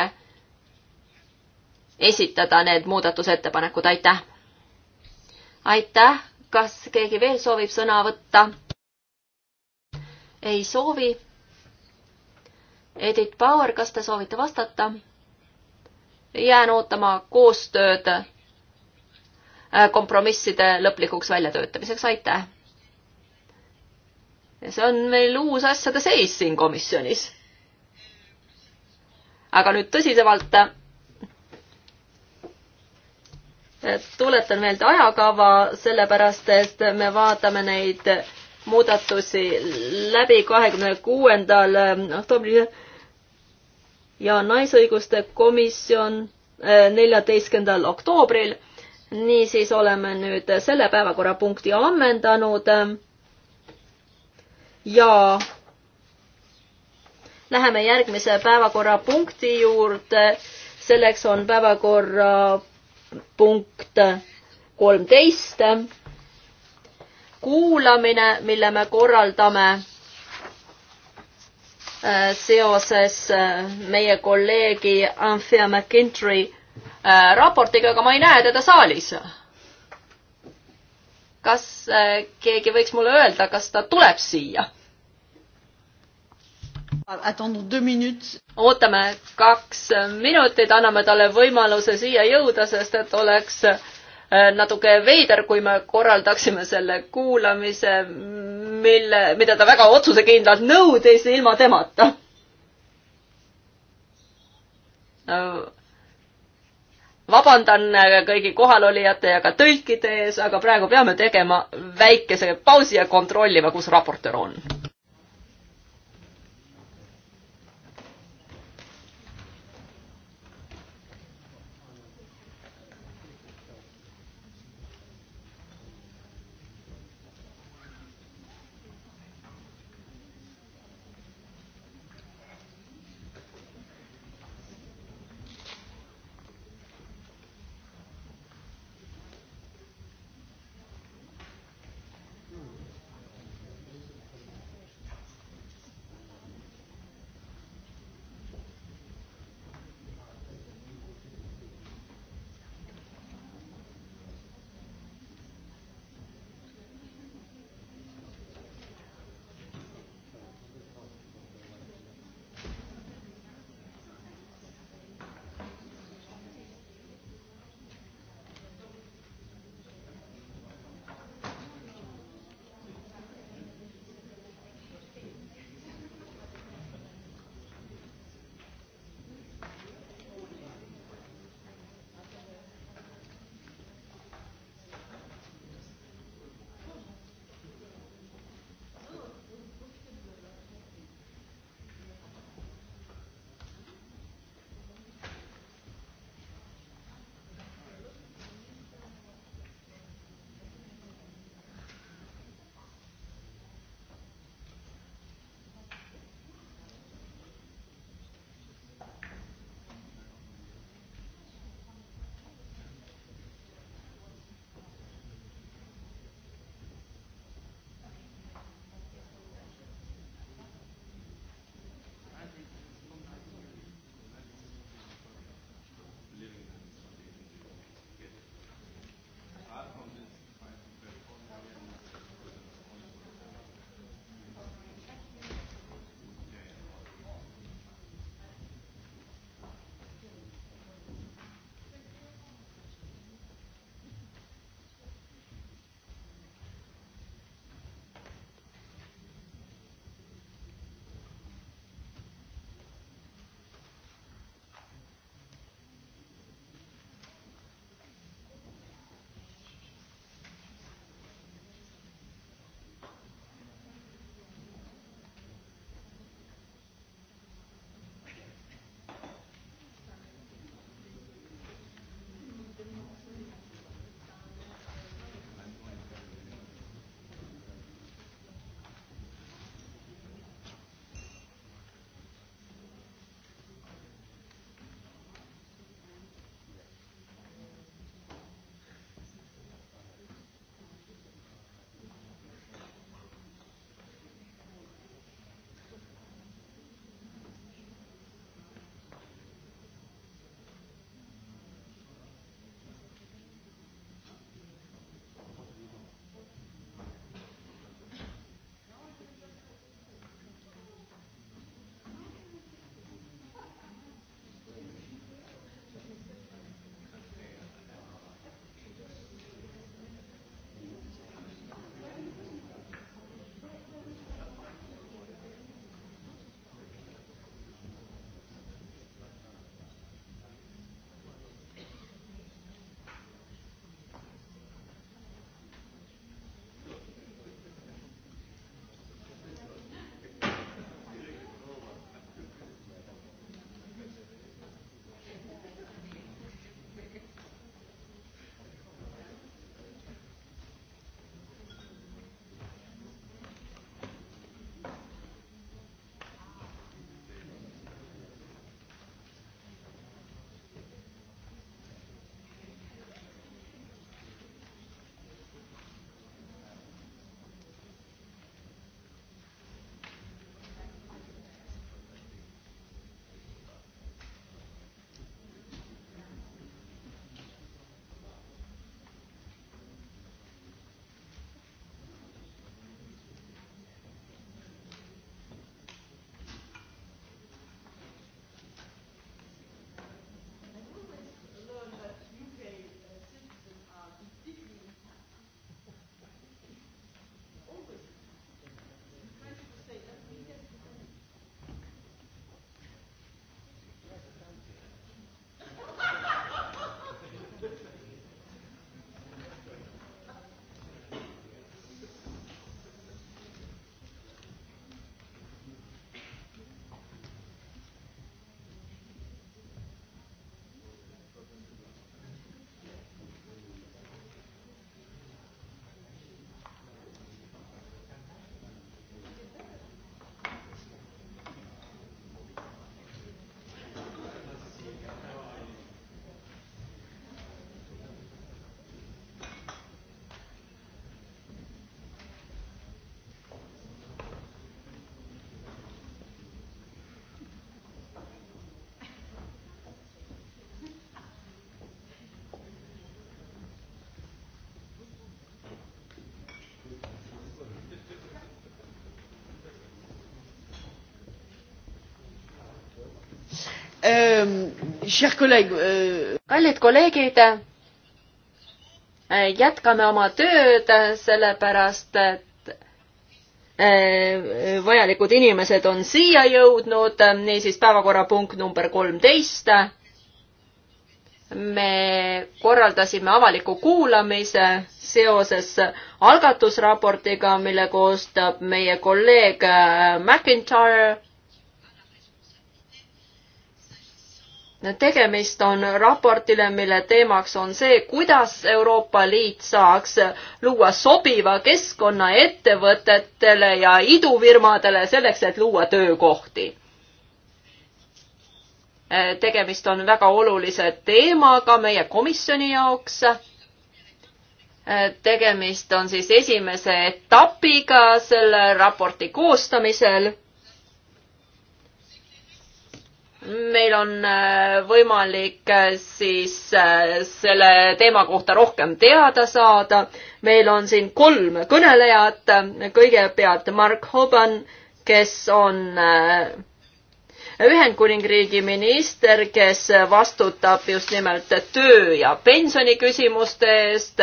esitada need muudatusettepanekud, aitäh! aitäh, kas keegi veel soovib sõna võtta? ei soovi. Edith Bauer, kas te soovite vastata? jään ootama koostööd Äh, kompromisside lõplikuks väljatöötamiseks, aitäh! see on meil uus asjade seis siin komisjonis. aga nüüd tõsisemalt äh, tuletan meelde ajakava, sellepärast et me vaatame neid muudatusi läbi kahekümne kuuendal äh, oktoobril ja Naisõiguste Komisjon neljateistkümnendal oktoobril niisiis oleme nüüd selle päevakorrapunkti ammendanud. ja läheme järgmise päevakorrapunkti juurde. selleks on päevakorrapunkt kolmteist. kuulamine, mille me korraldame äh, seoses äh, meie kolleegi Anthea McIntry Äh, raportiga, aga ma ei näe teda saalis. kas äh, keegi võiks mulle öelda, kas ta tuleb siia? ootame kaks minutit, anname talle võimaluse siia jõuda, sest et oleks äh, natuke veider, kui me korraldaksime selle kuulamise, mille, mida ta väga otsusekindlalt nõudis ilma temata vabandan äh, kõigi kohalolijate ja ka tõlkide ees, aga praegu peame tegema väikese pausi ja kontrollima, kus raportöör on. Ehm, euh, kallid kolleegid, äh, jätkame oma tööd, sellepärast et äh, vajalikud inimesed on siia jõudnud, niisiis päevakorrapunkt number kolmteist. me korraldasime avaliku kuulamise seoses algatusraportiga, mille koostab meie kolleeg äh, McIntyre tegemist on raportile, mille teemaks on see, kuidas Euroopa Liit saaks luua sobiva keskkonna ettevõtetele ja idufirmadele selleks, et luua töökohti. tegemist on väga olulise teemaga meie komisjoni jaoks. tegemist on siis esimese etapiga selle raporti koostamisel meil on äh, võimalik äh, siis äh, selle teema kohta rohkem teada saada. meil on siin kolm kõnelejat, kõigepealt Mark Hoban, kes on Ühendkuningriigi minister, kes vastutab just nimelt töö ja pensioniküsimuste eest.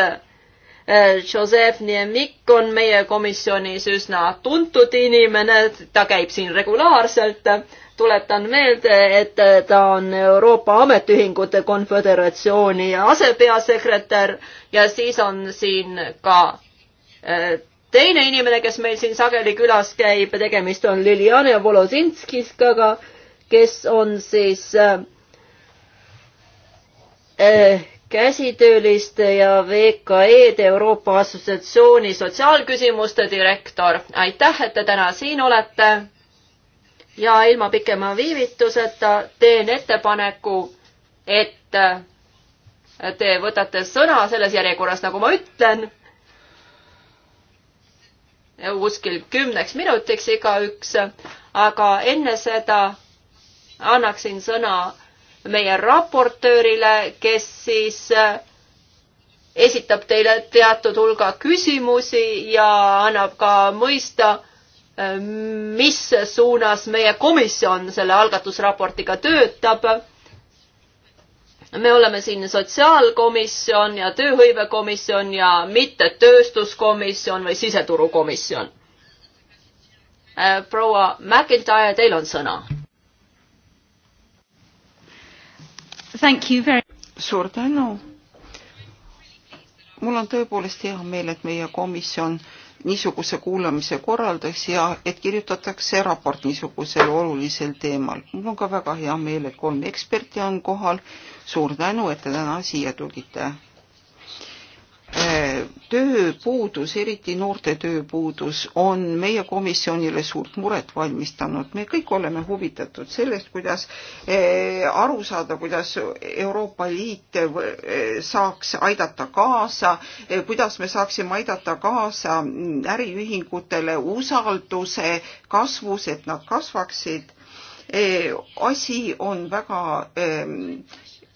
Joseph Niemik on meie komisjonis üsna tuntud inimene, ta käib siin regulaarselt tuletan meelde, et äh, ta on Euroopa Ametiühingute Konföderatsiooni asepeasekretär ja siis on siin ka äh, teine inimene, kes meil siin sageli külas käib, tegemist on Liliane Volozinskiskaga, kes on siis äh, äh käsitööliste ja VKE-de Euroopa Assotsiatsiooni sotsiaalküsimuste direktor. aitäh, et te täna siin olete ja ilma pikema viivituseta teen ettepaneku, et äh, te võtate sõna selles järjekorras, nagu ma ütlen. kuskil kümneks minutiks igaüks, aga enne seda annaksin sõna meie raportöörile, kes siis äh, esitab teile teatud hulga küsimusi ja annab ka mõista, Ehm, mis suunas meie komisjon selle algatusraportiga töötab. me oleme siin sotsiaalkomisjon ja tööhõivekomisjon ja mitte tööstuskomisjon või siseturukomisjon. Ehm, proua McIntyre, teil on sõna. suur tänu mul on tõepoolest hea meel, et meie komisjon niisuguse kuulamise korraldas ja et kirjutatakse raport niisugusel olulisel teemal. mul on ka väga hea meel, et kolm eksperti on kohal. suur tänu, et te täna siia tulite. Äh, tööpuudus, eriti noorte tööpuudus, on meie komisjonile suurt muret valmistanud. me kõik oleme huvitatud sellest, kuidas äh, aru saada, kuidas Euroopa Liit äh, saaks aidata kaasa, kuidas me saaksime aidata kaasa äriühingutele usalduse kasvus, et nad kasvaksid asi on väga ähm,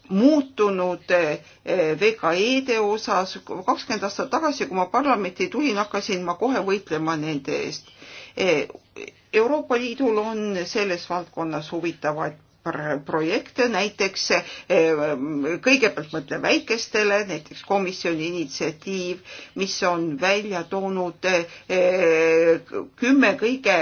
muutunud eh, VKE-de osas. kakskümmend aastat tagasi, kui ma parlamenti tulin, hakkasin ma kohe võitlema nende eest. Eh, Euroopa Liidul on selles valdkonnas huvitavaid projekte, näiteks eh, kõigepealt mõtlen väikestele, näiteks komisjoni initsiatiiv, mis on välja toonud kümme kõige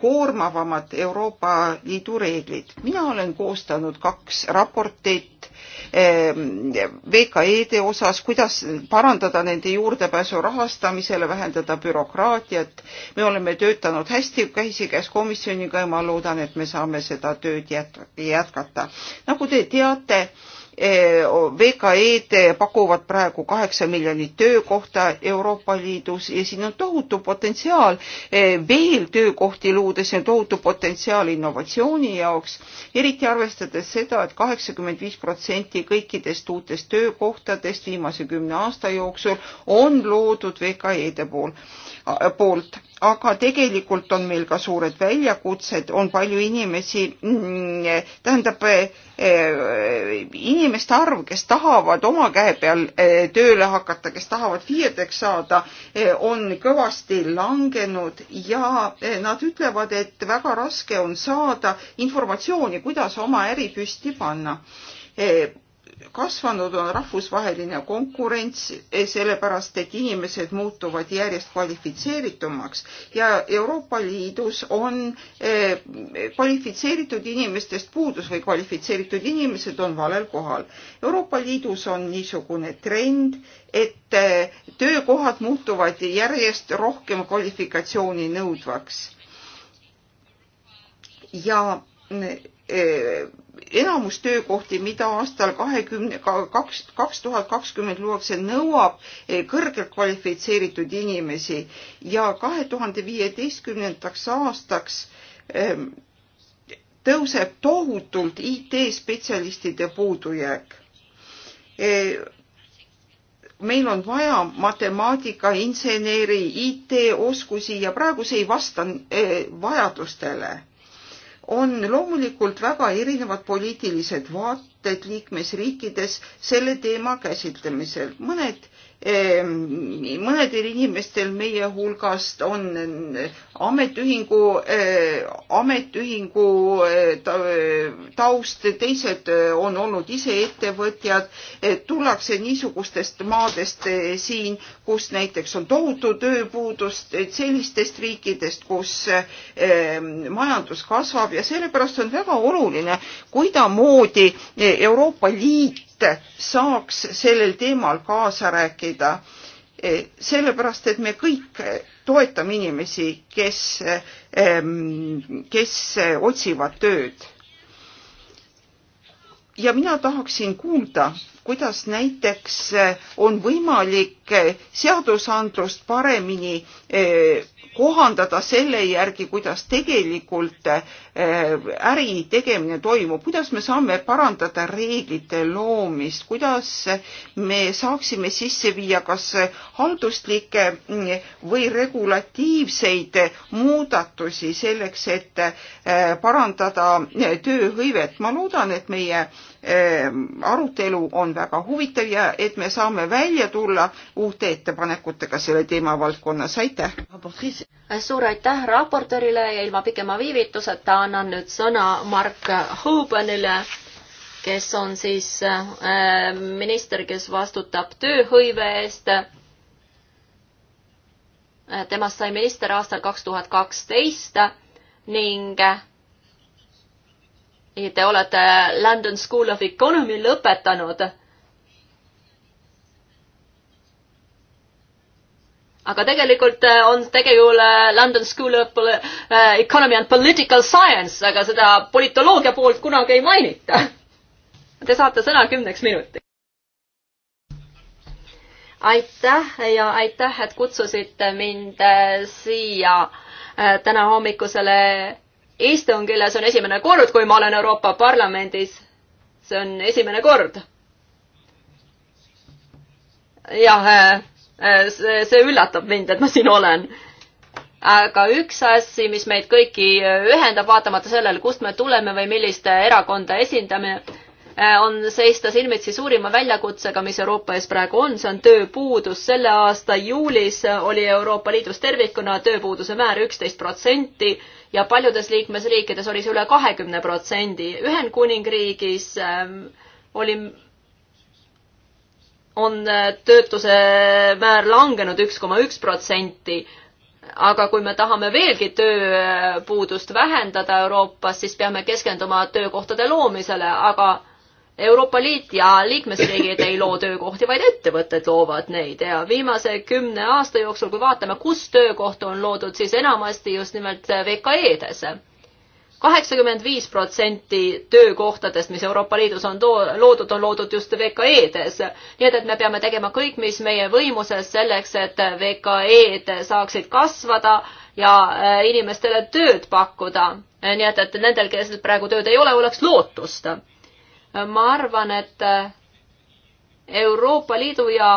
koormavamat Euroopa Liidu reeglit. mina olen koostanud kaks raportit Ehm, VKE-de osas, kuidas parandada nende juurdepääsu rahastamisele, vähendada bürokraatiat. me oleme töötanud hästi käsikäes komisjoniga ja ma loodan, et me saame seda tööd jätkata. nagu te teate, Eh, VKE-d eh, pakuvad praegu kaheksa miljonit töökohta Euroopa Liidus ja siin on tohutu potentsiaal eh, veel töökohti luuda, see on tohutu potentsiaal innovatsiooni jaoks, eriti arvestades seda et, et kaheksakümmend viis protsenti kõikidest uutest töökohtadest viimase kümne aasta jooksul on loodud VKE-de pool Äh, poolt, aga tegelikult on meil ka suured väljakutsed, on palju inimesi, mm, äh, tähendab äh, inimeste arv, kes tahavad oma käe peal tööle hakata, kes tahavad FIE-deks saada, on kõvasti langenud ja nad ütlevad, et väga raske on saada informatsiooni, kuidas oma äri püsti panna kasvanud on rahvusvaheline konkurents, eh, sellepärast et inimesed muutuvad järjest kvalifitseeritumaks ja Euroopa Liidus on eh, kvalifitseeritud inimestest puudus või kvalifitseeritud inimesed on valel kohal. Euroopa Liidus on niisugune trend, et eh, töökohad muutuvad järjest rohkem kvalifikatsiooni nõudvaks. ja Eh, enamus töökohti, mida aastal kahekümne, kaks, kaks tuhat kakskümmend luuakse, nõuab eh, kõrgelt kvalifitseeritud inimesi ja kahe tuhande viieteistkümnendaks aastaks ehm, tõuseb tohutult IT-spetsialistide puudujääk. Eh, meil on vaja matemaatika, inseneri, IT-oskusi ja praegu see ei vasta vajadustele on loomulikult väga erinevad poliitilised vaated liikmesriikides selle teema käsitlemisel. mõned Ehm, mõnedel inimestel meie hulgast on ametiühingu, eh, ametiühingu eh, taust, teised eh, on olnud ise ettevõtjad, tullakse niisugustest maadest siin, kus näiteks on tohutu tööpuudus, sellistest riikidest, kus majandus kasvab ja sellepärast on väga oluline, kuidamoodi Euroopa Liit saaks sellel teemal kaasa rääkida. E, sellepärast, et me kõik toetame inimesi, kes, kes otsivad tööd. ja mina tahaksin kuulda kuidas näiteks eh, on võimalik eh, seadusandlust paremini eh, kohandada selle järgi, kuidas tegelikult äri tegemine toimub, kuidas me saame parandada reeglite loomist, kuidas me saaksime sisse viia kas halduslikke mm, või regulatiivseid muudatusi selleks, et parandada tööhõivet. ma loodan, et meie Ehm, arutelu on väga huvitav ja et me saame välja tulla uute ettepanekutega selle teemavaldkonnas, aitäh! suur aitäh raportöörile ja ilma pikema viivituseta annan nüüd sõna Mark Hoobanile, kes on siis ehm, minister, kes vastutab tööhõive eest. temast sai minister aastal kaks tuhat kaksteist ning Te olete London School of Economy lõpetanud. aga tegelikult äh, on tegevjuhul äh, London School of äh, Economy and Political Science, aga seda politoloogia poolt kunagi ei mainita. Te saate sõna kümneks minutiks aitäh ja aitäh, et kutsusite mind siia täna hommikusele istungile, see on esimene kord, kui ma olen Euroopa Parlamendis. see on esimene kord. jah, äh, see, see üllatab mind, et ma siin olen. aga üks asi, mis meid kõiki äh, ühendab, vaatamata sellele, kust me tuleme või millist erakonda esindame, äh, on seista silmitsi suurima väljakutsega, mis Euroopa ees praegu on, see on tööpuudus. selle aasta juulis oli Euroopa Liidus tervikuna tööpuuduse määr üksteist protsenti ja paljudes liikmesriikides oli see üle kahekümne protsendi. Ühendkuningriigis ähm, oli, on äh, töötuse määr langenud üks koma üks protsenti aga kui me tahame veelgi tööpuudust vähendada Euroopas, siis peame keskenduma töökohtade loomisele, aga Euroopa Liit ja liikmesriigid ei loo töökohti, vaid ettevõtted loovad neid ja viimase kümne aasta jooksul, kui vaatame, kus töökohta on loodud, siis enamasti just nimelt VKE-des. kaheksakümmend viis protsenti töökohtadest, mis Euroopa Liidus on too-, loodud, on loodud just VKE-des. nii et, et me peame tegema kõik, mis meie võimuses selleks, et VKE-d saaksid kasvada ja äh, inimestele tööd pakkuda. nii et, et nendel, kes praegu tööd ei ole, oleks lootust ma arvan, et äh, Euroopa Liidu ja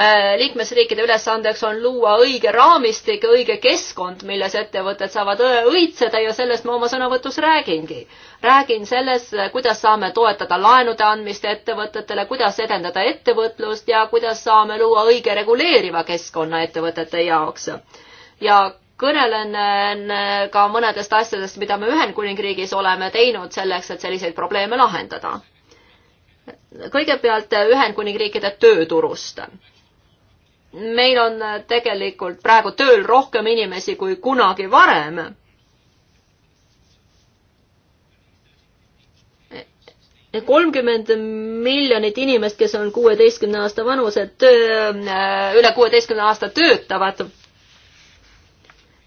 äh, liikmesriikide ülesandeks on luua õige raamistik, õige keskkond, milles ettevõtted saavad äh, õitseda ja sellest ma oma sõnavõtus räägingi. räägin sellest, kuidas saame toetada laenude andmist ettevõtetele, kuidas edendada ettevõtlust ja kuidas saame luua õige reguleeriva keskkonna ettevõtete jaoks. ja kõnelen äh, ka mõnedest asjadest, mida me Ühendkuningriigis oleme teinud selleks, et selliseid probleeme lahendada. kõigepealt äh, Ühendkuningriikide tööturust. meil on äh, tegelikult praegu tööl rohkem inimesi kui kunagi varem kolmkümmend miljonit inimest, kes on kuueteistkümne aasta vanused, üle kuueteistkümne aasta töötavad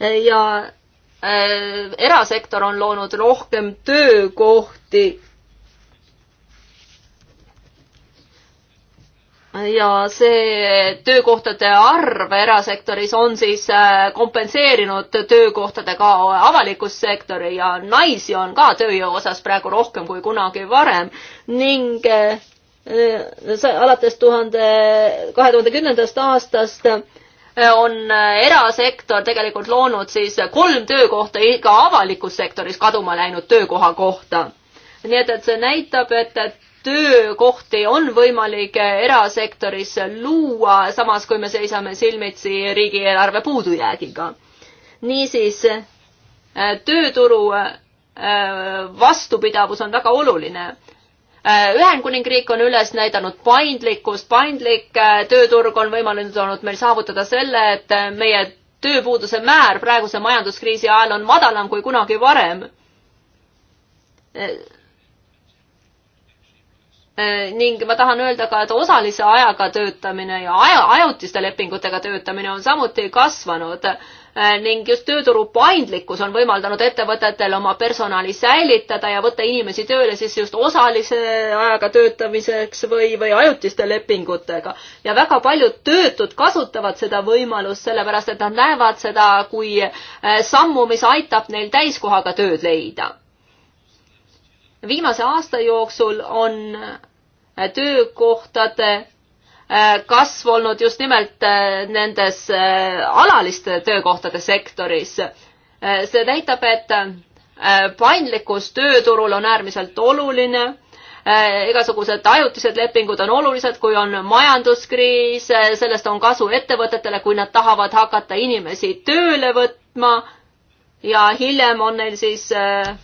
ja äh, erasektor on loonud rohkem töökohti. ja see töökohtade arv erasektoris on siis äh, kompenseerinud töökohtade ka avalikus sektori ja naisi on ka tööjõu osas praegu rohkem kui kunagi varem ning äh, alates tuhande, kahe tuhande kümnendast aastast on äh, erasektor tegelikult loonud siis kolm töökohta iga avalikus sektoris kaduma läinud töökoha kohta. nii et, et see näitab, et, et töökohti on võimalik äh, erasektoris luua, samas kui me seisame silmitsi riigieelarve puudujäägiga. niisiis äh, tööturu vastupidavus on väga oluline Äh, Ühendkuningriik on üles näidanud paindlikkust, paindlik äh, tööturg on võimaldanud meil saavutada selle, et äh, meie tööpuuduse määr praeguse majanduskriisi ajal on madalam kui kunagi varem. ning ma tahan öelda ka, et osalise ajaga töötamine ja aja, ajutiste lepingutega töötamine on samuti kasvanud Äh, ning just tööturu paindlikkus on võimaldanud ettevõtetel oma personali säilitada ja võtta inimesi tööle siis just osalise ajaga töötamiseks või, või ajutiste lepingutega. ja väga paljud töötud kasutavad seda võimalust sellepärast, et nad näevad seda kui äh, sammu, mis aitab neil täiskohaga tööd leida. viimase aasta jooksul on äh, töökohtade Äh, kasv olnud just nimelt äh, nendes äh, alaliste töökohtade sektoris. see näitab, et paindlikkus tööturul on äärmiselt oluline. igasugused ajutised lepingud on olulised, kui on majanduskriis, sellest on kasu ettevõtetele, kui nad tahavad hakata inimesi tööle võtma ja hiljem on neil siis äh,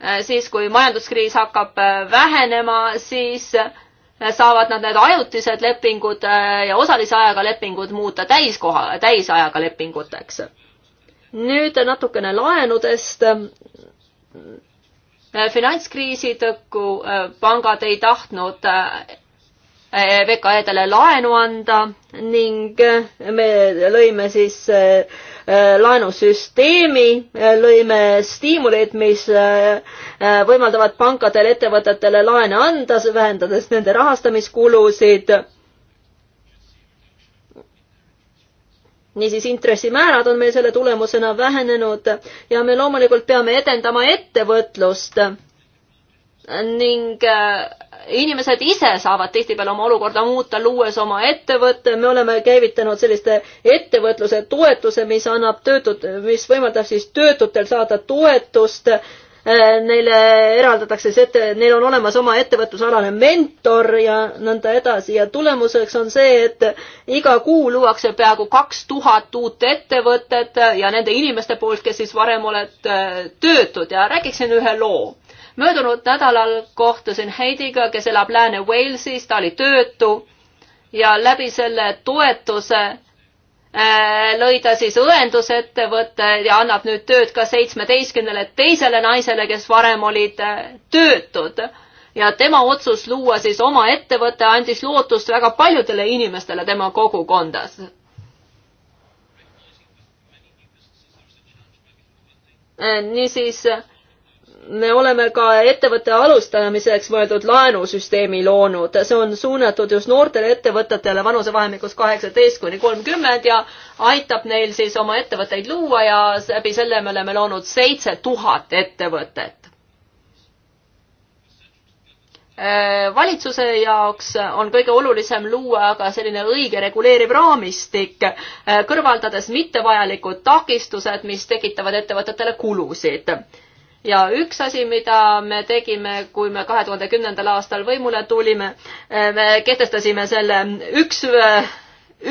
Äh, siis kui majanduskriis hakkab äh, vähenema, siis äh, saavad nad need ajutised lepingud ja osalise ajaga lepingud muuta täiskoha, täisajaga lepinguteks. nüüd natukene laenudest. finantskriisi tõttu pangad ei tahtnud VKE-dele laenu anda ning me lõime siis Äh, laenusüsteemi, äh, lõime stiimuleid, mis äh, võimaldavad pankadel ettevõtetele laene anda, vähendades nende rahastamiskulusid. niisiis intressimäärad on meil selle tulemusena vähenenud ja me loomulikult peame edendama ettevõtlust ning inimesed ise saavad tihtipeale oma olukorda muuta, luues oma ettevõtte, me oleme käivitanud selliste ettevõtluse toetuse, mis annab töötud, mis võimaldab siis töötutel saada toetust, neile eraldatakse see ette, neil on olemas oma ettevõtlusalane mentor ja nõnda edasi ja tulemuseks on see, et iga kuu luuakse peaaegu kaks tuhat uut ettevõtet ja nende inimeste poolt, kes siis varem olid töötud ja räägiksin ühe loo möödunud nädalal kohtusin Heidiga, kes elab Lääne-Walesis, ta oli töötu ja läbi selle toetuse äh, lõi ta siis õendusettevõtte ja annab nüüd tööd ka seitsmeteistkümnele teisele naisele, kes varem olid äh, töötud. ja tema otsus luua siis oma ettevõte andis lootust väga paljudele inimestele tema kogukondas. Äh, niisiis me oleme ka ettevõtte alustamiseks mõeldud laenusüsteemi loonud, see on suunatud just noortele ettevõtetele vanusevahemikus kaheksateist kuni kolmkümmend ja aitab neil siis oma ettevõtteid luua ja läbi selle me oleme loonud seitse tuhat ettevõtet. Äh, valitsuse jaoks on kõige olulisem luua aga selline õige reguleeriv raamistik, äh, kõrvaldades mittevajalikud takistused, mis tekitavad ettevõtetele kulusid ja üks asi, mida me tegime, kui me kahe tuhande kümnendal aastal võimule tulime, eh, me kehtestasime selle üks, eh,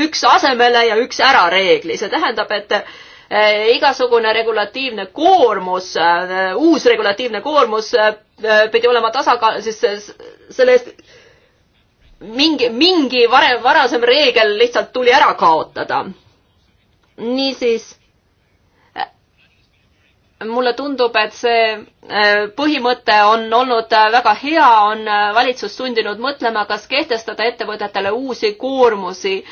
üks asemele ja üks ära reegli, see tähendab, et eh, igasugune regulatiivne koormus, uus regulatiivne koormus pidi olema tasakaal, siis selle eest mingi, mingi varem, varasem reegel lihtsalt tuli ära kaotada. niisiis mulle tundub, et see äh, põhimõte on olnud äh, väga hea, on äh, valitsust sundinud mõtlema, kas kehtestada ettevõtetele uusi koormusi,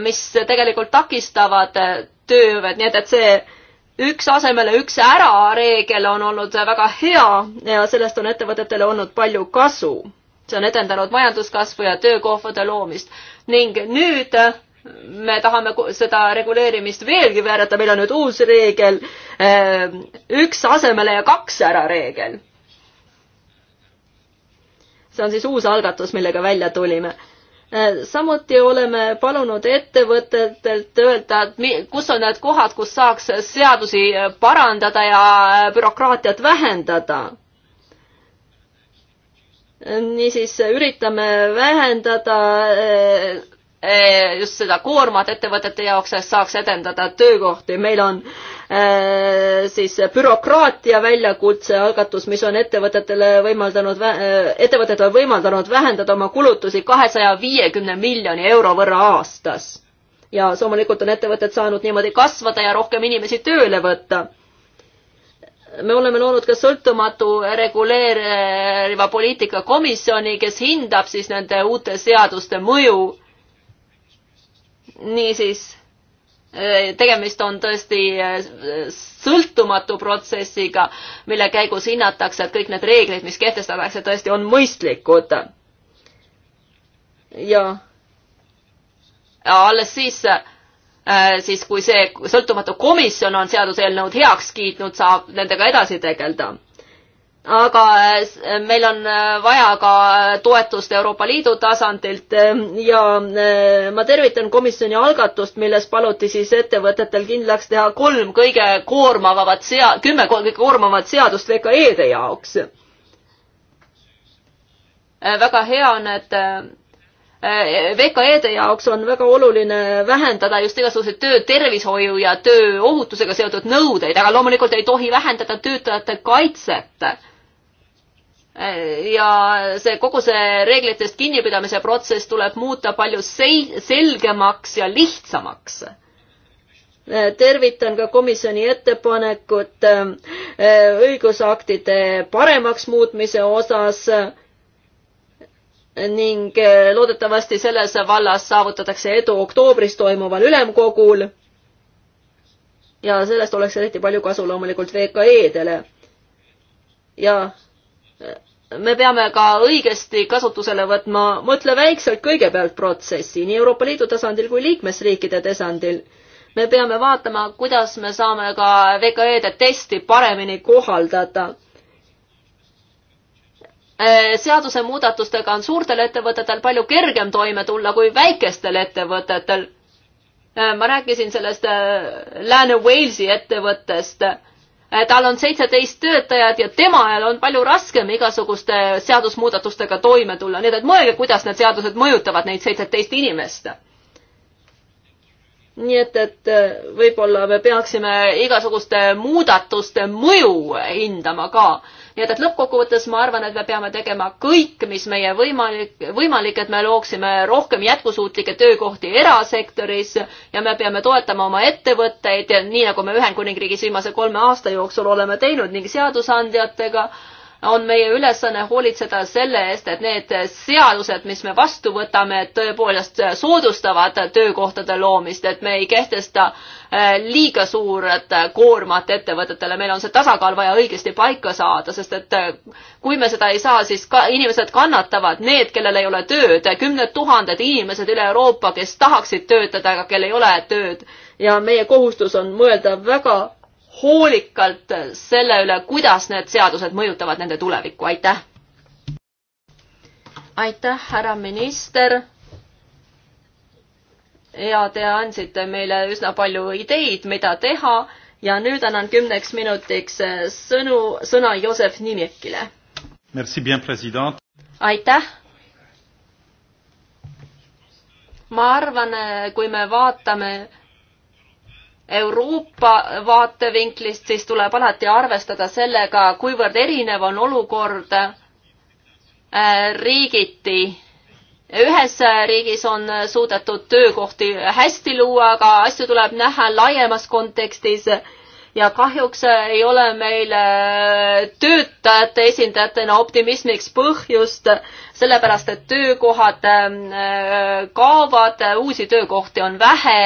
mis tegelikult takistavad tööhõivet, nii et, et see üks asemele üks ära reegel on olnud väga hea ja sellest on ettevõtetele olnud palju kasu. see on edendanud majanduskasvu ja töökohtade loomist ning nüüd me tahame seda reguleerimist veelgi veereta, meil on nüüd uus reegel, ehm, üks asemele ja kaks ära reegel. see on siis uus algatus, millega välja tulime. Ehm, samuti oleme palunud ettevõtetelt öelda, et kus on need kohad, kus saaks seadusi parandada ja bürokraatiat vähendada niisiis üritame vähendada ehm, Eh, just seda koormat ettevõtete jaoks, et saaks edendada töökohti. meil on eh, siis bürokraatia väljakutse algatus, mis on ettevõtetele võimaldanud, eh, ettevõtetel võimaldanud vähendada oma kulutusi kahesaja viiekümne miljoni euro võrra aastas. ja loomulikult on ettevõtted saanud niimoodi kasvada ja rohkem inimesi tööle võtta me oleme loonud ka sõltumatu reguleeriva poliitika komisjoni, kes hindab siis nende uute seaduste mõju niisiis, äh, tegemist on tõesti äh, sõltumatu protsessiga, mille käigus hinnatakse, et kõik need reeglid, mis kehtestatakse, tõesti on mõistlikud. ja alles siis äh, siis kui see sõltumatu komisjon on seaduseelnõud heaks kiitnud, saab nendega edasi tegeleda aga meil on äh, vaja ka toetust Euroopa Liidu tasandilt äh, ja äh, ma tervitan komisjoni algatust, milles paluti siis ettevõtetel kindlaks teha kolm kõige koormavamat sea-, kümme kõige koormavat seadust VKE-de jaoks. väga hea on, et VKE-de jaoks on väga oluline vähendada just igasuguseid töötervishoiu ja tööohutusega seotud nõudeid, aga loomulikult ei tohi vähendada töötajate kaitset ja see kogu see reeglitest kinnipidamise protsess tuleb muuta palju sel-, selgemaks ja lihtsamaks. tervitan ka komisjoni ettepanekut äh, õigusaktide paremaks muutmise osas ning äh, loodetavasti selles vallas saavutatakse edu oktoobris toimuval ülemkogul. ja sellest oleks eriti palju kasu loomulikult VKE-dele. ja me peame ka õigesti kasutusele võtma, mõtle väikselt kõigepealt protsessi, nii Euroopa Liidu tasandil kui liikmesriikide tasandil. me peame vaatama, kuidas me saame ka VKE-de testi paremini kohaldada. Äh, seadusemuudatustega on suurtel ettevõtetel palju kergem toime tulla kui väikestel ettevõtetel. Äh, ma rääkisin sellest äh, Lääne-Walesi ettevõttest Äh, tal on seitseteist töötajat ja temal on palju raskem igasuguste seadusmuudatustega toime tulla, nii et mõelge, kuidas need seadused mõjutavad neid seitseteist inimest. nii et, et äh, võib-olla me peaksime igasuguste muudatuste mõju hindama ka nii et, et lõppkokkuvõttes ma arvan, et me peame tegema kõik, mis meie võimalik, võimalik, et me looksime rohkem jätkusuutlikke töökohti erasektoris ja me peame toetama oma ettevõtteid, nii nagu me Ühendkuningriigis viimase kolme aasta jooksul oleme teinud ning seadusandjatega äh, on meie ülesanne hoolitseda selle eest, et need seadused, mis me vastu võtame, tõepoolest soodustavad töökohtade loomist, et me ei kehtesta äh, liiga suured koormat ettevõtetele, meil on see tasakaal vaja õigesti paika saada, sest et äh, kui me seda ei saa, siis ka inimesed kannatavad, need, kellel ei ole tööd, kümned tuhanded inimesed üle Euroopa, kes tahaksid töötada, aga kel ei ole tööd ja meie kohustus on mõelda väga hoolikalt selle üle, kuidas need seadused mõjutavad nende tulevikku, aitäh! aitäh, härra minister! ja te andsite meile üsna palju ideid, mida teha ja nüüd annan kümneks minutiks sõnu, sõna Josef Nimekile. aitäh! ma arvan, kui me vaatame Euroopa vaatevinklist, siis tuleb alati arvestada sellega, kuivõrd erinev on olukord äh, riigiti. ühes riigis on suudetud töökohti hästi luua, aga asju tuleb näha laiemas kontekstis ja kahjuks ei ole meil äh, töötajate esindajatena optimismiks põhjust, sellepärast et töökohad äh, kaovad, uusi töökohti on vähe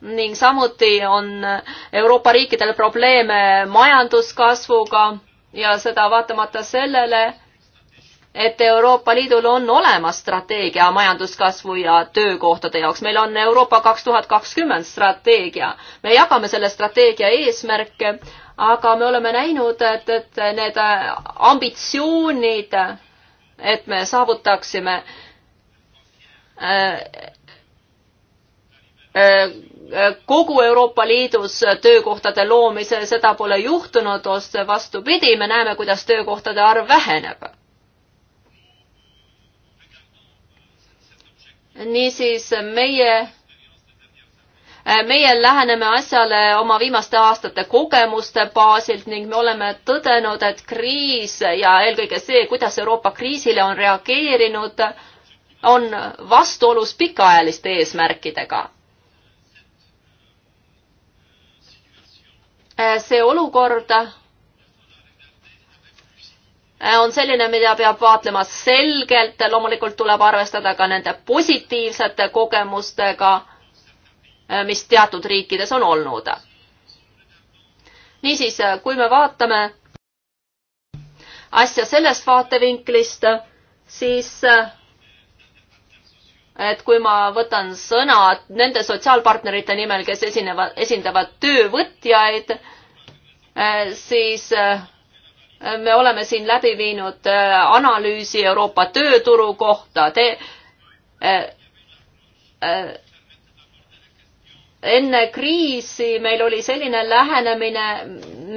ning samuti on Euroopa riikidel probleeme majanduskasvuga ja seda vaatamata sellele, et Euroopa Liidul on olemas strateegia majanduskasvu ja töökohtade jaoks. meil on Euroopa kaks tuhat kakskümmend strateegia. me jagame selle strateegia eesmärke, aga me oleme näinud, et, et need ambitsioonid, et me saavutaksime äh, Äh, äh, kogu Euroopa Liidus töökohtade loomise, seda pole juhtunud, otse vastupidi, me näeme, kuidas töökohtade arv väheneb. niisiis meie, äh, meie läheneme asjale oma viimaste aastate kogemuste baasilt ning me oleme tõdenud, et kriis ja eelkõige see, kuidas Euroopa kriisile on reageerinud, on vastuolus pikaajaliste eesmärkidega Äh, see olukord äh, on selline, mida peab vaatlema selgelt, loomulikult tuleb arvestada ka nende positiivsete kogemustega, äh, mis teatud riikides on olnud. niisiis, kui me vaatame asja sellest vaatevinklist, siis äh, et kui ma võtan sõna nende sotsiaalpartnerite nimel, kes esinevad, esindavad töövõtjaid, eh, siis eh, me oleme siin läbi viinud eh, analüüsi Euroopa tööturu kohta. Te äh, äh, enne kriisi meil oli selline lähenemine,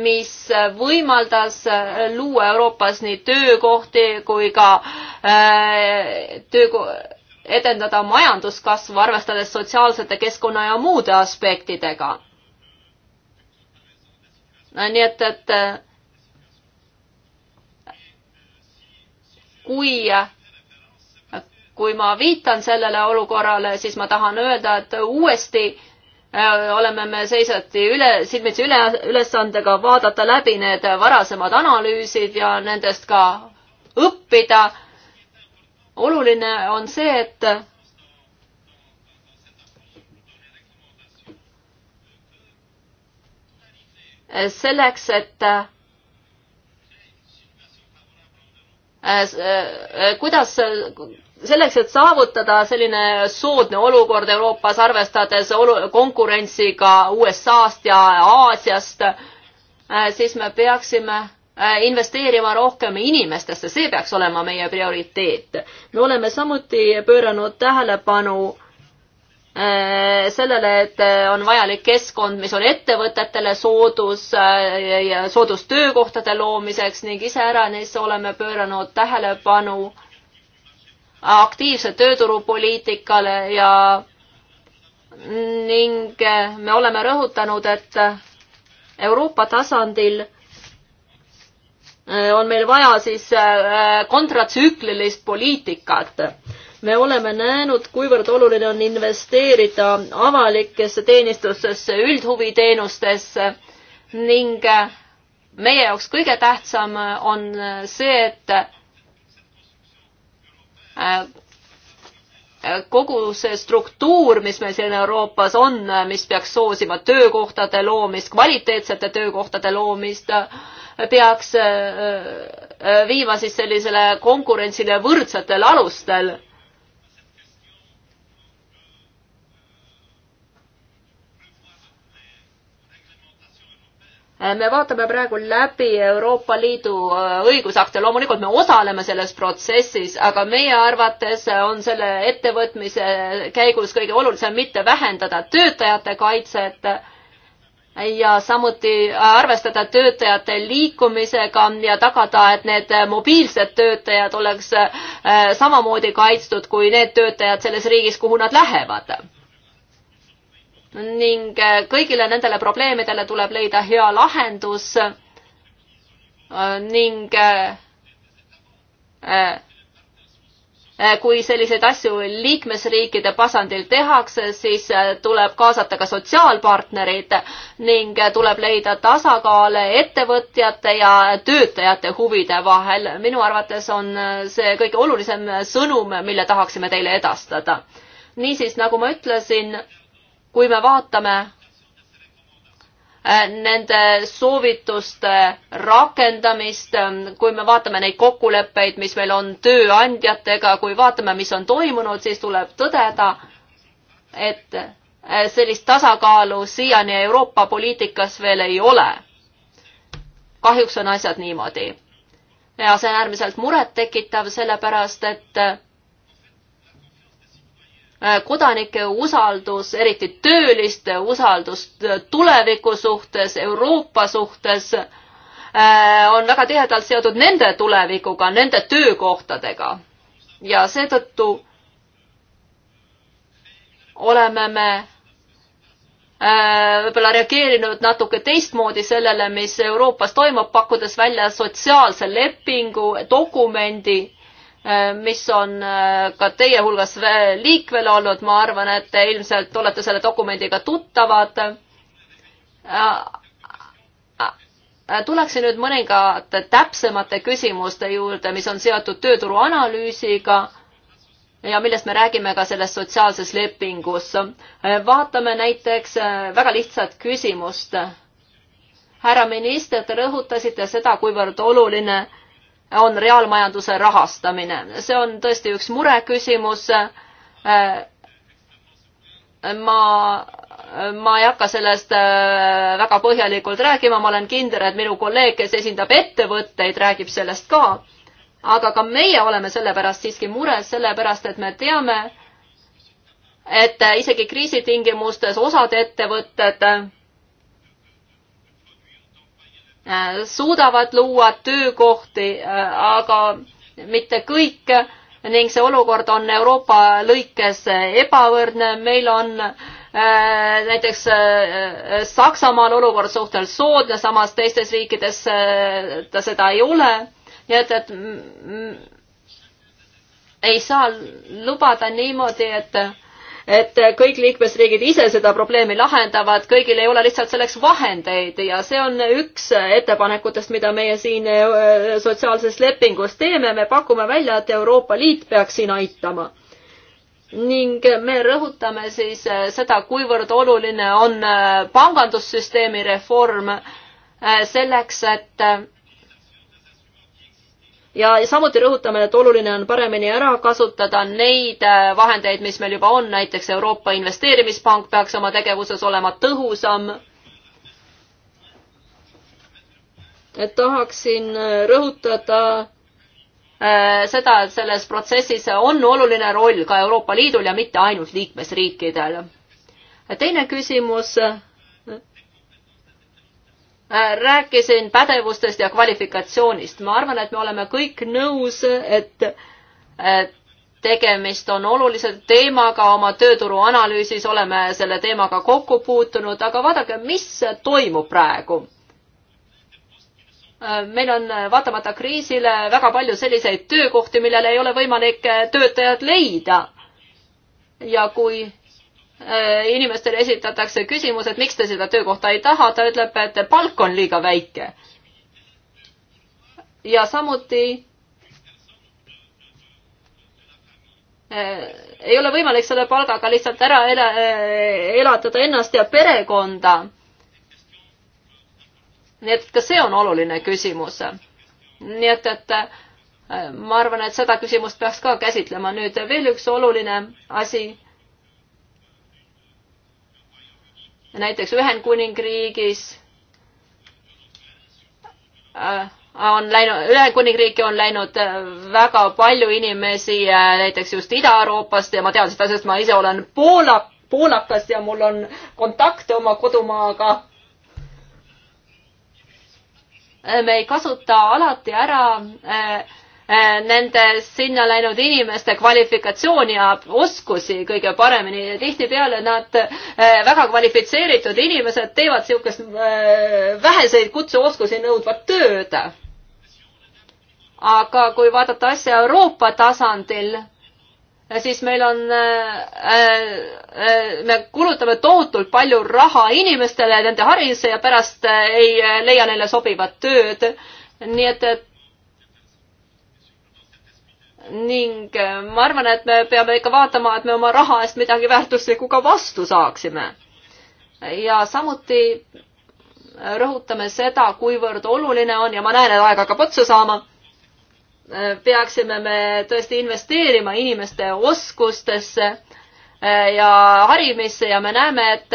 mis võimaldas luua Euroopas nii töökohti kui ka äh, töö edendada majanduskasvu, arvestades sotsiaalsete keskkonna ja muude aspektidega. nii et, et äh, kui, kui ma viitan sellele olukorrale, siis ma tahan öelda, et uuesti äh, oleme me seisati üle, silmitsi üle, ülesandega vaadata läbi need varasemad analüüsid ja nendest ka õppida oluline on see, et selleks, et äh, äh, kuidas selleks, et saavutada selline soodne olukord Euroopas, arvestades olu-, konkurentsiga USA-st ja Aasiast, äh, siis me peaksime Äh, investeerima rohkem inimestesse, see peaks olema meie prioriteet. me oleme samuti pööranud tähelepanu äh, sellele, et äh, on vajalik keskkond, mis on ettevõtetele soodus ja soodus töökohtade loomiseks ning iseäranis oleme pööranud tähelepanu aktiivse tööturupoliitikale ja ning me oleme rõhutanud, et Euroopa tasandil Äh, on meil vaja siis äh, kontratsüklilist poliitikat. me oleme näinud, kuivõrd oluline on investeerida avalikesse teenistustesse, üldhuviteenustesse ning äh, meie jaoks kõige tähtsam on see, et kogu see struktuur, mis meil siin Euroopas on, mis peaks soosima töökohtade loomist, kvaliteetsete töökohtade loomist, peaks äh, äh, viima siis sellisele konkurentsile võrdsetel alustel. Äh, me vaatame praegu läbi Euroopa Liidu õigusakte, loomulikult me osaleme selles protsessis, aga meie arvates on selle ettevõtmise käigus kõige olulisem mitte vähendada töötajate kaitset ja samuti äh, arvestada töötajate liikumisega ja tagada, et need äh, mobiilsed töötajad oleks äh, samamoodi kaitstud kui need töötajad selles riigis, kuhu nad lähevad. ning kõigile nendele probleemidele tuleb leida hea lahendus ning Eh, kui selliseid asju liikmesriikide tasandil tehakse, siis eh, tuleb kaasata ka sotsiaalpartnerid ning eh, tuleb leida tasakaal ettevõtjate ja töötajate huvide vahel. minu arvates on see kõige olulisem sõnum, mille tahaksime teile edastada. niisiis, nagu ma ütlesin, kui me vaatame Äh, nende soovituste rakendamist, ähm, kui me vaatame neid kokkuleppeid, mis meil on tööandjatega, kui vaatame, mis on toimunud, siis tuleb tõdeda, et äh, sellist tasakaalu siiani Euroopa poliitikas veel ei ole. kahjuks on asjad niimoodi. ja see on äärmiselt murettekitav, sellepärast et Äh, kodanike usaldus, eriti tööliste usaldus äh, tuleviku suhtes, Euroopa suhtes, äh, on väga tihedalt seotud nende tulevikuga, nende töökohtadega. ja seetõttu oleme me võib-olla reageerinud natuke teistmoodi sellele, mis Euroopas toimub, pakkudes välja sotsiaalse lepingu dokumendi Äh, mis on äh, ka teie hulgas liikvel olnud, ma arvan, et te ilmselt olete selle dokumendiga tuttavad. Äh, tuleksin nüüd mõningate täpsemate küsimuste juurde, mis on seotud tööturu analüüsiga ja millest me räägime ka selles sotsiaalses lepingus. vaatame näiteks väga lihtsat küsimust. härra minister, te rõhutasite seda, kuivõrd oluline on reaalmajanduse rahastamine. see on tõesti üks mureküsimus. ma, ma ei hakka sellest äh, väga põhjalikult rääkima, ma olen kindel, et minu kolleeg, kes esindab ettevõtteid, räägib sellest ka. aga ka meie oleme selle pärast siiski mures, sellepärast et me teame, et äh, isegi kriisitingimustes osad ettevõtted Äh, suudavad luua töökohti, äh, aga mitte kõik ning see olukord on Euroopa lõikes ebavõrdne, meil on äh, näiteks Saksamaal olukord suhteliselt soodne, samas teistes riikides ta seda ei ole, nii et, et ei saa lubada niimoodi, et et kõik liikmesriigid ise seda probleemi lahendavad, kõigil ei ole lihtsalt selleks vahendeid ja see on üks ettepanekutest, mida meie siin äh, sotsiaalses lepingus teeme, me pakume välja, et Euroopa Liit peaks siin aitama ning me rõhutame siis äh, seda, kuivõrd oluline on äh, pangandussüsteemi reform selleks, et ja samuti rõhutame, et oluline on paremini ära kasutada neid äh, vahendeid, mis meil juba on, näiteks Euroopa Investeerimispank peaks oma tegevuses olema tõhusam. et tahaksin äh, rõhutada äh, seda, et selles protsessis on oluline roll ka Euroopa Liidul ja mitte ainult liikmesriikidel. teine küsimus Äh, rääkisin pädevustest ja kvalifikatsioonist. ma arvan, et me oleme kõik nõus, et tegemist on olulise teemaga, oma tööturu analüüsis oleme selle teemaga kokku puutunud, aga vaadake, mis toimub praegu. Äh, meil on vaatamata kriisile väga palju selliseid töökohti, millele ei ole võimalik töötajat leida. ja kui Äh, inimestele esitatakse küsimus, et miks te seda töökohta ei taha, ta ütleb, et palk on liiga väike. ja samuti äh, ei ole võimalik selle palgaga lihtsalt ära ela, äh, elatada ennast ja perekonda. nii et ka see on oluline küsimus. nii et, et ma arvan, et seda küsimust peaks ka käsitlema. nüüd veel üks oluline asi näiteks Ühendkuningriigis äh, on läinud, Ühendkuningriiki on läinud äh, väga palju inimesi äh, näiteks just Ida-Euroopast ja ma tean seda, sest ma ise olen Poola, poolakas ja mul on kontakte oma kodumaaga. me ei kasuta alati ära äh, Äh, nende sinna läinud inimeste kvalifikatsiooni ja oskusi kõige paremini. tihtipeale nad, äh, väga kvalifitseeritud inimesed teevad niisugust äh, väheseid kutseoskusi nõudvat tööd. aga kui vaadata asja Euroopa tasandil, siis meil on, me kulutame tohutult palju raha inimestele, nende haridusse ja pärast ei leia neile sobivat tööd. nii et, et ning äh, ma arvan, et me peame ikka vaatama, et me oma raha eest midagi väärtuslikku ka vastu saaksime. ja samuti äh, rõhutame seda, kuivõrd oluline on ja ma näen, et aeg hakkab otsa saama. Äh, peaksime me tõesti investeerima inimeste oskustesse ja harimisse ja me näeme, et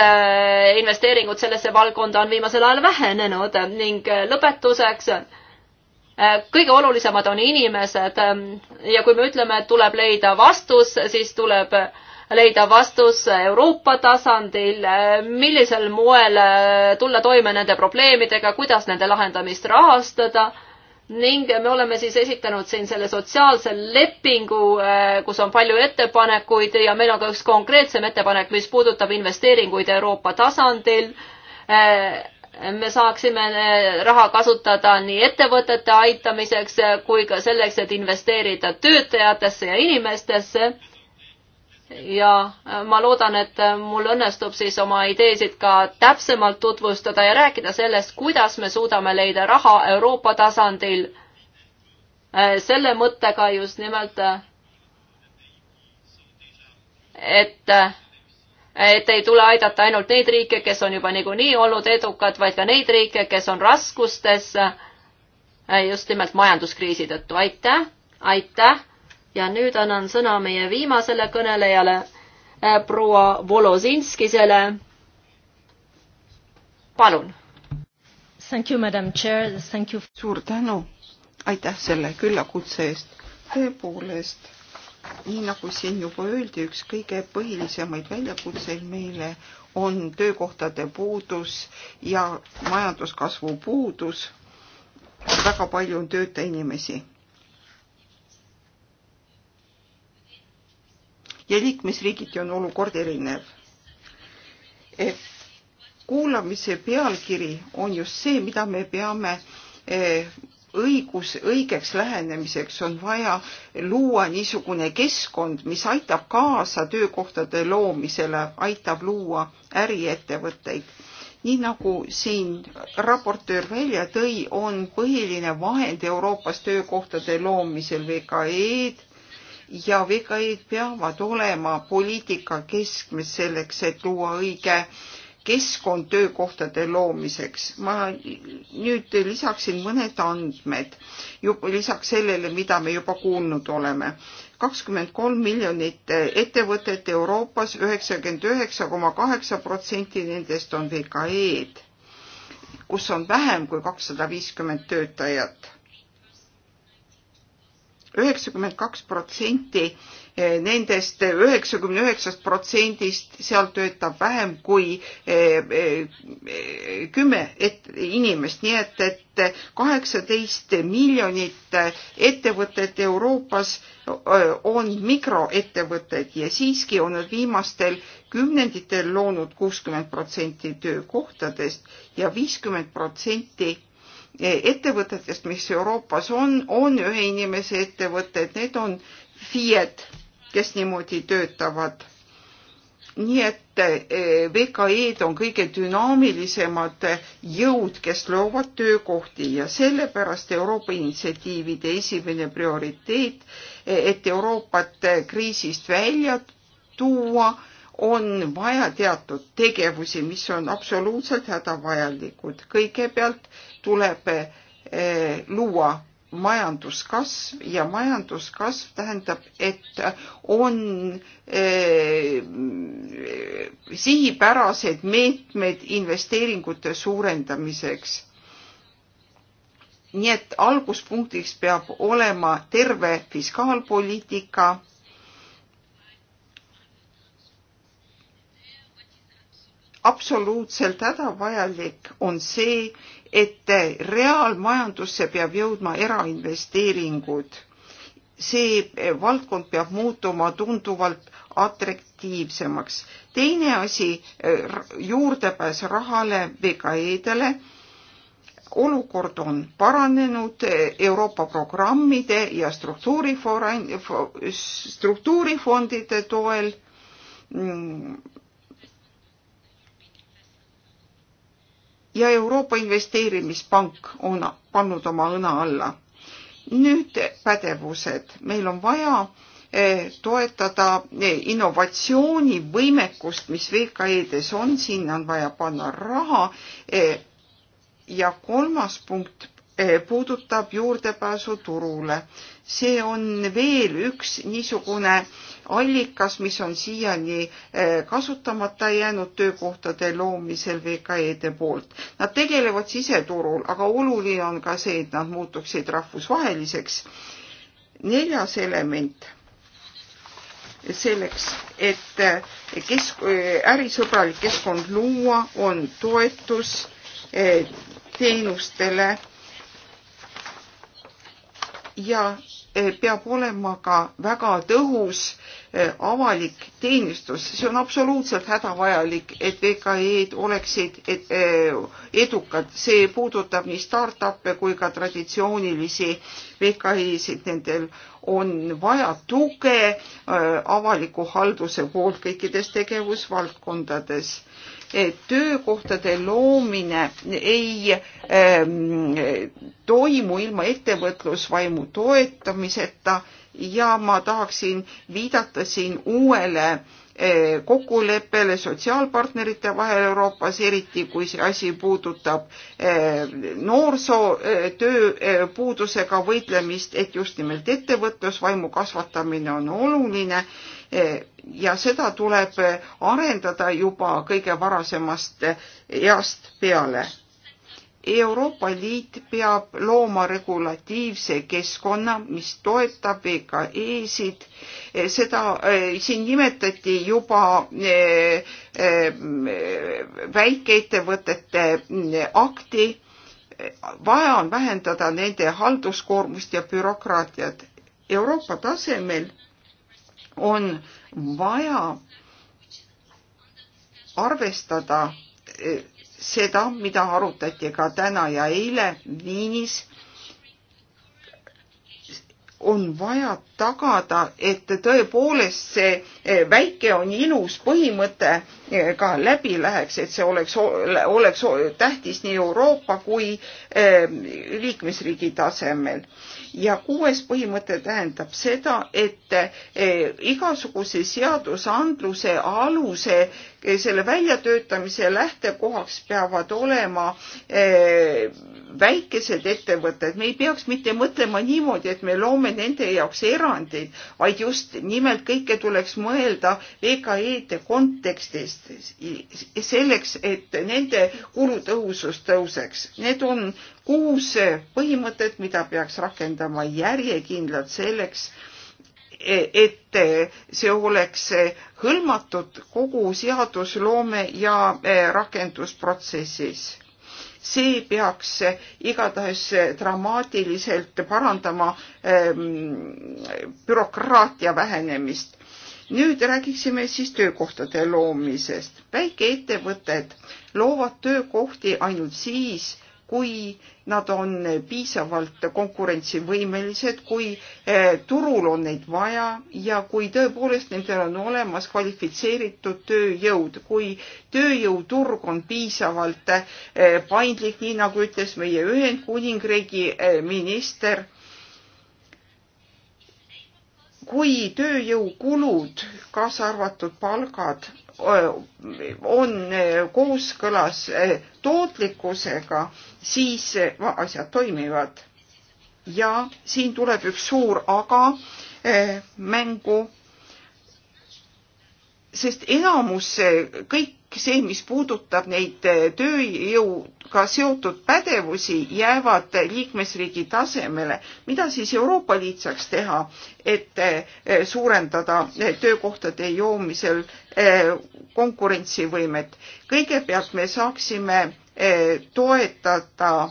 investeeringud sellesse valdkonda on viimasel ajal vähenenud ning lõpetuseks Äh, kõige olulisemad on inimesed ähm, ja kui me ütleme, et tuleb leida vastus, siis tuleb leida vastus Euroopa tasandil, äh, millisel moel äh, tulla toime nende probleemidega, kuidas nende lahendamist rahastada ning me oleme siis esitanud siin selle sotsiaalse lepingu, kus on palju ettepanekuid ja meil on ka üks konkreetsem ettepanek, mis puudutab investeeringuid Euroopa tasandil me saaksime eh, raha kasutada nii ettevõtete aitamiseks eh, kui ka selleks, et investeerida töötajatesse ja inimestesse. ja eh, ma loodan, et mul õnnestub siis oma ideesid ka täpsemalt tutvustada ja rääkida sellest, kuidas me suudame leida raha Euroopa tasandil selle mõttega just nimelt, et et ei tule aidata ainult neid riike, kes on juba niikuinii olnud edukad, vaid ka neid riike, kes on raskustes äh, just nimelt majanduskriisi tõttu. aitäh, aitäh ja nüüd annan sõna meie viimasele kõnelejale, äh, proua Volozinskisele. palun. suur tänu, aitäh selle küllakutse eest. tõepoolest nii nagu siin juba öeldi, üks kõige põhilisemaid väljakutseid meile on töökohtade puudus ja majanduskasvu puudus. väga palju on tööta inimesi. ja liikmesriigiti on olukord erinev. kuulamise pealkiri on just see, mida me peame eh, õigus, õigeks lähenemiseks on vaja luua niisugune keskkond, mis aitab kaasa töökohtade loomisele, aitab luua äriettevõtteid. nii nagu siin raportöör välja tõi, on põhiline vahend Euroopas töökohtade loomisel VKE-d ja VKE-d peavad olema poliitika keskmes selleks, et luua õige äh, keskkond töökohtade loomiseks. ma nüüd lisaksin mõned andmed juba lisaks sellele, mida me juba kuulnud oleme. kakskümmend kolm miljonit ettevõtet Euroopas, üheksakümmend üheksa koma kaheksa protsenti nendest on VKE-d, kus on vähem kui kakssada viiskümmend töötajat. üheksakümmend kaks protsenti nendest üheksakümne üheksast protsendist seal töötab vähem kui eh, eh, kümme inimest, nii et, et kaheksateist miljonit ettevõtet Euroopas eh, on mikroettevõtted ja siiski on nad viimastel kümnenditel loonud kuuskümmend protsenti töökohtadest ja viiskümmend protsenti ettevõtetest, mis Euroopas on, on ühe inimese ettevõtted, need on FIE-d kes niimoodi töötavad. nii et e, VKE-d on kõige dünaamilisemad jõud, kes loovad töökohti ja sellepärast Euroopa initsiatiivide esimene prioriteet, e, et Euroopat kriisist välja tuua on vaja teatud tegevusi, mis on absoluutselt hädavajalikud. kõigepealt tuleb e, luua majanduskasv ja majanduskasv tähendab, et on eh, sihipärased meetmed investeeringute suurendamiseks. nii et alguspunktiks peab olema terve fiskaalpoliitika absoluutselt hädavajalik on see, et reaalmajandusse peab jõudma erainvesteeringud. see valdkond peab muutuma tunduvalt atraktiivsemaks. teine asi, juurdepääs rahale VKE-dele. olukord on paranenud Euroopa programmide ja struktuurifondide toel mm, ja Euroopa Investeerimispank on pannud oma õna alla. nüüd pädevused. meil on vaja eh, toetada eh, innovatsioonivõimekust, mis VKE-des on, sinna on vaja panna raha. Eh, ja kolmas punkt puudutab juurdepääsu turule. see on veel üks niisugune allikas, mis on siiani eh, kasutamata jäänud töökohtade loomisel VKE-de poolt. Nad tegelevad siseturul, aga oluline on ka see, et nad muutuksid rahvusvaheliseks. neljas element selleks, et eh, kesk, eh, ärisõbralik keskkond luua, on toetus teenustele ja Eh, peab olema ka väga tõhus eh, avalik teenistus, see on absoluutselt hädavajalik, et VKE-d oleksid eh, edukad, see puudutab nii startup'e kui ka traditsioonilisi VKE-sid, nendel on vaja tuge avaliku halduse poolt kõikides tegevusvaldkondades Eh, töökohtade loomine ei ehm, toimu ilma ettevõtlusvaimu toetamiseta ja ma tahaksin viidata siin uuele eh, kokkuleppele sotsiaalpartnerite vahel Euroopas, eriti kui see asi puudutab eh, noorsootöö puudusega võitlemist, et just nimelt ettevõtlusvaimu kasvatamine on oluline ja seda tuleb arendada juba kõige varasemast east peale. Euroopa Liit peab looma regulatiivse keskkonna, mis toetab VKE-sid. E seda eh, siin nimetati juba eh, eh, väikeettevõtete akti. vaja on vähendada nende halduskoormust ja bürokraatiat Euroopa tasemel on vaja arvestada eh, seda, mida arutati ka täna ja eile Viinis, on vaja tagada, et tõepoolest see eh, väike on ilus põhimõte eh, ka läbi läheks, et see oleks, oleks tähtis nii Euroopa kui liikmesriigi tasemel ja kuues põhimõte tähendab seda, et eh, igasuguse seadusandluse aluse selle väljatöötamise lähtekohaks peavad olema eh, väikesed ettevõtted. me ei peaks mitte mõtlema niimoodi, et me loome nende jaoks erandeid, vaid just nimelt kõike tuleks mõelda VKE-de kontekstist selleks, et nende kulutõhusus tõuseks. Need on kuus põhimõtet, mida peaks rakendama järjekindlalt selleks, et see oleks hõlmatud kogu seadusloome ja eh, rakendusprotsessis. see peaks igatahes dramaatiliselt parandama ehm, bürokraatia vähenemist. nüüd räägiksime siis töökohtade loomisest. väikeettevõtted loovad töökohti ainult siis, kui nad on piisavalt konkurentsivõimelised, kui eh, turul on neid vaja ja kui tõepoolest nendel on olemas kvalifitseeritud tööjõud, kui tööjõuturg on piisavalt eh, paindlik, nii nagu ütles meie Ühendkuningriigi eh, minister kui tööjõukulud, kaasa arvatud palgad, on kooskõlas tootlikkusega, siis asjad toimivad. ja siin tuleb üks suur aga eh, mängu, sest enamus eh, kõik kõik see, mis puudutab neid eh, tööjõuga seotud pädevusi, jäävad liikmesriigi tasemele. mida siis Euroopa Liit saaks teha, et eh, suurendada eh, töökohtade joomisel konkurentsivõimet? kõigepealt me saaksime toetada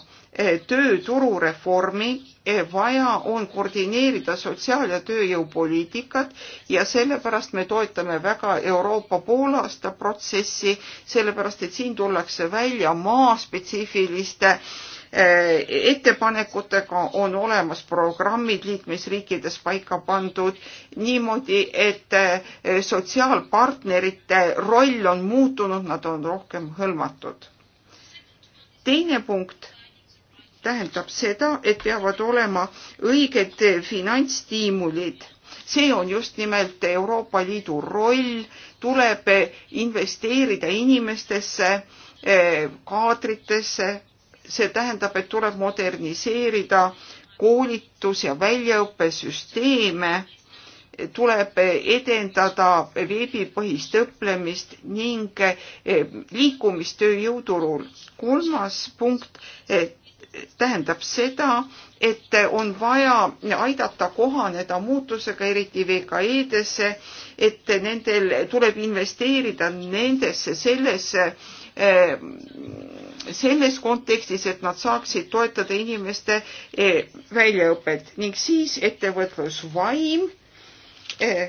tööturureformi Eh, vaja on koordineerida sotsiaal- ja tööjõupoliitikat ja sellepärast me toetame väga Euroopa poolaasta protsessi, sellepärast et siin tullakse välja maaspetsiifiliste eh, ettepanekutega on olemas programmid liikmesriikides paika pandud niimoodi, et eh, sotsiaalpartnerite roll on muutunud, nad on rohkem hõlmatud. teine punkt tähendab seda, et peavad olema õiged finantsstiimulid. see on just nimelt Euroopa Liidu roll, tuleb investeerida inimestesse, eh, kaadritesse, see tähendab, et tuleb moderniseerida koolitus- ja väljaõppesüsteeme, tuleb edendada veebipõhist õpplemist ning eh, liikumist tööjõuturul. kolmas punkt, et eh, tähendab seda, et on vaja aidata kohaneda muutusega, eriti VKE-desse, et nendel tuleb investeerida nendesse sellesse, eh, selles kontekstis, et nad saaksid toetada inimeste eh, väljaõpet ning siis ettevõtlusvaim eh,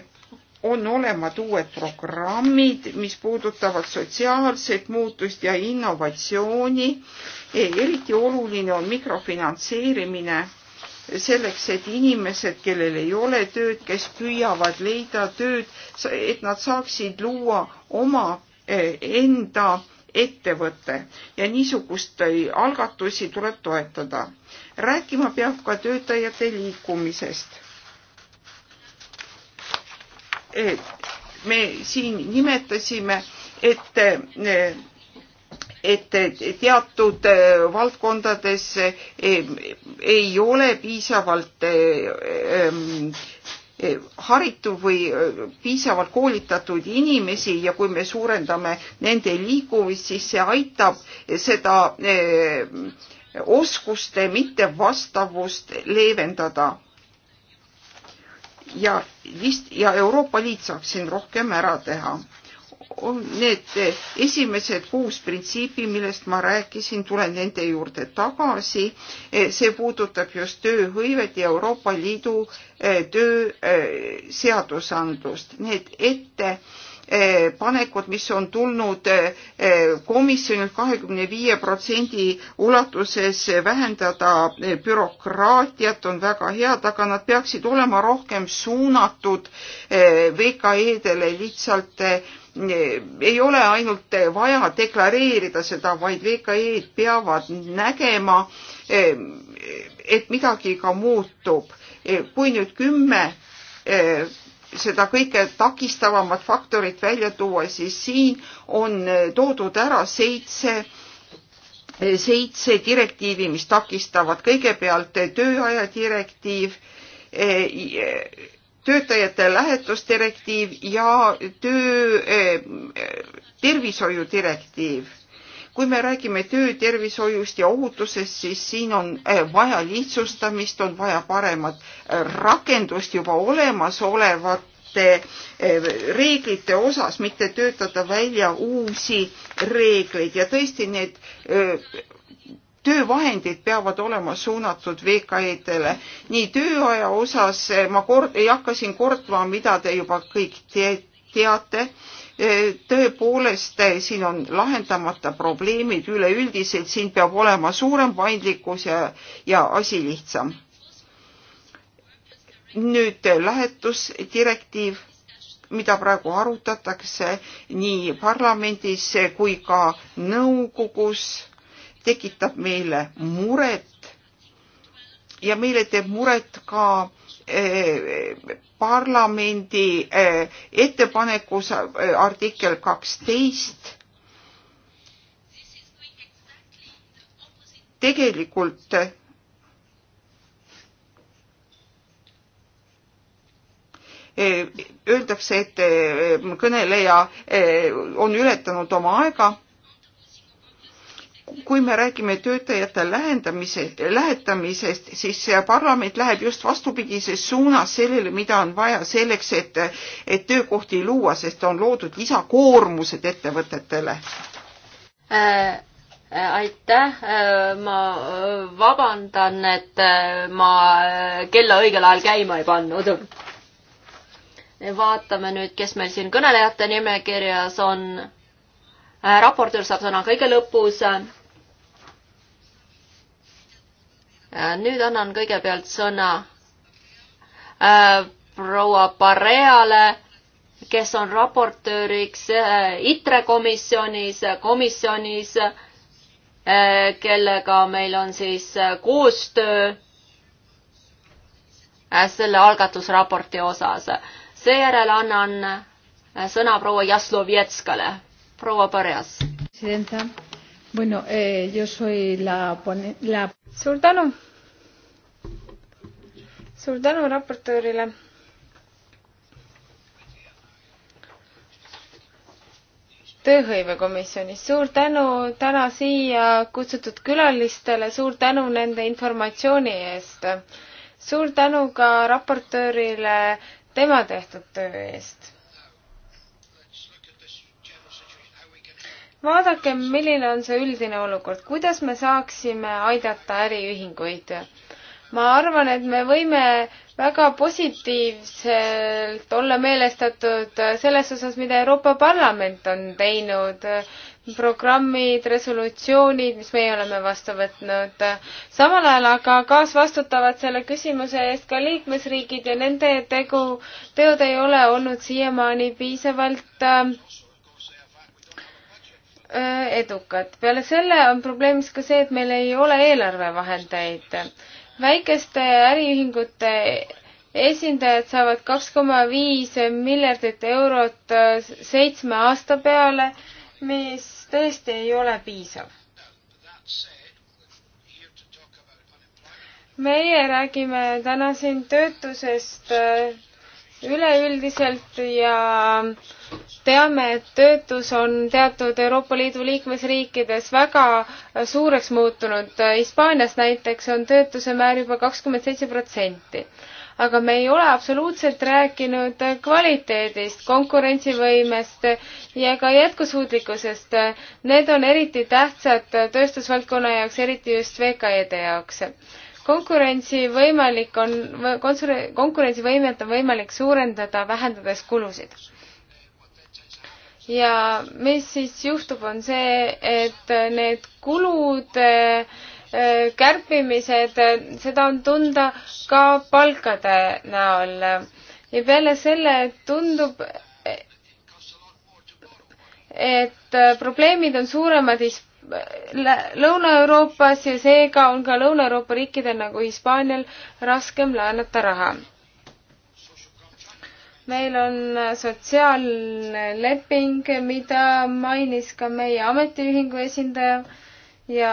on olemas uued programmid, mis puudutavad sotsiaalset muutust ja innovatsiooni. E, eriti oluline on mikrofinantseerimine selleks, et inimesed, kellel ei ole tööd, kes püüavad leida tööd, et nad saaksid luua oma e, enda ettevõte ja niisugust algatusi tuleb toetada. rääkima peab ka töötajate liikumisest Eh, me siin nimetasime, et eh, et teatud eh, valdkondades ei ole piisavalt ehm, haritud või piisavalt koolitatud inimesi ja kui me suurendame nende liikumist, siis see aitab seda oskuste mittevastavust leevendada ja vist ja Euroopa Liit saab siin rohkem ära teha. on need esimesed kuus printsiibi, millest ma rääkisin, tulen nende juurde tagasi. see puudutab just tööhõivet ja Euroopa Liidu eh, tööseadusandlust, need ette Eh, panekut, mis on tulnud eh, eh, komisjonilt kahekümne viie protsendi ulatuses vähendada bürokraatiat, on väga head, aga nad peaksid olema rohkem suunatud VKE-dele lihtsalt ei ole ainult vaja deklareerida seda, vaid VKE-d peavad nägema, et midagi ka muutub. kui nüüd kümme seda kõike takistavamat faktorit välja tuua, siis siin on toodud ära seitse seitse direktiivi, mis takistavad kõigepealt tööaja direktiiv, töötajate lähetusdirektiiv ja töö tervishoiudirektiiv kui me räägime töötervishoiust ja ohutusest, siis siin on eh, vaja lihtsustamist, on vaja paremat eh, rakendust juba olemasolevate eh, reeglite osas, mitte töötada välja uusi reegleid ja tõesti need töövahendid peavad olema suunatud VKE-dele. nii tööaja osas ma kord, ei hakka siin kordama, mida te juba kõik te teate Eh, tõepoolest eh, siin on lahendamata probleemid üleüldiselt, siin peab olema suurem paindlikkus ja, ja asi lihtsam. nüüd eh, lähetusdirektiiv, mida praegu arutatakse nii parlamendis kui ka nõukogus, tekitab meile muret ja meile teeb muret ka Eh, parlamendi eh, ettepanekus eh, artikkel kaksteist tegelikult öeldakse, et kõneleja on ületanud oma aega kui me räägime töötajate lähendamisest, lähetamisest, siis parlament läheb just vastupidises suunas sellele, mida on vaja selleks, et, et töökohti luua, sest on loodud lisakoormused ettevõtetele äh,. aitäh, äh, ma äh, vabandan, et äh, ma kella õigel ajal käima ei pannud vaatame nüüd, kes meil siin kõnelejate nimekirjas on Äh, raportöör saab sõna kõige lõpus. Äh, nüüd annan kõigepealt sõna äh, proua Pareale, kes on raportööriks ITRE komisjonis, komisjonis, kellega meil on siis koostöö selle algatusraporti osas. seejärel annan sõna proua Jaslovjetskale proua Pareas. Bueno, eh, yo soy la pone-, la. suur tänu. suur tänu raportöörile. tööhõivekomisjonis, suur tänu täna siia kutsutud külalistele, suur tänu nende informatsiooni eest. suur tänu ka raportöörile tema tehtud töö eest vaadakem, milline on see üldine olukord, kuidas me saaksime aidata äriühinguid. ma arvan, et me võime väga positiivselt olla meelestatud selles osas, mida Euroopa Parlament on teinud, programmid, resolutsioonid, mis meie oleme vastu võtnud. samal ajal aga kaasvastutavad selle küsimuse eest ka liikmesriigid ja nende tegu, teod ei ole olnud siiamaani piisavalt äh, edukad. peale selle on probleemiks ka see, et meil ei ole eelarvevahendeid. väikeste äriühingute esindajad saavad kaks koma viis miljardit eurot seitsme aasta peale, mis tõesti ei ole piisav. meie räägime täna siin töötusest üleüldiselt ja äh, teame, et töötus on teatud Euroopa Liidu liikmesriikides väga suureks muutunud. Hispaanias näiteks on töötuse määr juba kakskümmend seitse protsenti. aga me ei ole absoluutselt rääkinud kvaliteedist, konkurentsivõimest ja ka jätkusuutlikkusest. Need on eriti tähtsad tööstusvaldkonna jaoks, eriti just VKE-de jaoks konkurentsi võimalik on, konkurentsivõimet on võimalik suurendada, vähendades kulusid ja mis siis juhtub, on see, et need kulud äh, kärpimised, seda on tunda ka palkade näol. ja peale selle tundub, et probleemid on suuremad Lõuna-Euroopas ja seega on ka Lõuna-Euroopa riikidel nagu Hispaanial raskem laenata raha meil on sotsiaalne leping, mida mainis ka meie ametiühingu esindaja ja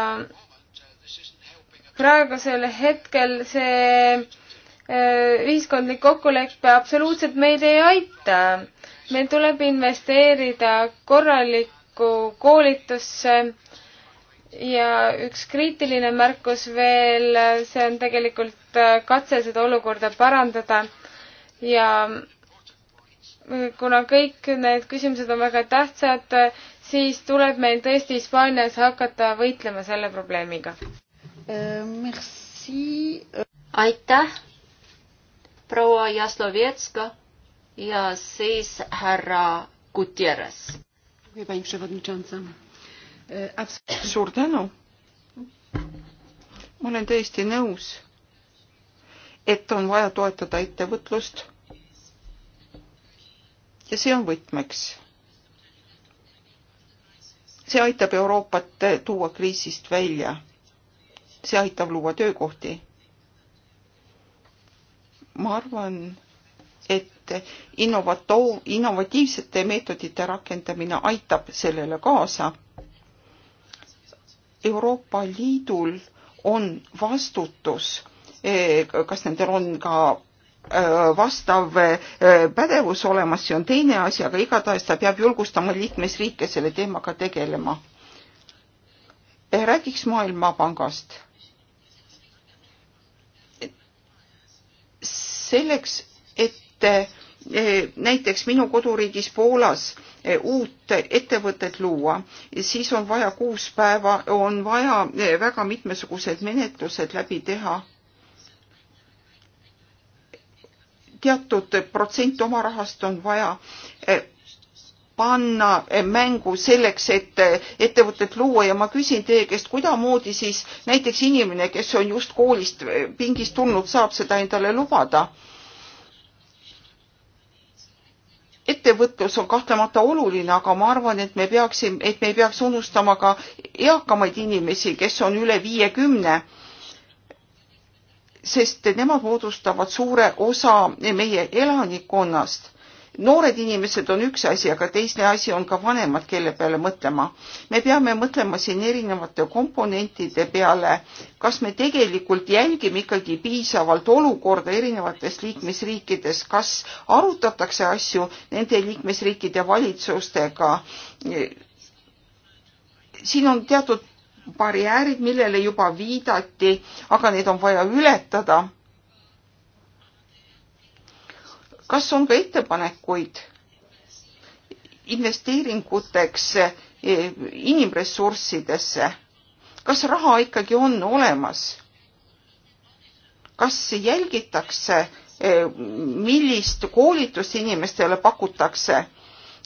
praegusel hetkel see äh, ühiskondlik kokkulepe absoluutselt meid ei aita. meil tuleb investeerida korralikku koolitusse ja üks kriitiline märkus veel, see on tegelikult äh, katse seda olukorda parandada ja kuna kõik need küsimused on väga tähtsad, siis tuleb meil tõesti Hispaanias hakata võitlema selle probleemiga. Äh, aitäh, proua Jaslovetska ja siis härra Gutierrez. suur tänu. ma olen täiesti nõus, et on vaja toetada ettevõtlust ja see on võtmeks. see aitab Euroopat tuua kriisist välja. see aitab luua töökohti. ma arvan, et innovatoo-, innovatiivsete meetodite rakendamine aitab sellele kaasa. Euroopa Liidul on vastutus, eh, kas nendel on ka Äh, vastav äh, pädevus olemas, see on teine asi, aga igatahes ta peab julgustama liikmesriike selle teemaga tegelema. Äh, räägiks Maailmapangast. selleks, et näiteks minu koduriigis Poolas uut ettevõtet luua, siis on vaja kuus päeva, on vaja väga mitmesugused menetlused läbi teha teatud protsent oma rahast on vaja eh, panna eh, mängu selleks, et eh, ettevõtet luua ja ma küsin teie käest, kuidasmoodi siis näiteks inimene, kes on just koolist pingist tulnud, saab seda endale lubada? ettevõtlus on kahtlemata oluline, aga ma arvan, et me peaksime, et me ei peaks unustama ka eakamaid inimesi, kes on üle viiekümne 50 sest nemad moodustavad suure osa meie elanikkonnast. noored inimesed on üks asi, aga teine asi on ka vanemad, kelle peale mõtlema. me peame mõtlema siin erinevate komponentide peale, kas me tegelikult jälgime ikkagi piisavalt olukorda erinevates liikmesriikides, kas arutatakse asju nende liikmesriikide valitsustega. siin on teatud barjäärid, millele juba viidati, aga need on vaja ületada. kas on ka ettepanekuid investeeringuteks eh, inimressurssidesse? kas raha ikkagi on olemas? kas jälgitakse, eh, millist koolitust inimestele pakutakse?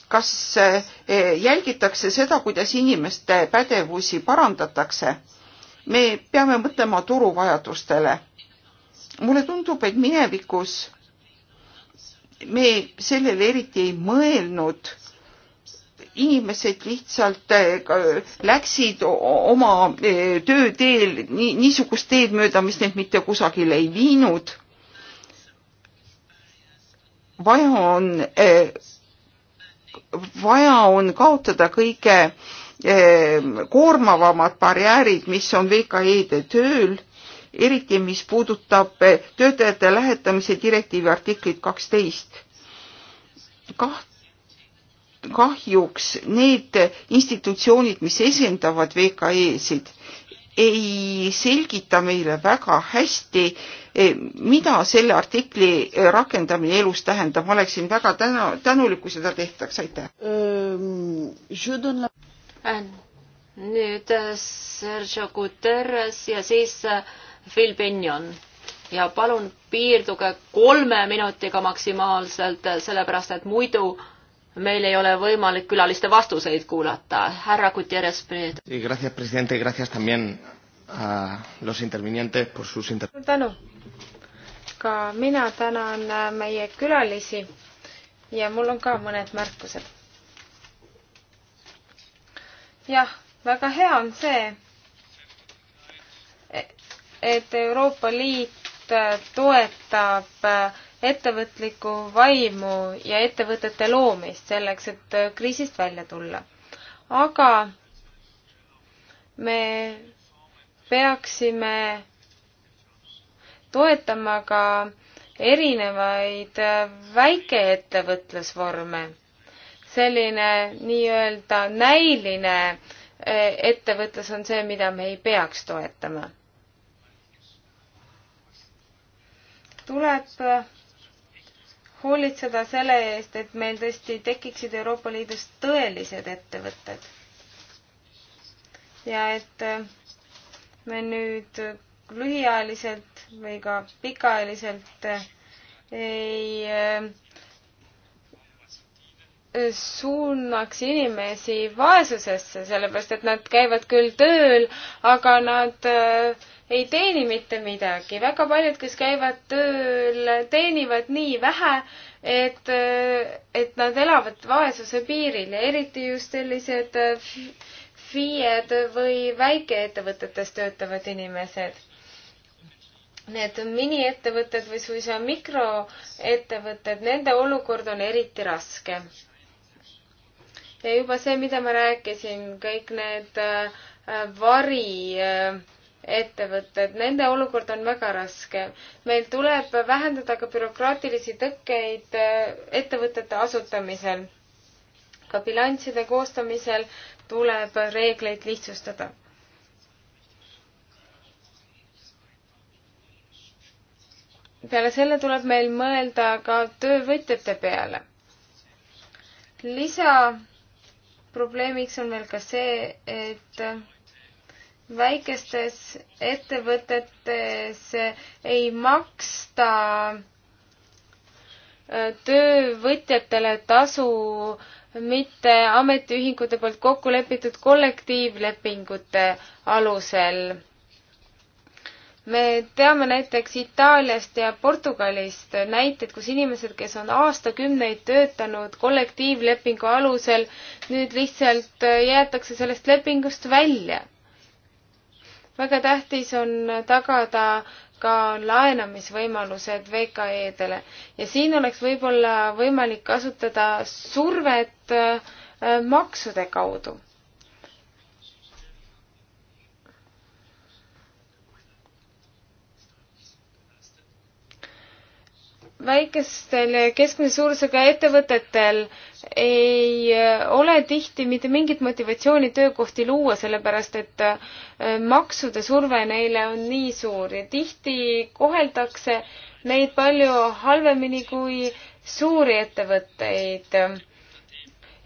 kas eh, jälgitakse seda, kuidas inimeste pädevusi parandatakse? me peame mõtlema turuvajadustele. mulle tundub, et minevikus me sellele eriti ei mõelnud inimesed lihtsalt eh, läksid oma eh, tööteel niisugust teed mööda, mis neid mitte kusagile ei viinud. vaja on vaja on kaotada kõige eh, koormavamad barjäärid, mis on VKE-de tööl, eriti mis puudutab eh, töötajate lähetamise direktiivi artiklit kaksteist. kaht-, kahjuks need institutsioonid, mis esindavad VKE-sid, ei selgita meile väga hästi, e, mida selle artikli e, rakendamine elus tähendab. ma oleksin väga täna, tänulik, kui seda tehtaks. aitäh ähm,. Äh, nüüd äh, Sergio Guterres ja siis äh, Phil Benjon ja palun piirduge kolme minutiga maksimaalselt, sellepärast et muidu äh, meil ei ole võimalik külaliste vastuseid kuulata. härra Gutierrez, Priit. Gracias, president, gracias también a los intervinientes por sus inter-. suur tänu. ka mina tänan äh, meie külalisi ja mul on ka mõned märkused. jah, väga hea on see, e-, et Euroopa Liit äh, toetab äh, ettevõtlikku vaimu ja ettevõtete loomist selleks, et äh, kriisist välja tulla. aga me peaksime toetama ka erinevaid äh, väikeettevõtlusvorme, selline nii-öelda näiline äh, ettevõtlus on see, mida me ei peaks toetama. tuleb hoolitseda selle eest, et meil tõesti tekiksid Euroopa Liidus tõelised ettevõtted. ja et äh, me nüüd lühiajaliselt või ka pikaajaliselt äh, ei äh, suunaks inimesi vaesusesse, sellepärast et nad käivad küll tööl, aga nad äh, ei teeni mitte midagi. väga paljud, kes käivad tööl, teenivad nii vähe, et, et nad elavad vaesuse piiril ja eriti just sellised äh, FIE-d või väikeettevõtetes töötavad inimesed. Need miniettevõtted või suisa mikroettevõtted, nende olukord on eriti raske. ja juba see, mida ma rääkisin, kõik need äh, vari äh, ettevõtted, nende olukord on väga raske. meil tuleb vähendada ka bürokraatilisi tõkkeid äh, ettevõtete asutamisel. ka bilansside koostamisel tuleb reegleid lihtsustada. peale selle tuleb meil mõelda ka töövõtjate peale. lisaprobleemiks on veel ka see, et väikestes ettevõtetes ei maksta äh, töövõtjatele tasu mitte ametiühingute poolt kokku lepitud kollektiivlepingute alusel. me teame näiteks Itaaliast ja Portugalist näiteid, kus inimesed, kes on aastakümneid töötanud kollektiivlepingu alusel, nüüd lihtsalt äh, jäetakse sellest lepingust välja väga tähtis on tagada ka laenamisvõimalused VKE-dele ja siin oleks võib-olla võimalik kasutada survet äh, maksude kaudu. väikestel ja keskmise suurusega ettevõtetel ei äh, ole tihti mitte mingit motivatsiooni töökohti luua, sellepärast et äh, maksude surve neile on nii suur ja tihti koheldakse neid palju halvemini kui suuri ettevõtteid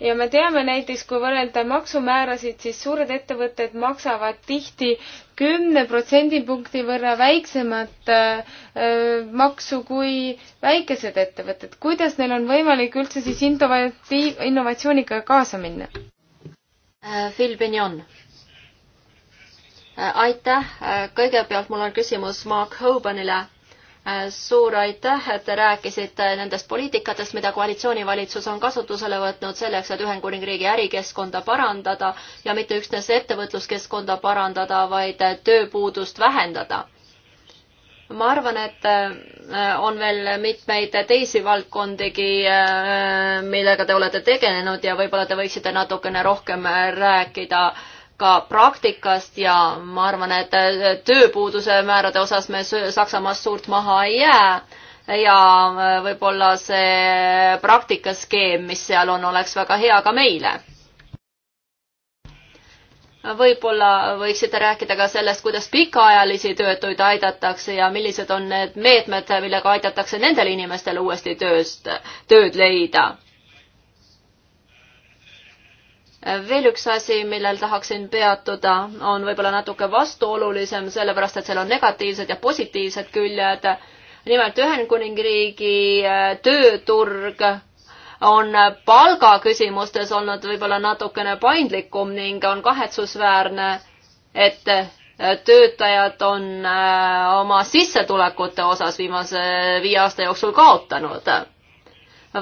ja me teame näiteks, kui võrrelda maksumäärasid, siis suured ettevõtted maksavad tihti kümne protsendipunkti võrra väiksemat äh, maksu kui väikesed ettevõtted. kuidas neil on võimalik üldse siis innovatiiv, innovatsiooniga kaasa minna äh,? Phil Benjon äh,. aitäh, äh, kõigepealt mul on küsimus Mark Hobanile Äh, suur aitäh, et te rääkisite nendest poliitikatest, mida koalitsioonivalitsus on kasutusele võtnud selleks, et Ühendkuningriigi ärikeskkonda parandada ja mitte üksnes ettevõtluskeskkonda parandada, vaid äh, tööpuudust vähendada. ma arvan, et äh, on veel mitmeid teisi valdkondagi, millega te olete tegelenud ja võib-olla te võiksite natukene rohkem rääkida ka praktikast ja ma arvan, et tööpuuduse määrade osas me Saksamaast suurt maha ei jää ja e, võib-olla see praktikaskeem, mis seal on, oleks väga hea ka meile. võib-olla võiksite rääkida ka sellest, kuidas pikaajalisi töötuid aidatakse ja millised on need meetmed, millega aidatakse nendel inimestel uuesti tööst, tööd leida veel üks asi, millel tahaksin peatuda, on võib-olla natuke vastuolulisem, sellepärast et seal on negatiivsed ja positiivsed küljed. nimelt Ühendkuningriigi äh, tööturg on palgaküsimustes olnud võib-olla natukene paindlikum ning on kahetsusväärne, et äh, töötajad on äh, oma sissetulekute osas viimase viie aasta jooksul kaotanud.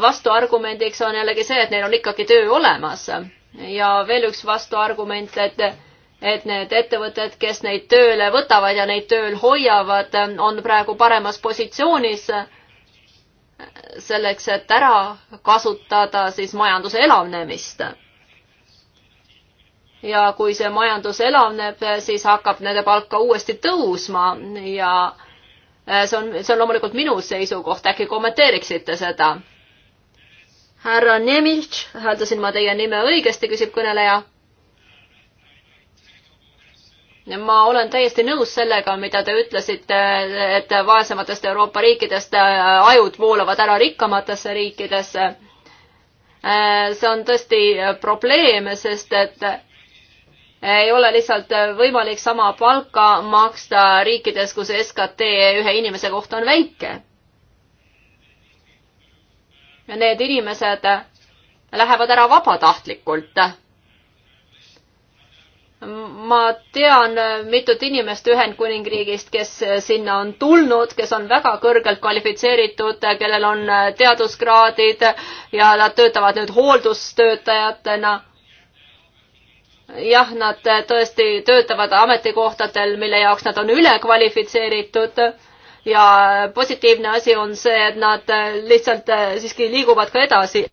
vastuargumendiks on jällegi see, et neil on ikkagi töö olemas ja veel üks vastuargument, et et need ettevõtted, kes neid tööle võtavad ja neid tööl hoiavad, on praegu paremas positsioonis selleks, et ära kasutada siis majanduse elavnemist. ja kui see majandus elavneb, siis hakkab nende palk ka uuesti tõusma ja eh, see on, see on loomulikult minu seisukoht, äkki kommenteeriksite seda? härra Nemitš, hääldasin ma teie nime õigesti, küsib kõneleja. ma olen täiesti nõus sellega, mida te ütlesite, et vaesematest Euroopa riikidest äh, ajud voolavad ära rikkamatesse riikidesse. Äh, see on tõesti probleem, sest et ei ole lihtsalt võimalik sama palka maksta riikides, kus SKT ühe inimese kohta on väike need inimesed lähevad ära vabatahtlikult. ma tean mitut inimest Ühendkuningriigist, kes sinna on tulnud, kes on väga kõrgelt kvalifitseeritud, kellel on teaduskraadid ja nad töötavad nüüd hooldustöötajatena jah, nad tõesti töötavad ametikohtadel, mille jaoks nad on ülekvalifitseeritud ja positiivne asi on see, et nad äh, lihtsalt äh, siiski liiguvad ka edasi.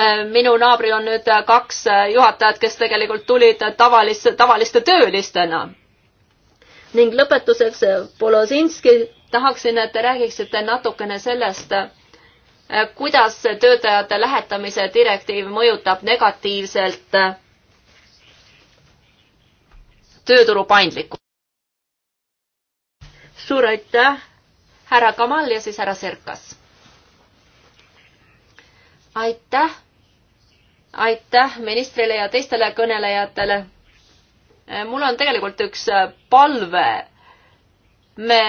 Äh, minu naabril on nüüd kaks juhatajat, kes tegelikult tulid tavalis, tavaliste töölistena. ning lõpetuseks, Polozinski, tahaksin, et te räägiksite natukene sellest, kuidas töötajate lähetamise direktiiv mõjutab negatiivselt tööturu paindlikkust? suur aitäh, härra Kamal ja siis härra Serkas. aitäh, aitäh ministrile ja teistele kõnelejatele. Eh, mul on tegelikult üks eh, palve me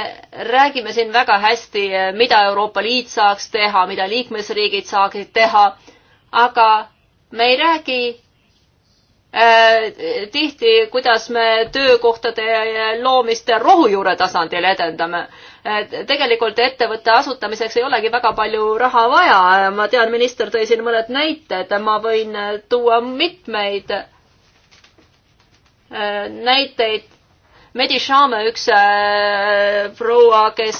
räägime siin väga hästi, eh, mida Euroopa Liit saaks teha, mida liikmesriigid saaksid teha, aga me ei räägi Äh, tihti, kuidas me töökohtade loomist rohujuure tasandil edendame. Äh, tegelikult ettevõtte asutamiseks ei olegi väga palju raha vaja, ma tean, minister tõi siin mõned näited, ma võin äh, tuua mitmeid näiteid. Medishame, üks proua, kes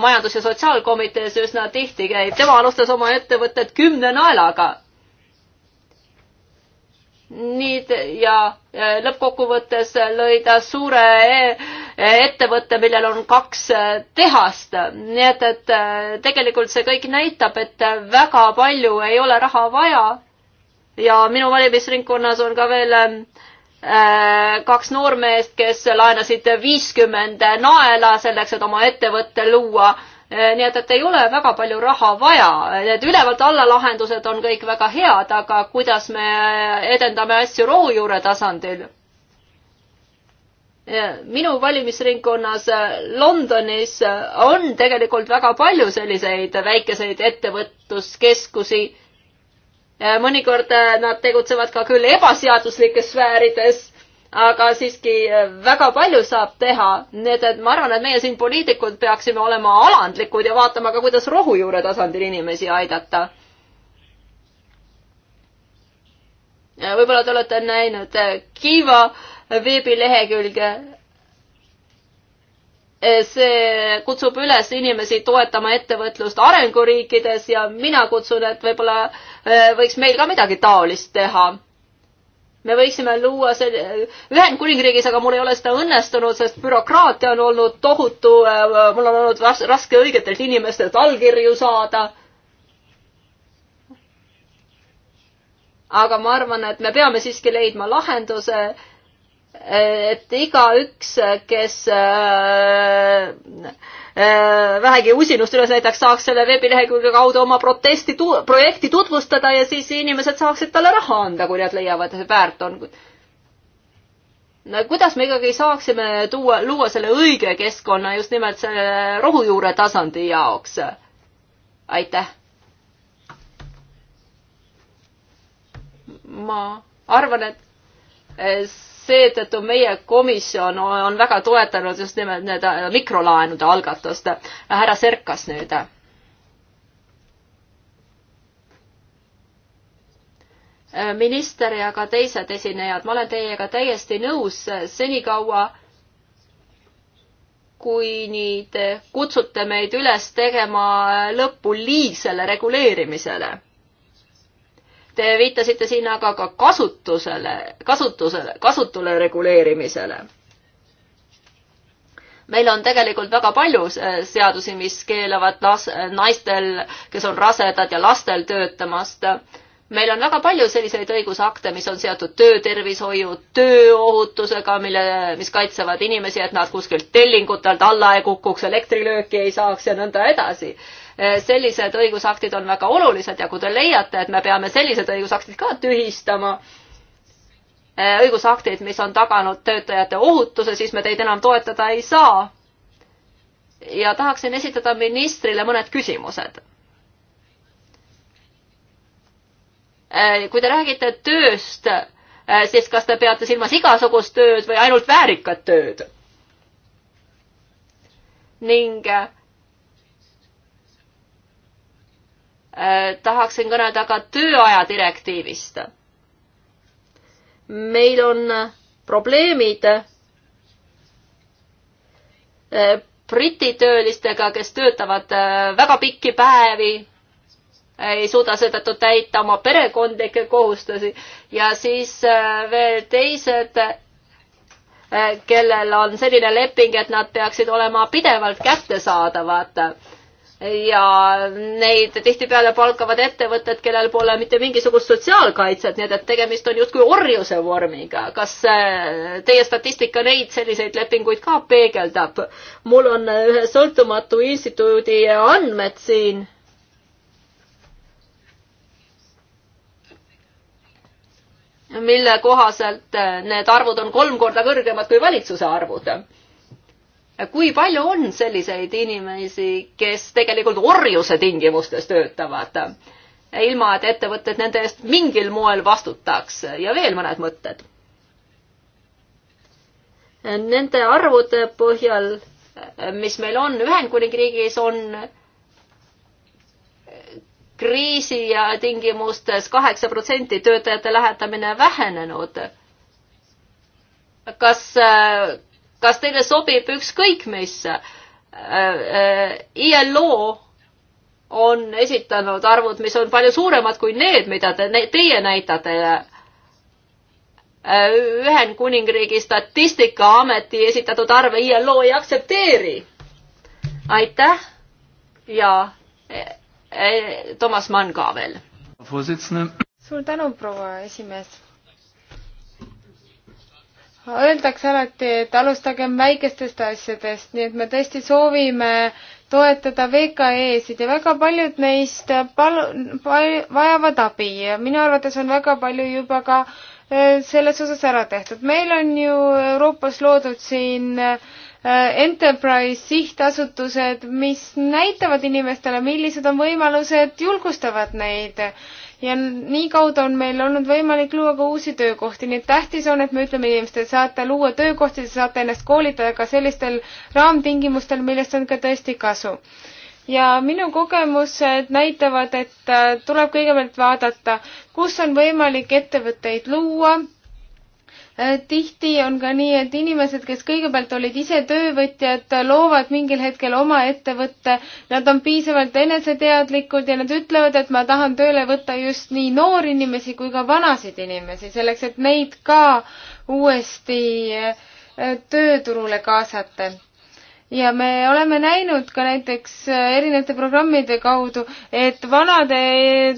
majandus- ja sotsiaalkomitees üsna tihti käib, tema alustas oma ettevõtet kümne naelaga nii ja lõppkokkuvõttes lõi ta suure e, e, ettevõtte, millel on kaks tehast. nii et, et e, tegelikult see kõik näitab, et väga palju ei ole raha vaja. ja minu valimisringkonnas on ka veel kaks noormeest, kes laenasid viiskümmend naela selleks, et oma ettevõtte luua Äh, nii et, et ei ole väga palju raha vaja, need ülevalt alla lahendused on kõik väga head, aga kuidas me edendame asju rohujuure tasandil? Äh, minu valimisringkonnas äh, Londonis on tegelikult väga palju selliseid väikeseid ettevõtluskeskusi. mõnikord nad tegutsevad ka küll ebaseaduslikes sfäärides aga siiski eh, väga palju saab teha, nii et, et ma arvan, et meie siin poliitikud peaksime olema alandlikud ja vaatama ka, kuidas rohujuure tasandil inimesi aidata. võib-olla te olete näinud eh, Kiiva veebilehekülge. Eh, see kutsub üles inimesi toetama ettevõtlust arenguriikides ja mina kutsun, et võib-olla võiks meil ka midagi taolist teha me võiksime luua selle, Ühendkuningriigis, aga mul ei ole seda õnnestunud, sest bürokraatia on olnud tohutu, äh, mul on olnud raske õigetelt inimestelt allkirju saada. aga ma arvan, et me peame siiski leidma lahenduse, et igaüks, kes äh, Äh, vähegi usinust üles näitaks, saaks selle veebilehekülge kaudu oma protesti, projekti tutvustada ja siis inimesed saaksid talle raha anda, kui nad leiavad, et see väärt on. no kuidas me ikkagi saaksime tuua, luua selle õige keskkonna just nimelt selle rohujuure tasandi jaoks? aitäh. ma arvan, et seetõttu meie komisjon on väga toetanud just nimelt need äh, mikrolaenude algatust. härra Serkas nüüd. Äh, minister ja ka teised esinejad, ma olen teiega täiesti nõus, äh, senikaua kuni te kutsute meid üles tegema lõppu liigsele reguleerimisele Te viitasite siin aga ka kasutusele, kasutusele, kasutule reguleerimisele. meil on tegelikult väga palju äh, seadusi, mis keelavad las-, naistel, kes on rasedad ja lastel töötamast meil on väga palju selliseid õigusakte, mis on seotud töötervishoiu, tööohutusega, mille, mis kaitsevad inimesi, et nad kuskilt tellingutelt alla ei kukuks, elektrilööki ei saaks ja nõnda edasi. Eh, sellised õigusaktid on väga olulised ja kui te leiate, et me peame sellised õigusaktid ka tühistama, eh, õigusaktid, mis on taganud töötajate ohutuse, siis me teid enam toetada ei saa. ja tahaksin esitada ministrile mõned küsimused eh, kui te räägite tööst, siis kas te peate silmas igasugust tööd või ainult väärikat tööd? ning Äh, tahaksin kõneleda ka tööaja direktiivist. meil on äh, probleemid äh, Briti töölistega, kes töötavad väga pikki päevi, ei suuda seetõttu täita oma perekondlikke kohustusi ja siis veel teised, kellel on selline leping, et nad peaksid olema pidevalt kättesaadavad ja neid tihtipeale palkavad ettevõtted, kellel pole mitte mingisugust sotsiaalkaitset, nii et, et tegemist on justkui orjuse vormiga. kas äh, teie statistika neid selliseid lepinguid ka peegeldab? mul on äh, ühe sõltumatu instituudi andmed siin. mille kohaselt äh, need arvud on kolm korda kõrgemad kui valitsuse arvud kui palju on selliseid inimesi, kes tegelikult orjuse tingimustes töötavad, ilma et ettevõtted nende eest mingil moel vastutaks ja veel mõned mõtted. Nende arvude põhjal, mis meil on Ühendkuningriigis, on kriisi ja tingimustes kaheksa protsenti töötajate lähetamine vähenenud. kas kas teile sobib ükskõik mis? Äh, äh, ILO on esitanud arvud, mis on palju suuremad kui need, mida te, teie näitate. Äh, Ühendkuningriigi statistikaameti esitatud arve ILO ei aktsepteeri. aitäh ja Toomas Mann ka veel. suur tänu, proua esimees Öeldakse alati, et alustagem väikestest asjadest, nii et me tõesti soovime toetada VKE-sid ja väga paljud neist palu-, vajavad abi ja minu arvates on väga palju juba ka äh, selles osas ära tehtud. meil on ju Euroopas loodud siin äh, enterprise sihtasutused, mis näitavad inimestele, millised on võimalused, julgustavad neid ja niikaudu on meil olnud võimalik luua ka uusi töökohti, nii et tähtis on, et me ütleme inimestele, saate luua töökohti, te saate ennast koolitada ka sellistel raamtingimustel, millest on ka tõesti kasu. ja minu kogemused näitavad, et tuleb kõigepealt vaadata, kus on võimalik ettevõtteid luua Äh, tihti on ka nii, et inimesed, kes kõigepealt olid ise töövõtjad, loovad mingil hetkel oma ettevõtte, nad on piisavalt eneseteadlikud ja nad ütlevad, et ma tahan tööle võtta just nii noori inimesi kui ka vanasid inimesi, selleks et neid ka uuesti äh, tööturule kaasata ja me oleme näinud ka näiteks äh, erinevate programmide kaudu, et vanade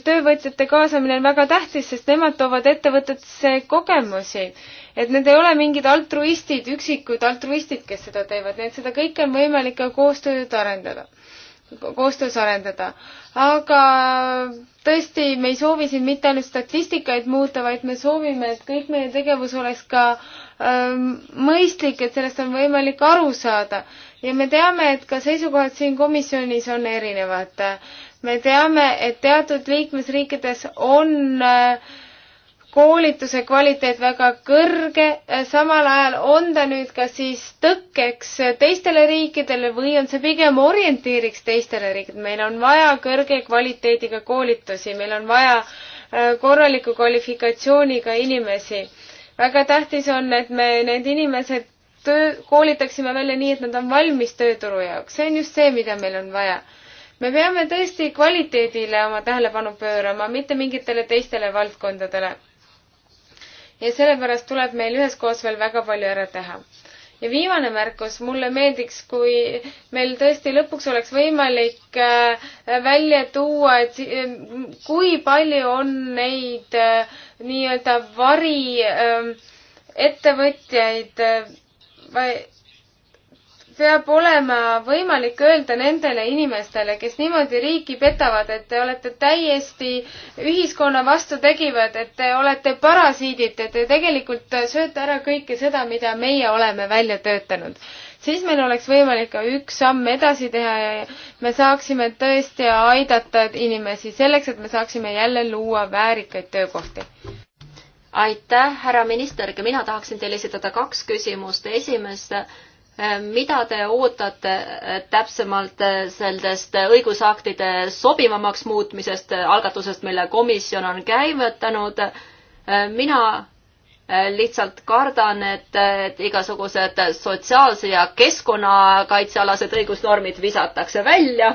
töövõtjate kaasamine on väga tähtis, sest nemad toovad ettevõtetesse kogemusi et need ei ole mingid altruistid, üksikud altruistid, kes seda teevad, nii et seda kõike on võimalik ka koostööd arendada, koostöös arendada. aga tõesti, me ei soovi siin mitte ainult statistikaid muuta, vaid me soovime, et kõik meie tegevus oleks ka ähm, mõistlik, et sellest on võimalik aru saada. ja me teame, et ka seisukohad siin komisjonis on erinevad. me teame, et teatud liikmesriikides on äh, koolituse kvaliteet väga kõrge, samal ajal on ta nüüd ka siis tõkkeks teistele riikidele või on see pigem orientiiriks teistele riikidele, meil on vaja kõrge kvaliteediga koolitusi, meil on vaja äh, korraliku kvalifikatsiooniga inimesi. väga tähtis on, et me need inimesed töö, koolitaksime välja nii, et nad on valmis tööturu jaoks, see on just see, mida meil on vaja me peame tõesti kvaliteedile oma tähelepanu pöörama, mitte mingitele teistele valdkondadele ja sellepärast tuleb meil üheskoos veel väga palju ära teha. ja viimane märkus, mulle meeldiks, kui meil tõesti lõpuks oleks võimalik äh, välja tuua, et äh, kui palju on neid äh, nii-öelda variettevõtjaid või peab olema võimalik öelda nendele inimestele, kes niimoodi riiki petavad, et te olete täiesti ühiskonna vastu tegivad, et te olete parasiidid, et te tegelikult sööte ära kõike seda, mida meie oleme välja töötanud. siis meil oleks võimalik ka üks samm edasi teha ja me saaksime tõesti aidata inimesi selleks, et me saaksime jälle luua väärikaid töökohti aitäh, härra minister, ka mina tahaksin teile esitada kaks küsimust. esimest, mida te ootate äh, täpsemalt äh, sellest äh, õigusaktide sobivamaks muutmisest, algatusest, mille komisjon on käimetanud? mina lihtsalt kardan, et, et igasugused sotsiaalse ja keskkonnakaitsealased õigusnormid visatakse välja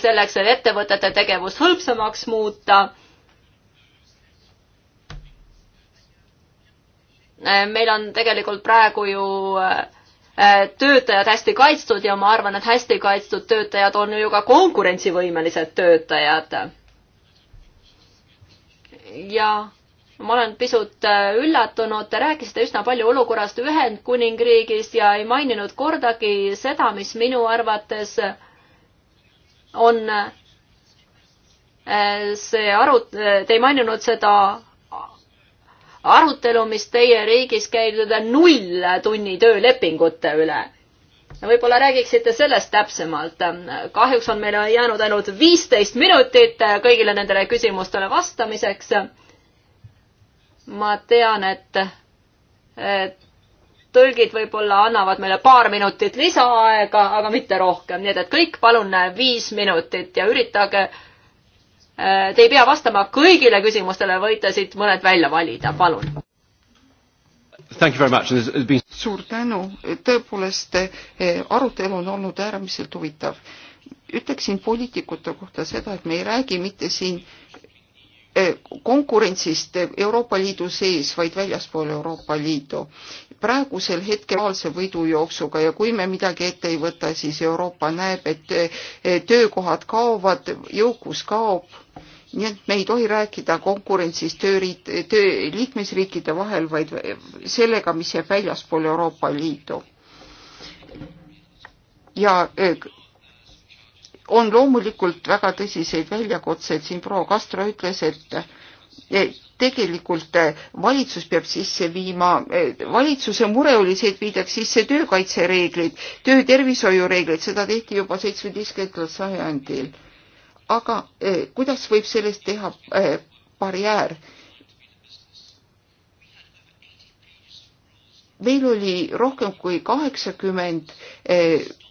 selleks, et ettevõtete tegevust hõlpsamaks muuta meil on tegelikult praegu ju Äh, töötajad hästi kaitstud ja ma arvan, et hästi kaitstud töötajad on ju ka konkurentsivõimelised töötajad. ja ma olen pisut äh, üllatunud, te rääkisite üsna palju olukorrast Ühendkuningriigis ja ei maininud kordagi seda, mis minu arvates on äh, see arut-, te ei maininud seda arutelu, mis teie riigis käib nende nulltunni töölepingute üle. võib-olla räägiksite sellest täpsemalt. kahjuks on meile jäänud ainult viisteist minutit kõigile nendele küsimustele vastamiseks. ma tean, et tõlgid võib-olla annavad meile paar minutit lisaaega, aga mitte rohkem, nii et, et kõik palun viis minutit ja üritage äh, Te ei pea vastama kõigile küsimustele, võite siit mõned välja valida, palun. Been... suur tänu, tõepoolest eh, arutelu on olnud äärmiselt huvitav. ütleksin poliitikute kohta seda, et me ei räägi mitte siin Eh, konkurentsist Euroopa Liidu sees, vaid väljaspool Euroopa Liidu. praegusel hetkel reaalse võidujooksuga ja kui me midagi ette ei võta, siis Euroopa näeb, et eh, töökohad kaovad, jõukus kaob nii et me ei tohi rääkida konkurentsist tööriit, töö liikmesriikide vahel, vaid sellega, mis jääb väljaspool Euroopa Liitu. ja eh, on loomulikult väga tõsiseid väljakutseid, siin proua Castro ütles, et tegelikult valitsus peab sisse viima, valitsuse mure oli see, et viidaks sisse töökaitsereeglid, töötervishoiureeglid, seda tehti juba seitsmeteistkümnendal sajandil. aga e, kuidas võib sellest teha e, barjäär? meil oli rohkem kui kaheksakümmend 80 e,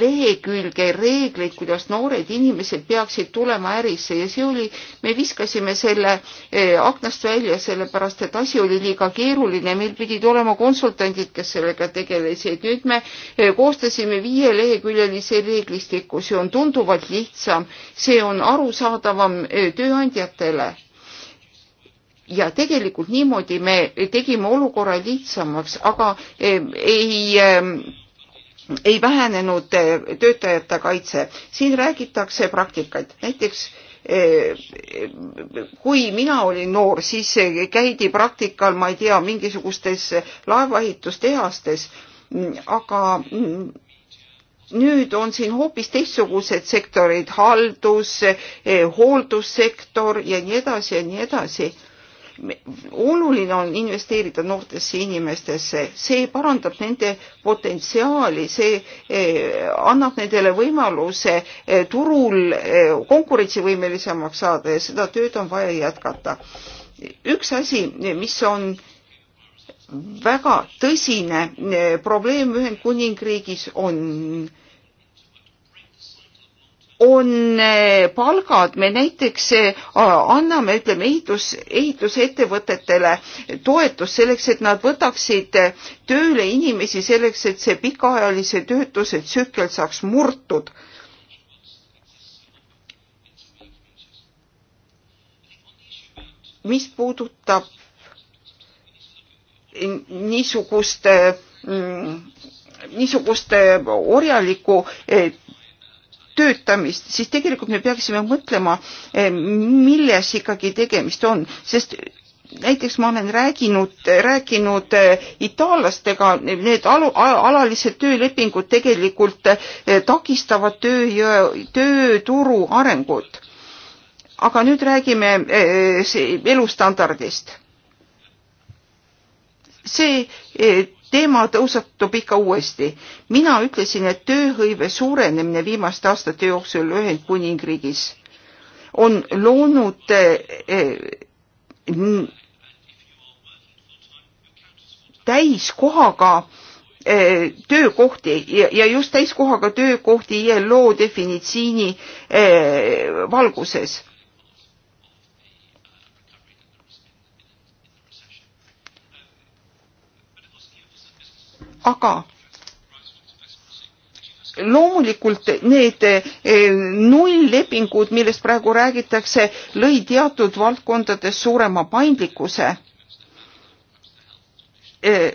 lehekülge reegleid, kuidas noored inimesed peaksid tulema ärisse ja see oli, me viskasime selle eh, aknast välja, sellepärast et asi oli liiga keeruline, meil pidid olema konsultandid, kes sellega tegelesid. nüüd me eh, koostasime viieleheküljelise reeglistiku, see on tunduvalt lihtsam, see on arusaadavam eh, tööandjatele ja tegelikult niimoodi me tegime olukorra lihtsamaks, aga ei ei vähenenud eh, töötajate kaitse. siin räägitakse praktikaid, näiteks eh, kui mina olin noor, siis käidi praktikal, ma ei tea, mingisugustes laevaehitustehastes, aga mm, nüüd on siin hoopis teistsugused sektorid, haldus, eh, hooldussektor ja nii edasi ja nii edasi oluline on investeerida noortesse inimestesse, see parandab nende potentsiaali, see eh, annab nendele võimaluse eh, turul eh, konkurentsivõimelisemaks saada ja seda tööd on vaja jätkata. üks asi, mis on väga tõsine probleem Ühendkuningriigis on on eh, palgad, me näiteks eh, anname, ütleme ehitus, ehitusettevõtetele toetust selleks, et nad võtaksid eh, tööle inimesi selleks, et see pikaajalise töötuse tsükkel saaks murtud. mis puudutab niisugust mm, niisugust orjalikku töötamist, siis tegelikult me peaksime mõtlema, eh, milles ikkagi tegemist on, sest näiteks ma olen rääginud, rääkinud eh, itaallastega, need alu, alalised töölepingud tegelikult eh, takistavad töö, tööturu arengut. aga nüüd räägime elustandardist. see teema tõusetub ikka uuesti. mina ütlesin, et tööhõive suurenemine viimaste aastate jooksul Ühendkuningriigis on loonud eh, eh, täiskohaga eh, töökohti ja just täiskohaga töökohti ILO definitsiini valguses aga loomulikult need eh, nulllepingud, millest praegu räägitakse, lõi teatud valdkondades suurema paindlikkuse. Eh,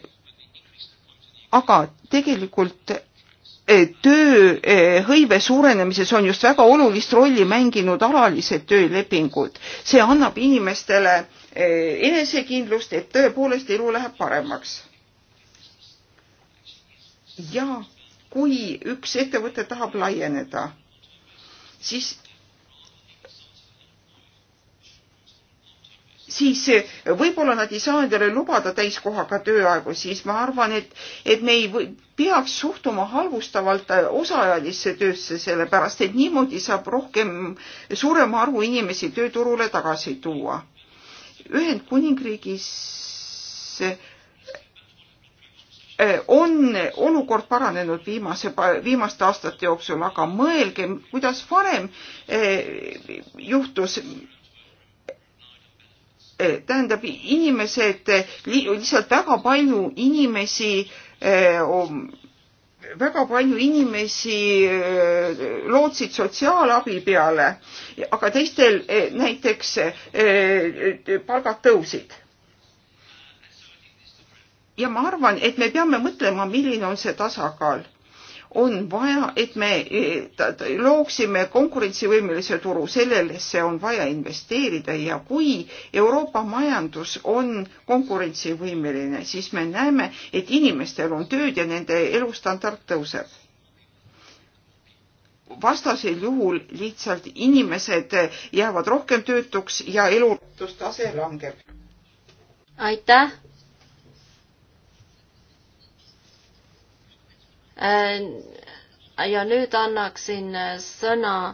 aga tegelikult eh, tööhõive suurenemises on just väga olulist rolli mänginud alalised töölepingud. see annab inimestele enesekindlust, et tõepoolest elu läheb paremaks ja kui üks ettevõte tahab laieneda, siis siis võib-olla nad ei saa endale lubada täiskohaga tööaegu, siis ma arvan, et, et me ei või, peaks suhtuma halvustavalt äh, osaajalisse töösse, sellepärast et niimoodi saab rohkem, suurema arvu inimesi tööturule tagasi tuua. Ühendkuningriigis Äh, on olukord paranenud viimase, viimaste aastate jooksul, aga mõelgem, kuidas varem äh, juhtus äh, tähendab, inimesed, lihtsalt väga palju inimesi, väga palju inimesi lootsid sotsiaalabi peale, aga teistel näiteks palgad tõusid ja ma arvan, et me peame mõtlema, milline on see tasakaal. on vaja, et me looksime konkurentsivõimelise turu, sellesse on vaja investeerida ja kui Euroopa majandus on konkurentsivõimeline, siis me näeme, et inimestel on tööd ja nende elustandard tõuseb vastasel juhul lihtsalt inimesed jäävad rohkem töötuks ja elutustase langeb. aitäh Äh, ja nüüd annaksin äh, sõna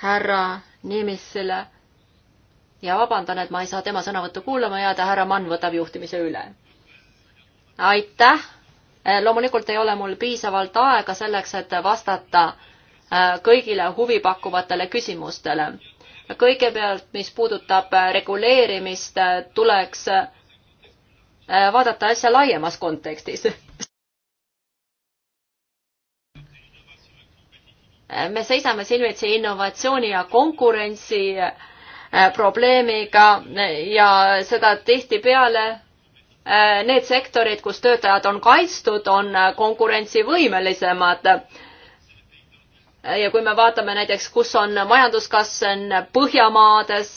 härra Nimissile ja vabandan, et ma ei saa tema sõnavõttu kuulama jääda, härra Mann võtab juhtimise üle. aitäh, äh, loomulikult ei ole mul piisavalt aega selleks, et vastata kõigile huvipakkuvatele küsimustele. kõigepealt, mis puudutab reguleerimist, tuleks vaadata asja laiemas kontekstis [laughs] me seisame silmitsi innovatsiooni ja konkurentsi äh, probleemiga ja seda tihtipeale äh, need sektorid, kus töötajad on kaitstud, on äh, konkurentsivõimelisemad. ja kui me vaatame näiteks, kus on majanduskasv, see on Põhjamaades,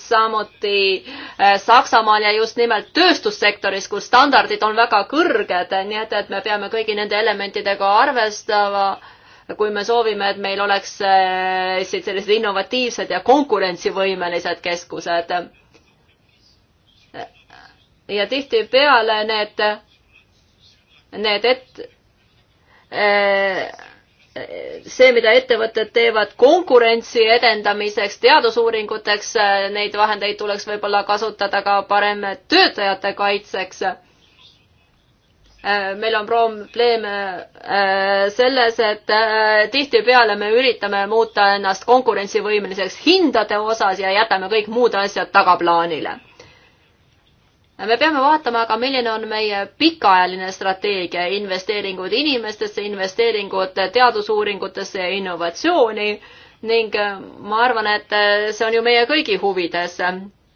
samuti Saksamaal ja just nimelt tööstussektoris, kus standardid on väga kõrged, nii et, et me peame kõigi nende elementidega arvestama kui me soovime, et meil oleks eh, sellised innovatiivsed ja konkurentsivõimelised keskused. ja tihtipeale need, need et-, eh, see, mida ettevõtted teevad konkurentsi edendamiseks, teadusuuringuteks, eh, neid vahendeid tuleks võib-olla kasutada ka parem töötajate kaitseks Äh, meil on probleeme äh, selles, et äh, tihtipeale me üritame muuta ennast konkurentsivõimeliseks hindade osas ja jätame kõik muud asjad tagaplaanile. me peame vaatama aga, milline on meie pikaajaline strateegia, investeeringud inimestesse, investeeringud teadusuuringutesse ja innovatsiooni ning ma arvan, et see on ju meie kõigi huvides.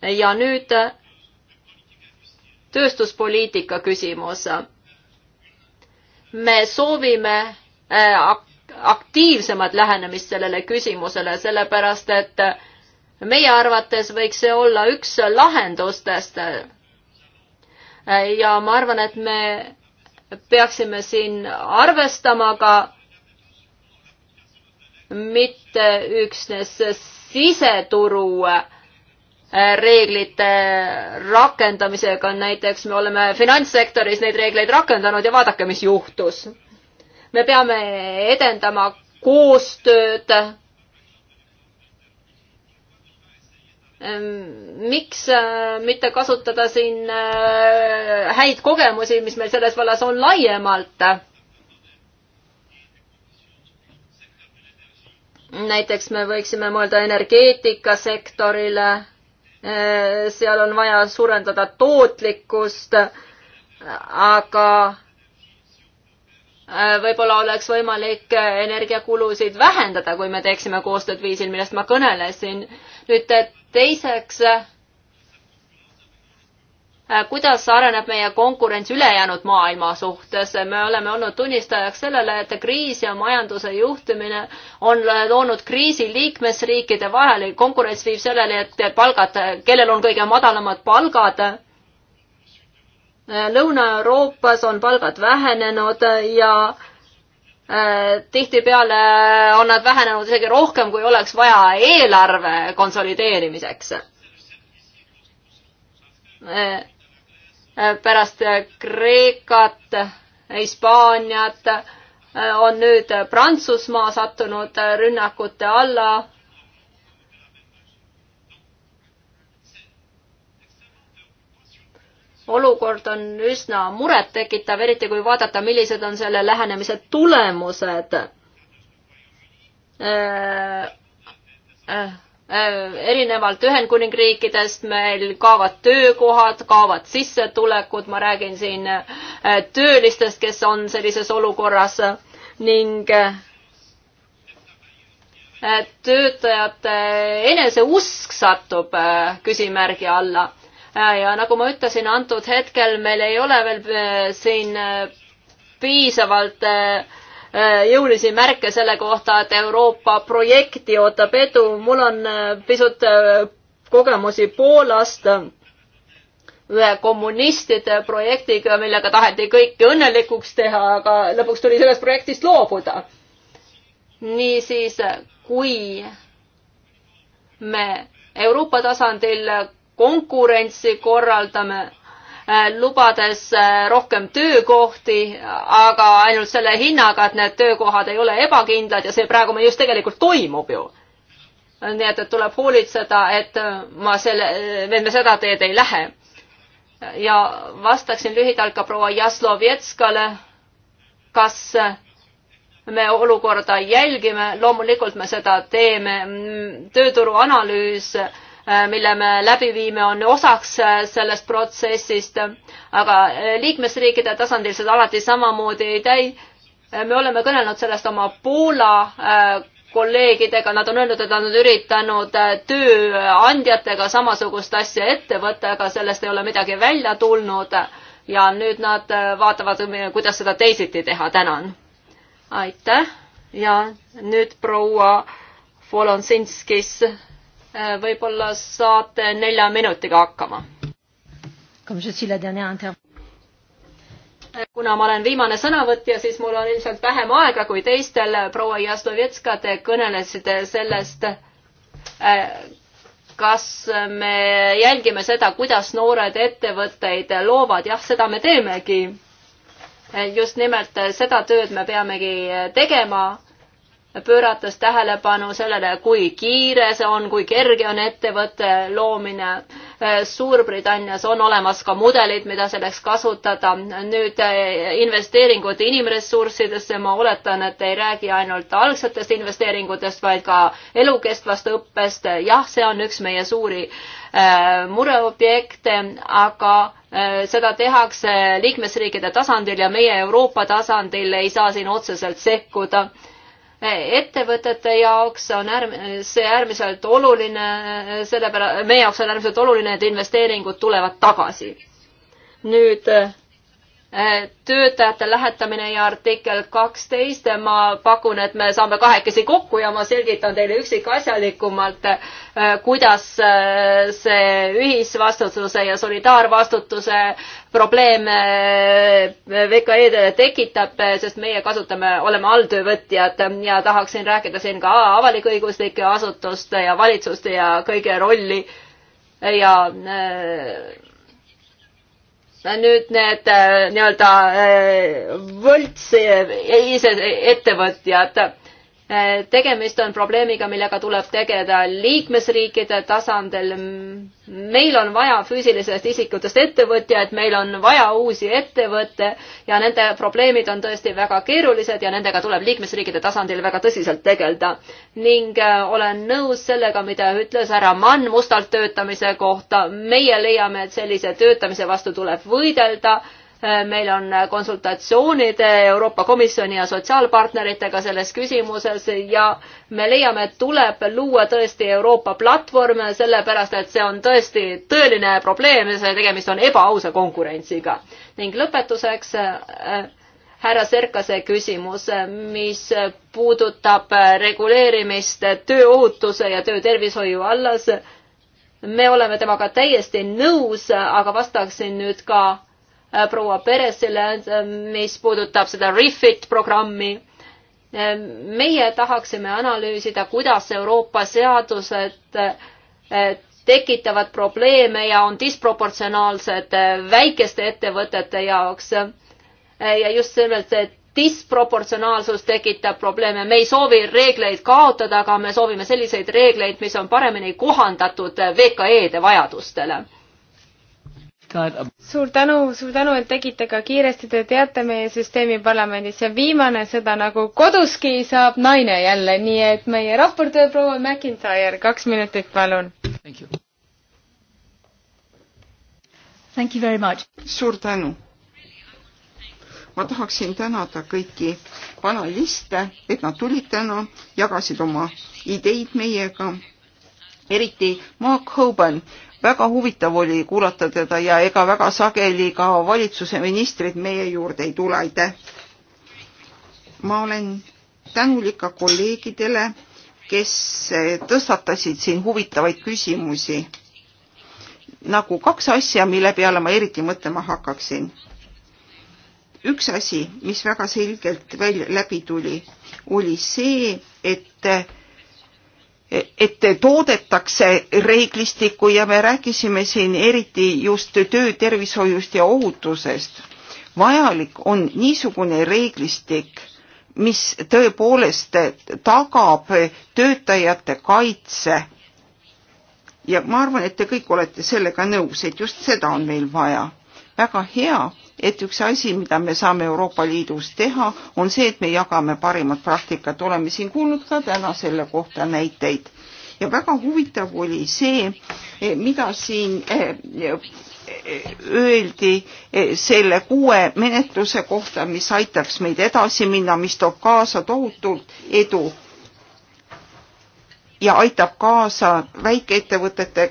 ja nüüd tööstuspoliitika küsimus me soovime äh, aktiivsemat lähenemist sellele küsimusele, sellepärast et meie arvates võiks see olla üks lahendustest. ja ma arvan, et me peaksime siin arvestama ka mitte üksnes siseturu äh, reeglite rakendamisega, näiteks me oleme finantssektoris neid reegleid rakendanud ja vaadake, mis juhtus. me peame edendama koostööd. Ehm, miks äh, mitte kasutada siin äh, häid kogemusi, mis meil selles vallas on laiemalt? näiteks me võiksime mõelda energeetikasektorile Äh, seal on vaja suurendada tootlikkust, aga äh, võib-olla oleks võimalik äh, energiakulusid vähendada, kui me teeksime koostööd viisil, millest ma kõnelesin. nüüd teiseks Äh, kuidas areneb meie konkurents ülejäänud maailma suhtes. me oleme olnud tunnistajaks sellele, et kriis ja majanduse juhtimine on loonud kriisi liikmesriikide vahel. konkurents viib selleni, et palgad, kellel on kõige madalamad palgad, äh, Lõuna-Euroopas on palgad vähenenud ja äh, tihtipeale on nad vähenenud isegi rohkem, kui oleks vaja eelarve konsolideerimiseks Äh, pärast äh, Kreekat, äh, Hispaaniat on nüüd Prantsusmaa sattunud rünnakute alla. olukord on üsna murettekitav, eriti kui vaadata, millised on selle lähenemise tulemused äh,. Äh Äh, erinevalt Ühendkuningriikidest meil kaovad töökohad, kaovad sissetulekud, ma räägin siin äh, töölistest, kes on sellises olukorras ning äh, töötajate eneseusk satub küsimärgi alla. ja nagu ma ütlesin, antud hetkel meil ei ole veel siin piisavalt äh, Äh, jõulisi märke selle kohta, et Euroopa projekti ootab edu. mul on äh, pisut äh, kogemusi Poolast ühe kommunistide projektiga, millega taheti kõiki õnnelikuks teha, aga lõpuks tuli sellest projektist loobuda. niisiis, kui me Euroopa tasandil konkurentsi korraldame, Äh, lubades äh, rohkem töökohti, aga ainult selle hinnaga, et need töökohad ei ole ebakindlad ja see praegu meil just tegelikult toimub ju. nii et, et tuleb hoolitseda, et äh, ma selle, et me seda teed ei lähe. ja vastaksin lühidalt ka proua Jaslovetskale, kas me olukorda jälgime, loomulikult me seda teeme, mm, tööturu analüüs äh, Äh, mille me läbi viime, on osaks äh, sellest protsessist, aga äh, liikmesriikide tasandil seda alati samamoodi ei täi. me oleme kõnelenud sellest oma Poola kolleegidega, nad on öelnud, et nad on üritanud tööandjatega samasugust asja ette võtta, aga sellest ei ole midagi välja tulnud ja nüüd nad vaatavad, kuidas seda teisiti teha. tänan. aitäh ja nüüd proua Volonsinskis Eh, võib-olla saate nelja minutiga hakkama. Eh, kuna ma olen viimane sõnavõtja, siis mul on ilmselt vähem aega kui teistel. proua Jaslovetska, te kõnelesite sellest, eh, kas me jälgime seda, kuidas noored ettevõtteid loovad. jah, seda me teemegi. just nimelt seda tööd me peamegi tegema pöörates tähelepanu sellele, kui kiire see on, kui kerge on ettevõtte loomine. Suurbritannias on olemas ka mudelid, mida selleks kasutada. nüüd eh, investeeringud inimressurssidesse, ma oletan, et ei räägi ainult algsetest investeeringutest, vaid ka elukestvast õppest. jah, see on üks meie suuri eh, mureobjekte, aga eh, seda tehakse liikmesriikide tasandil ja meie Euroopa tasandil ei saa siin otseselt sekkuda ettevõtete jaoks on äärm-, see äärmiselt oluline, sellepärast, meie jaoks on äärmiselt oluline, et investeeringud tulevad tagasi. nüüd Eh, töötajate lähetamine ja artikkel kaksteist, ma pakun, et me saame kahekesi kokku ja ma selgitan teile üksikasjalikumalt, eh, kuidas eh, see ühisvastutuse ja solidaarvastutuse probleem VKE-dele tekitab, sest meie kasutame, oleme alltöövõtjad ja tahaksin rääkida siin ka avalik-õiguslike asutuste ja valitsuste ja kõige rolli ja nüüd need äh, nii-öelda äh, võlts ettevõtjad Äh, tegemist on probleemiga, millega tuleb tegeleda liikmesriikide tasandil. meil on vaja füüsilisest isikutest ettevõtjaid, meil on vaja uusi ettevõtte ja nende probleemid on tõesti väga keerulised ja nendega tuleb liikmesriikide tasandil väga tõsiselt tegeleda. ning äh, olen nõus sellega, mida ütles härra Mann mustalt töötamise kohta. meie leiame, et sellise töötamise vastu tuleb võidelda Äh, meil on äh, konsultatsioonid äh, Euroopa Komisjoni ja sotsiaalpartneritega selles küsimuses ja me leiame, et tuleb luua tõesti Euroopa platvorm, sellepärast et see on tõesti tõeline probleem ja see tegemist on ebaausa konkurentsiga. ning lõpetuseks härra Serkase küsimus, mis puudutab reguleerimist tööohutuse ja töötervishoiu allas. me oleme temaga täiesti nõus, aga vastaksin nüüd ka Äh, proua Peresele, äh, mis puudutab seda Refit programmi. Äh, meie tahaksime analüüsida, kuidas Euroopa seadused tekitavad probleeme ja on disproportsionaalsed väikeste ettevõtete jaoks. ja just nimelt see disproportsionaalsus tekitab probleeme. me ei soovi reegleid kaotada, aga me soovime selliseid reegleid, mis on paremini kohandatud VKE-de vajadustele suur tänu, suur tänu, et tegite ka kiiresti, te teate meie süsteemi parlamendis ja viimane sõda nagu koduski saab naine jälle, nii et meie raportöör proua McIntyre, kaks minutit, palun. suur tänu. ma tahaksin tänada kõiki paneliste, et nad tulid täna, jagasid oma ideid meiega, eriti Mark Hoban väga huvitav oli kuulata teda ja ega väga sageli ka valitsuse ministrid meie juurde ei tule, aitäh. ma olen tänulik ka kolleegidele, kes tõstatasid siin huvitavaid küsimusi. nagu kaks asja, mille peale ma eriti mõtlema hakkaksin. üks asi, mis väga selgelt välja läbi tuli, oli see, et et toodetakse reeglistikku ja me rääkisime siin eriti just töötervishoiust ja ohutusest. vajalik on niisugune reeglistik, mis tõepoolest tagab töötajate kaitse. ja ma arvan, et te kõik olete sellega nõus, et just seda on meil vaja. väga hea, et üks asi, mida me saame Euroopa Liidus teha, on see, et me jagame parimat praktikat, oleme siin kuulnud ka täna selle kohta näiteid. ja väga huvitav oli see, eh, mida siin eh, öeldi eh, selle kuue menetluse kohta, mis aitaks meid edasi minna, mis toob kaasa tohutult edu ja aitab kaasa väikeettevõtete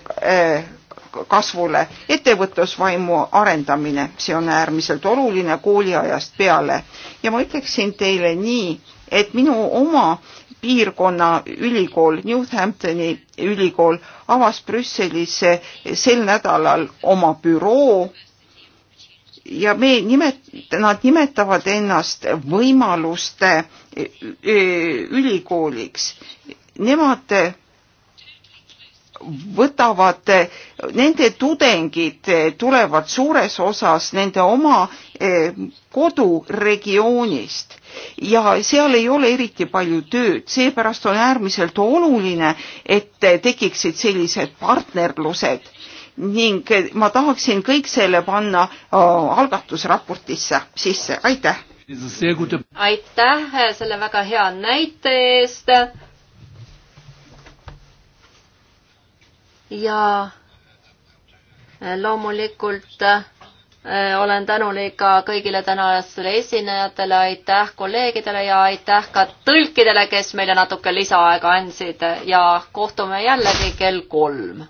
kasvule. ettevõtlusvaimu arendamine, see on äärmiselt oluline kooliajast peale ja ma ütleksin teile nii, et minu oma piirkonna ülikool, Newhamptoni ülikool avas Brüsselis sel nädalal oma büroo ja me nimet-, nad nimetavad ennast võimaluste ülikooliks. Nemad võtavad, nende tudengid tulevad suures osas nende oma eh, koduregioonist ja seal ei ole eriti palju tööd, seepärast on äärmiselt oluline, et tekiksid sellised partnerlused ning ma tahaksin kõik selle panna eh, algatusraportisse sisse, aitäh! aitäh selle väga hea näite eest! ja eh, loomulikult eh, olen tänulik ka kõigile tänasele esinejatele, aitäh kolleegidele ja aitäh ka tõlkidele, kes meile natuke lisaaega andsid ja kohtume jällegi kell kolm